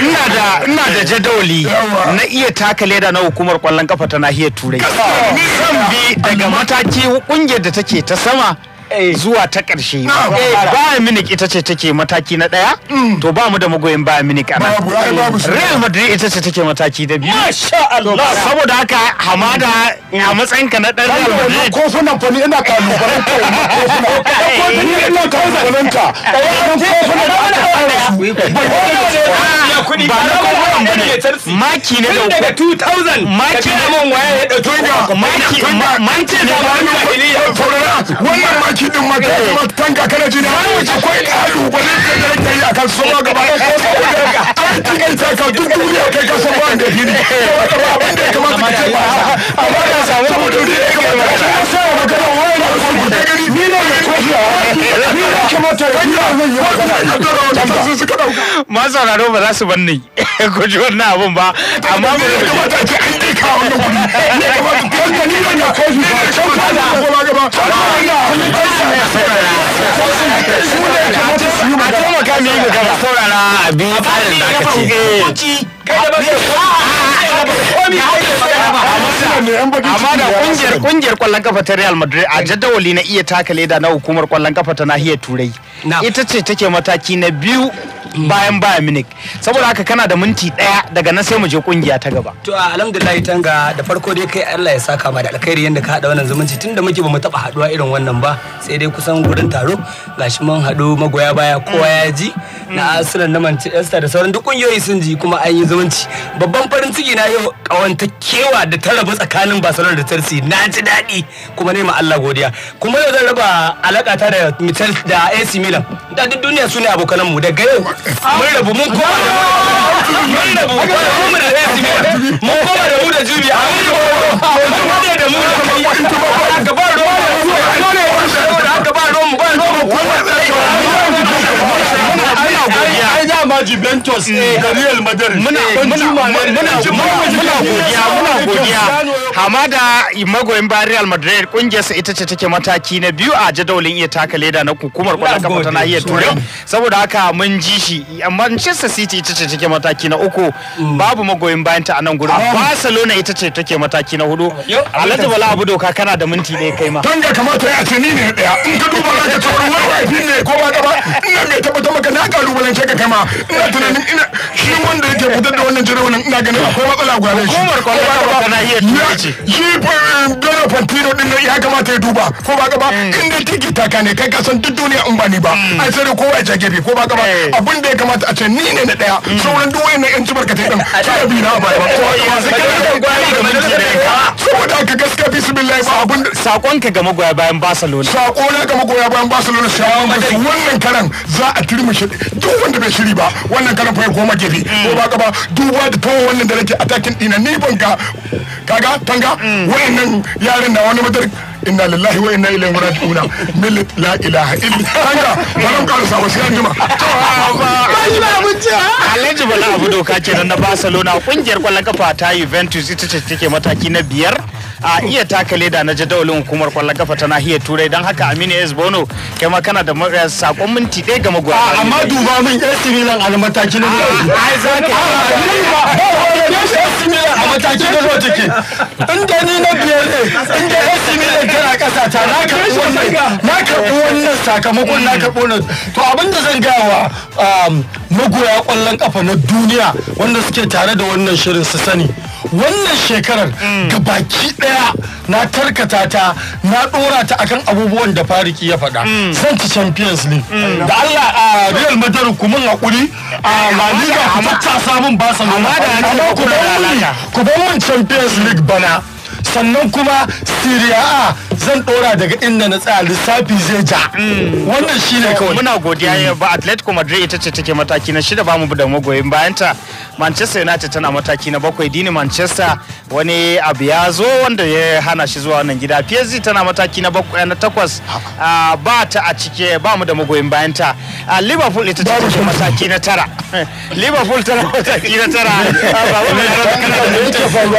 ina da ina jadawali na iya taka leda na hukumar kwallon kafa ta nahiyar turai zan bi daga mataki kungiyar da take ta sama Eh. zuwa ta ƙarshe ah, eh. bayan munich ita ce take mataki na ɗaya mm. to ba mu da magoyin bayan munich ana. real madrid ita ce take mataki da biyu saboda haka hamada a matsayin ka na ɗan real madrid ko sunan fa ni ina kalubalen ka ko <laughs> ni ina kalubalen ah, ka maki ne da daga 2000 maki ne mun waya da tunya maki ne da kai kana jina akwai kalubalen da yake yi akan su gaba ɗaya ko yan taka duk duniya kai ka san wanda fili abin a ya kamata ka ce ba a ba ka samu mutum da ya kamata ka sa magana wani na kuma da gani ni ne mai kofiya ni ne kamata ya yi abin ya kamata ma sauraro ba za su ban ni <laughs> ko ji wannan abin ba amma ba ya kamata ce an yi kawo na kudi ne kamata ko da ni ne mai kofiya ba can ba da gaba gaba ba ya kamata su yi magana lah, habis kan nak kecil. Kunci. kai amma da kungiyar kungiyar kwallon kafa ta Real Madrid a eh. jadawali na iya taka leda na hukumar kwallon kafa ta nahiyar Turai ita ce take mataki na biyu hmm. bayan Bayern Munich saboda haka kana da minti daya daga nan sai mu je kungiya ta gaba to ah, alhamdulillah tanga da farko dai kai Allah ya saka ma da alkhairi yanda ka hada wannan zumunci tunda muke bamu taba haduwa irin wannan ba sai dai kusan gurin taro gashi mun hadu magoya baya kowa ya ji na hmm. Arsenal na Manchester da sauran duk kungiyoyi sun ji kuma an yi zumunci babban farin ciki na yau kawantakewa da ta rabu tsakanin barcelona da chelsea na ji daɗi kuma ne ma allah godiya kuma yau zan raba alaka ta da mitar da ac milan da duk duniya su ne abokanan mu daga yau mun rabu mun koma da mun rabu mun da ac milan mun koma da mu da jubi a mun koma da mu da kai haka ba da mu ba da mu ba da mu Juventus da Real Madrid muna godiya muna godiya hamada magoyin bayan Real Madrid kungiyarsa ita ce take mataki na biyu a jadawalin iya taka leda na hukumar kwallon kafa ta nahiyar Turai saboda haka mun ji shi Manchester City ita ce take mataki na uku mm. babu magoyin bayan ta a nan gurin Barcelona ita ce take mataki na hudu Alhaji Bala Abu Doka kana da minti ɗaya kai ma tanga kamata ya ce ni ne ɗaya. in ka duba za ka ce wani wani ne ko ba ka ba ina mai tabbatar maka na ce ka kai ma ina tunanin ina shi wanda yake fitar da wannan jadawalin ina ganin akwai matsala gwanin shi hukumar kwallon kafa na iya tuce shi eh, dole fantino din ya kamata ya duba ko ba gaba hmm. inda tiki taka ne kai kasan duk duniya in ba ni ba hmm. ai sai kowa ya jage ko ba gaba eh. abin da ya kamata a ce ni ne na daya hmm. sauran duk wayannan yan ka katai din <laughs> suna bi na ba ba ko ba saboda ka gaskiya bismillah ba abin sakon ka ga magoya bayan Barcelona sako na ga magoya bayan Barcelona shawarar wannan karan za a turmushe duk wanda bai shiri ba wannan karan fa goma jefi ko ba ba duba da fawon wannan da nake attacking dina ni ban ka kaga tanga wannan yaran na wani madar inna lillahi wa inna ilaihi raji'un min la ilaha illa tanga baran sa wasu yan jima Alhaji Bala Abu Doka kenan na Barcelona kungiyar kwallon kafa ta Juventus ita ce take mataki na biyar a iya taka leda na jadawalin hukumar kwallon kafa ta nahiyar turai don haka Aminu S Bono kai ma kana da sakon minti ɗaya ga magoya. Amma duba min AC Milan a mataki na ai za ka yi a mataki na lokaci inda ni na biyar ne inda ya tana kasa ta na karɓi wannan na wannan sakamakon na wannan to abinda zan gaya wa magoya kwallon kafa na duniya wanda suke tare da wannan shirin su sani wannan shekarar mm. ga baki daya na tarkata ta na dora ta akan abubuwan da fariki ya faɗa mm. zan ci champions league mm. da allah a real madrid kuma hakuri a la liga kuma ta samun barcelona ku ba mun champions league bana sannan kuma serie a zan dora daga inda na tsaya lissafi zai ja wannan shi ne kawai muna godiya eh, ba Atletico Madrid ita ce take mataki na shida ba mu da magoyin bayanta Manchester United tana mataki na bakwai dini Manchester wani abu ya zo wanda ya hana shi zuwa wannan gida PSG tana mataki na bakwai na takwas ah, ba ta a cike ba mu da magoyin bayanta ah, Liverpool ita ce take mataki na tara <laughs> Liverpool tana mataki na tara ah, ba wani kana da faruwa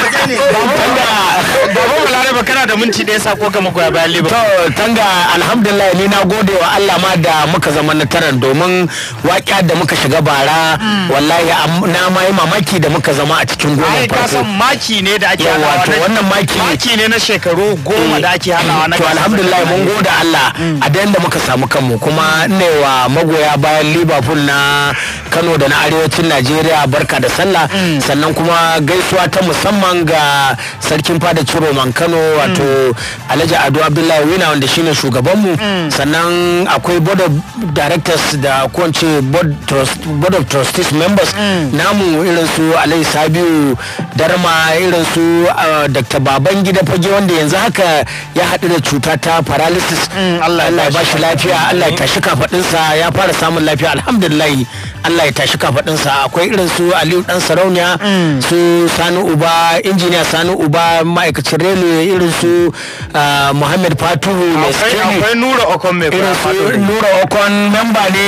tanga gaba balaraba kana da minti ɗaya sako ga magoya bayan liba to tanga alhamdulillah ni na gode wa Allah ma da muka zama na taran domin waƙiya da muka shiga bara hmm. wallahi na ma yi mamaki da muka zama a cikin goma farko ai san maki ne da ake halawa to wannan maki maki ne na shekaru goma da ake halawa na to alhamdulillah mun gode Allah hmm. a da yanda muka samu kanmu kuma ne wa magoya bayan Liverpool na Kano da na arewacin Najeriya barka da sallah hmm. sannan kuma gaisuwa ta musamman ga. ga sarkin fada ciro man kano wato alhaji ado abdullahi wina wanda shine shugabanmu sannan akwai board of directors da kowace board of trustees members namu irin su alai sabiu darma irin su uh, dr baban gida fage wanda yanzu haka ya haɗu da cuta ta paralysis allah ya bashi lafiya allah ya tashi kafaɗinsa ya fara samun lafiya alhamdulillah allah ya tashi kafaɗinsa akwai irin su aliyu dan sarauniya mm. su sani uba inji injiniya sani uba ma'aikacin railway irin su ah, muhammad fatuhu akwai nura okon mai irin su nura okon memba ne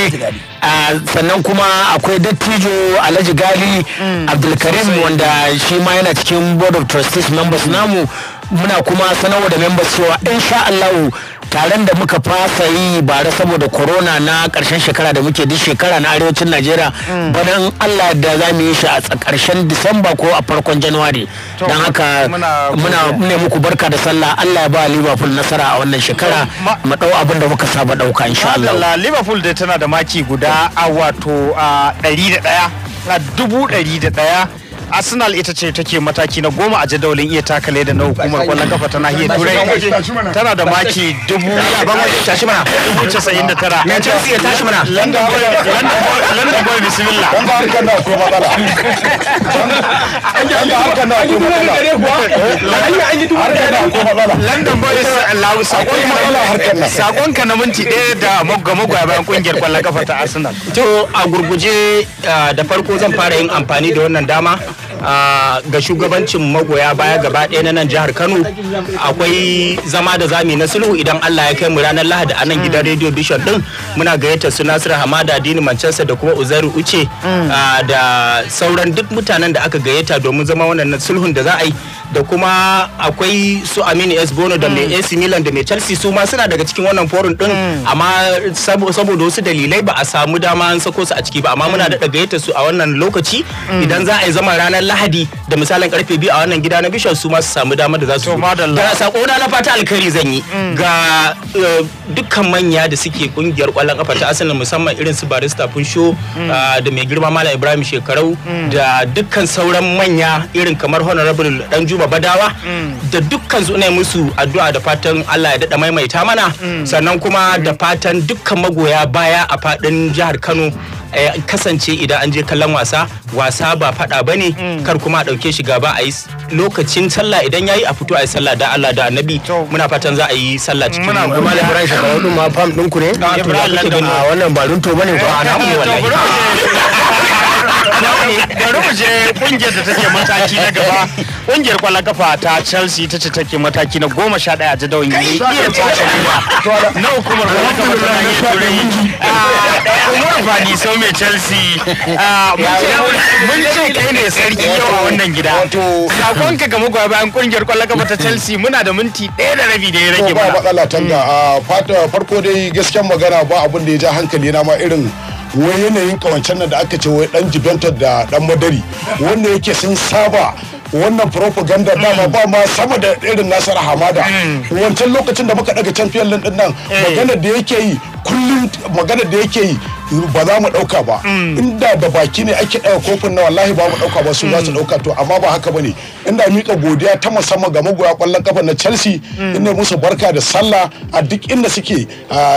ah, sannan kuma akwai dattijo alhaji gali mm. abdulkarim wanda shi ma yana cikin board of trustees members namu muna kuma sanarwa da members cewa sha allahu taron da muka fasa yi bare saboda corona na karshen shekara da muke duk shekara na arewacin najeriya mm. bayan allah da za mu yi shi a karshen disamba ko a farkon januwari don haka muna ne muku barka da sallah allah ya ba liverpool nasara a wannan shekara mu dau abin da muka saba dauka insha allah liverpool dai tana da maki guda a wato a da a dubu ɗari da ɗaya arsenal ita ce take mataki na goma a jadawalin iya taka da na hukumar kwallon kafa ta nahiyar turai tana da maki dubu tashi mana dubu casa'in da tara ya chelsea ya tashi mana london boy bismillah an ga eh, harkar na akwai matsala an ga harkar na akwai matsala london boy sakon ka na minti ɗaya da magoya bayan kungiyar kwallon kafa ta arsenal to a gurguje eh, da farko zan fara yin amfani da wannan dama ga shugabancin magoya baya gaba ɗaya na nan jihar Kano akwai zama da zami na sulhu idan Allah ya kai mu ranar Lahadi a nan gidan Radio Vision din muna gayyata su Nasiru Hamada Dini Manchester da kuma Uzairu Uche mm. da sauran duk mutanen da aka gayyata domin zama wannan sulhun da za a yi da kuma akwai su Aminu S Bono da mai mm. AC Milan da mai Chelsea su ma suna daga cikin wannan forum din mm. amma saboda wasu dalilai ba a samu dama an sako su a ciki ba amma muna da mm. dagaita su a wannan lokaci idan za a yi zama ranar Lahadi da misalin karfe biyu a wannan gida na Bishop su ma su samu dama da za su da sako na fata alkhairi zan yi ga dukkan manya da suke kungiyar kwallon kafa ta Arsenal musamman irin su Barista Funsho mm. ah, da mai girma Malam Ibrahim Shekarau mm. da dukkan sauran manya irin kamar Honorable juma Badawa mm. da dukkan su ne musu addu'a da fatan Allah ya dada maimaita mana sannan kuma da fatan dukkan magoya baya a fadin jihar Kano eh, kasance idan an je kallon wasa wasa ba fada ba ne kar kuma a ɗauke shi gaba a yi lokacin sallah idan ya yi a fito a yi sallah da Allah da annabi muna fatan za a yi sallah cikin malam ibrahim shekaru din ma fam din ku ne a wannan ba runto bane ba a ku wallahi bari mu je kungiyar da take mataki na gaba kungiyar kwallon kafa ta Chelsea ta ce take mataki na goma sha ɗaya a jadawin yi iya tace riba na hukumar kwallon kafa ta nan turai ah, Umar Fadi sau mai Chelsea ah, mun ce kai ne sarki yau a wannan gida sakonka ga magoya bayan kungiyar kwallon kafa ta Chelsea muna da minti ɗaya da rabi da ya rage mana ba matsala tanga ah, farko dai gaskiyar magana ba abin da ya ja hankali na ma irin wai yanayin kawancen nan da aka ce wai dan jibentar da dan madari wanda yake sun saba wannan propaganda dama ba ma sama da irin nasara hamada wancan lokacin da muka daga champion din nan eh. magana da yake yi kullum magana da yake yi ba za mu ɗauka ba mm. inda da baki ne ake ɗaga kofin na wallahi ba mu ɗauka ba su za su mm. ɗauka to amma ba haka bane inda mika godiya ta musamman ga magoya kwallon kafa na Chelsea mm. inda musu barka da sallah a duk inda suke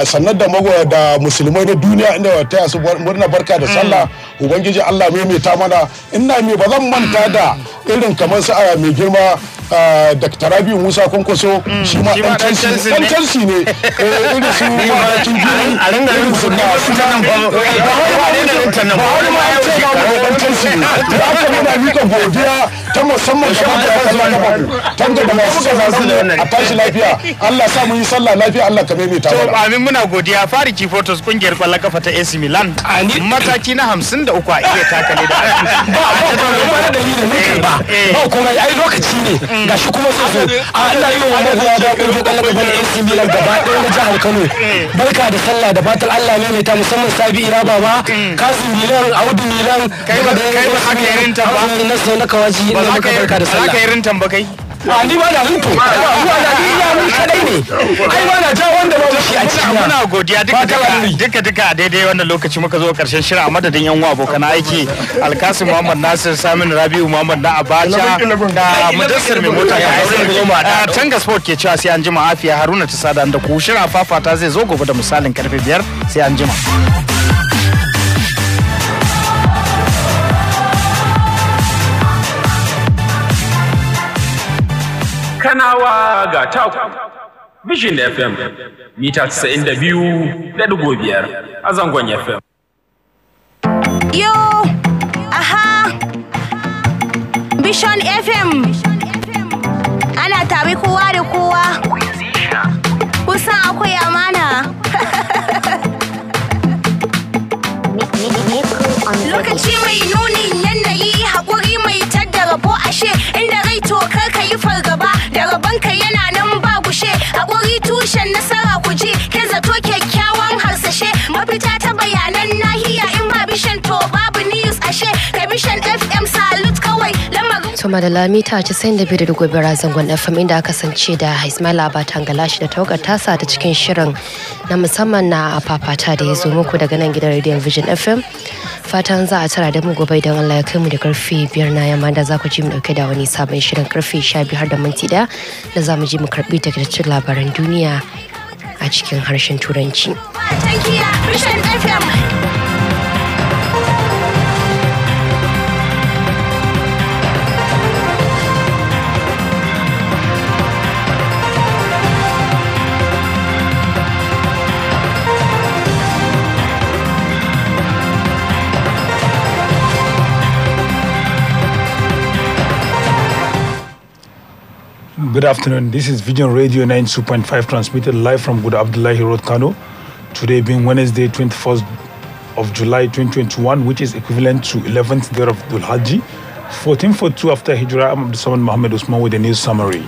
sannan da magoya da musulmai na duniya inda ta su murna barka da sallah ubangiji Allah ta mana ina mai ba zan manta da irin kamar su mai girma Dr. Rabi Musa Kwankwaso shi ma ɗan Chelsea ɗan Chelsea ne irin su Martin Gini a ringa yin su na su nan ba ba. ma ya ce ba mu ɗan Chelsea ne da aka nuna ba. godiya ta musamman da mata ya kaza na baku tan da masu ne a tashi lafiya Allah sa mun yi sallah lafiya Allah ka maimaita ta To amin muna godiya Fariki Photos kungiyar kwallon kafa ta AC Milan mataki na 53 a iya takale da ba ba ba ba ba ba ba ba ba ba ba ba gashi kuma su zo a ina yi wa magoya da ƙungiyar ƙwallon ƙafa na AC Milan gaba ɗaya na jihar Kano eh. barka da sallah da fatan Allah ne ta musamman Sabi Iraba baba eh. Kasim Milan Audu Milan kai ba kai ba haka irin tamba na kawaji ina maka barka da sallah ba haka irin tamba kai a ni ba na hutu ruwa ni ya kadai ne ai ba na ja wanda ba shi a ciki muna godiya duka duka duka a daidai wannan lokaci muka zo karshen shirin a madadin yan uwa abokan aiki alkasim muhammad nasir samin rabiu muhammad na abacha da mudassir mai mota ya aure goma da tanga sport ke cewa sai an jima afiya haruna ta sada da ku shirin fafata zai zo gobe da misalin karfe biyar sai an jima kanawa ga taku vision fm mita 92.5 a zangon fm yo aha vision fm ana tare kowa da kowa sama da lami da lamita 95.5 zangon fm inda aka sance da ismail abatan galashi da taukar tasa ta cikin shirin na musamman na afafata da ya zo muku daga nan gidan radio vision fm fatan za a tara da mu gobe idan allah ya kai mu da karfe biyar na yamma da za ku ji mu dauke da wani sabon shirin karfe 12 har da minti daya da za mu ji mu karbi takaitaccen labaran duniya a cikin harshen turanci. Good afternoon. This is Vision Radio 92.5 transmitted live from Good Abdullahi Road, Kano. Today being Wednesday, 21st of July 2021, which is equivalent to 11th day of Dhul Hajj, 1442 after Hijrah. I'm Abdul Mohammed Usman with a news summary.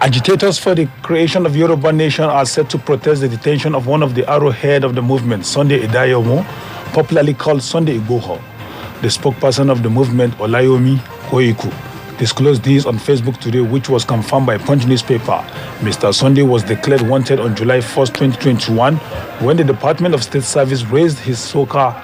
Agitators for the creation of Yoruba nation are set to protest the detention of one of the arrowhead of the movement, Sunday Idayomo, popularly called Sunday Igboho. The spokesperson of the movement, Olayomi Koiku, disclosed this on Facebook today, which was confirmed by Punch newspaper. Mr. Sunday was declared wanted on July 1, 2021, when the Department of State Service raised his soca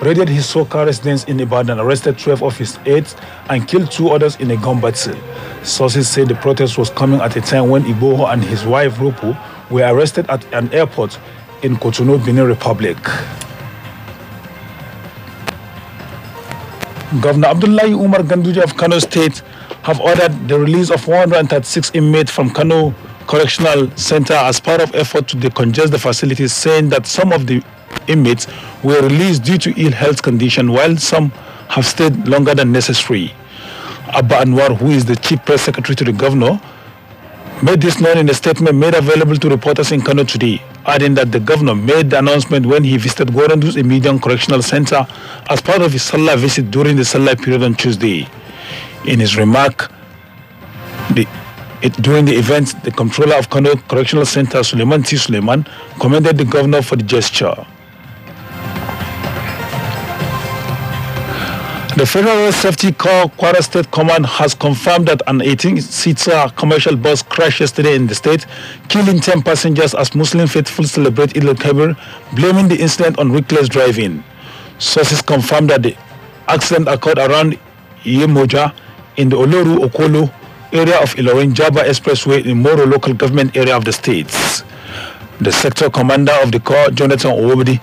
raided his Soka residence in Ibadan, arrested 12 of his aides, and killed two others in a gun battle. Sources say the protest was coming at a time when Igboho and his wife Rupu were arrested at an airport in Cotonou, Benin Republic. Governor Abdullahi Umar Ganduje of Kano State have ordered the release of 136 inmates from Kano Correctional Center as part of effort to decongest the facilities, saying that some of the inmates were released due to ill health condition, while some have stayed longer than necessary. Abba Anwar, who is the chief press secretary to the governor, made this known in a statement made available to reporters in Kano today adding that the governor made the announcement when he visited Gorandus immediate Correctional Center as part of his Salah visit during the Salah period on Tuesday. In his remark, the, it, during the event, the controller of Kano Correctional Center, Suleiman T. Suleiman, commended the governor for the gesture. The Federal Road Safety Corps Kwara State Command has confirmed that an 18-seater commercial bus crashed yesterday in the state, killing 10 passengers as Muslim faithful celebrate Eid al-Kabir, blaming the incident on reckless driving. Sources confirmed that the accident occurred around Yemoja in the Oloru Okolo area of Ilorin Jaba Expressway in Moro local government area of the state. The sector commander of the corps, Jonathan Owobidi,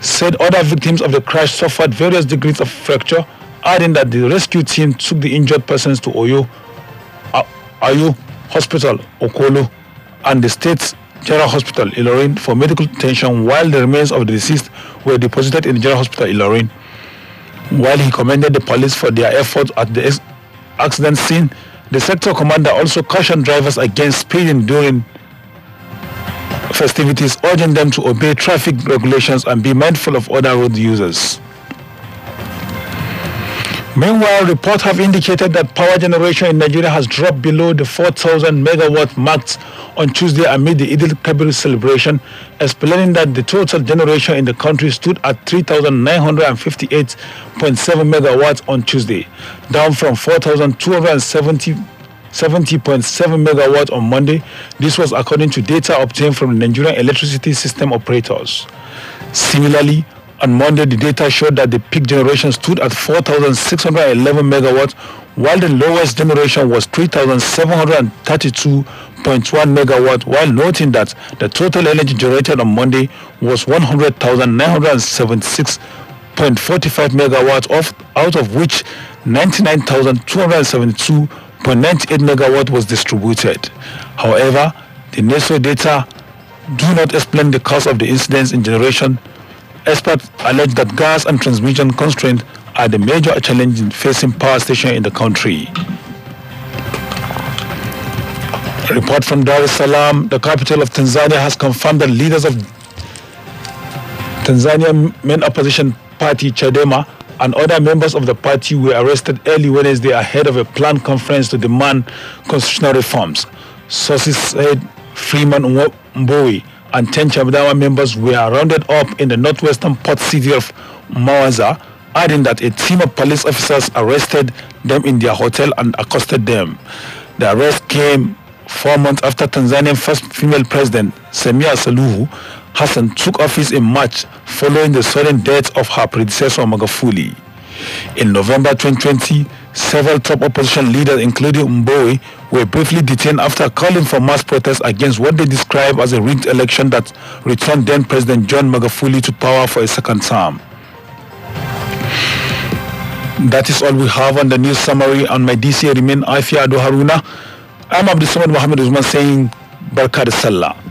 said other victims of the crash suffered various degrees of fracture, adding that the rescue team took the injured persons to Oyo, Ayu Hospital, Okolo, and the state's General Hospital, Ilorin, for medical attention while the remains of the deceased were deposited in the General Hospital, Ilorin. While he commended the police for their efforts at the accident scene, the sector commander also cautioned drivers against speeding during festivities, urging them to obey traffic regulations and be mindful of other road users. Meanwhile, reports have indicated that power generation in Nigeria has dropped below the 4,000 megawatt mark on Tuesday amid the Idil Kabir celebration, explaining that the total generation in the country stood at 3,958.7 megawatts on Tuesday, down from 4,270 70.7 megawatt on Monday. This was according to data obtained from the Nigerian electricity system operators. Similarly, on Monday, the data showed that the peak generation stood at 4,611 megawatt, while the lowest generation was 3,732.1 megawatt, while noting that the total energy generated on Monday was 109,76.45 megawatt, of, out of which 99,272 0.98 megawatt was distributed. However, the NESO data do not explain the cause of the incidents in generation. Experts allege that gas and transmission constraints are the major challenge facing power stations in the country. A report from Dar es Salaam, the capital of Tanzania, has confirmed that leaders of Tanzania main opposition party Chadema and other members of the party were arrested early Wednesday ahead of a planned conference to demand constitutional reforms. Sources said Freeman Mbowe and 10 Chabadawa members were rounded up in the northwestern port city of Mawaza, adding that a team of police officers arrested them in their hotel and accosted them. The arrest came four months after Tanzanian first female president, Samia Suluhu, Hassan took office in March following the sudden death of her predecessor Magafuli. In November 2020, several top opposition leaders, including Mbowe, were briefly detained after calling for mass protests against what they describe as a rigged election that returned then-President John Magafuli to power for a second term. That is all we have on the news summary and my DC remain Afia Ado Haruna. I'm Abdul Samad Mohammed Usman saying Barka Sala.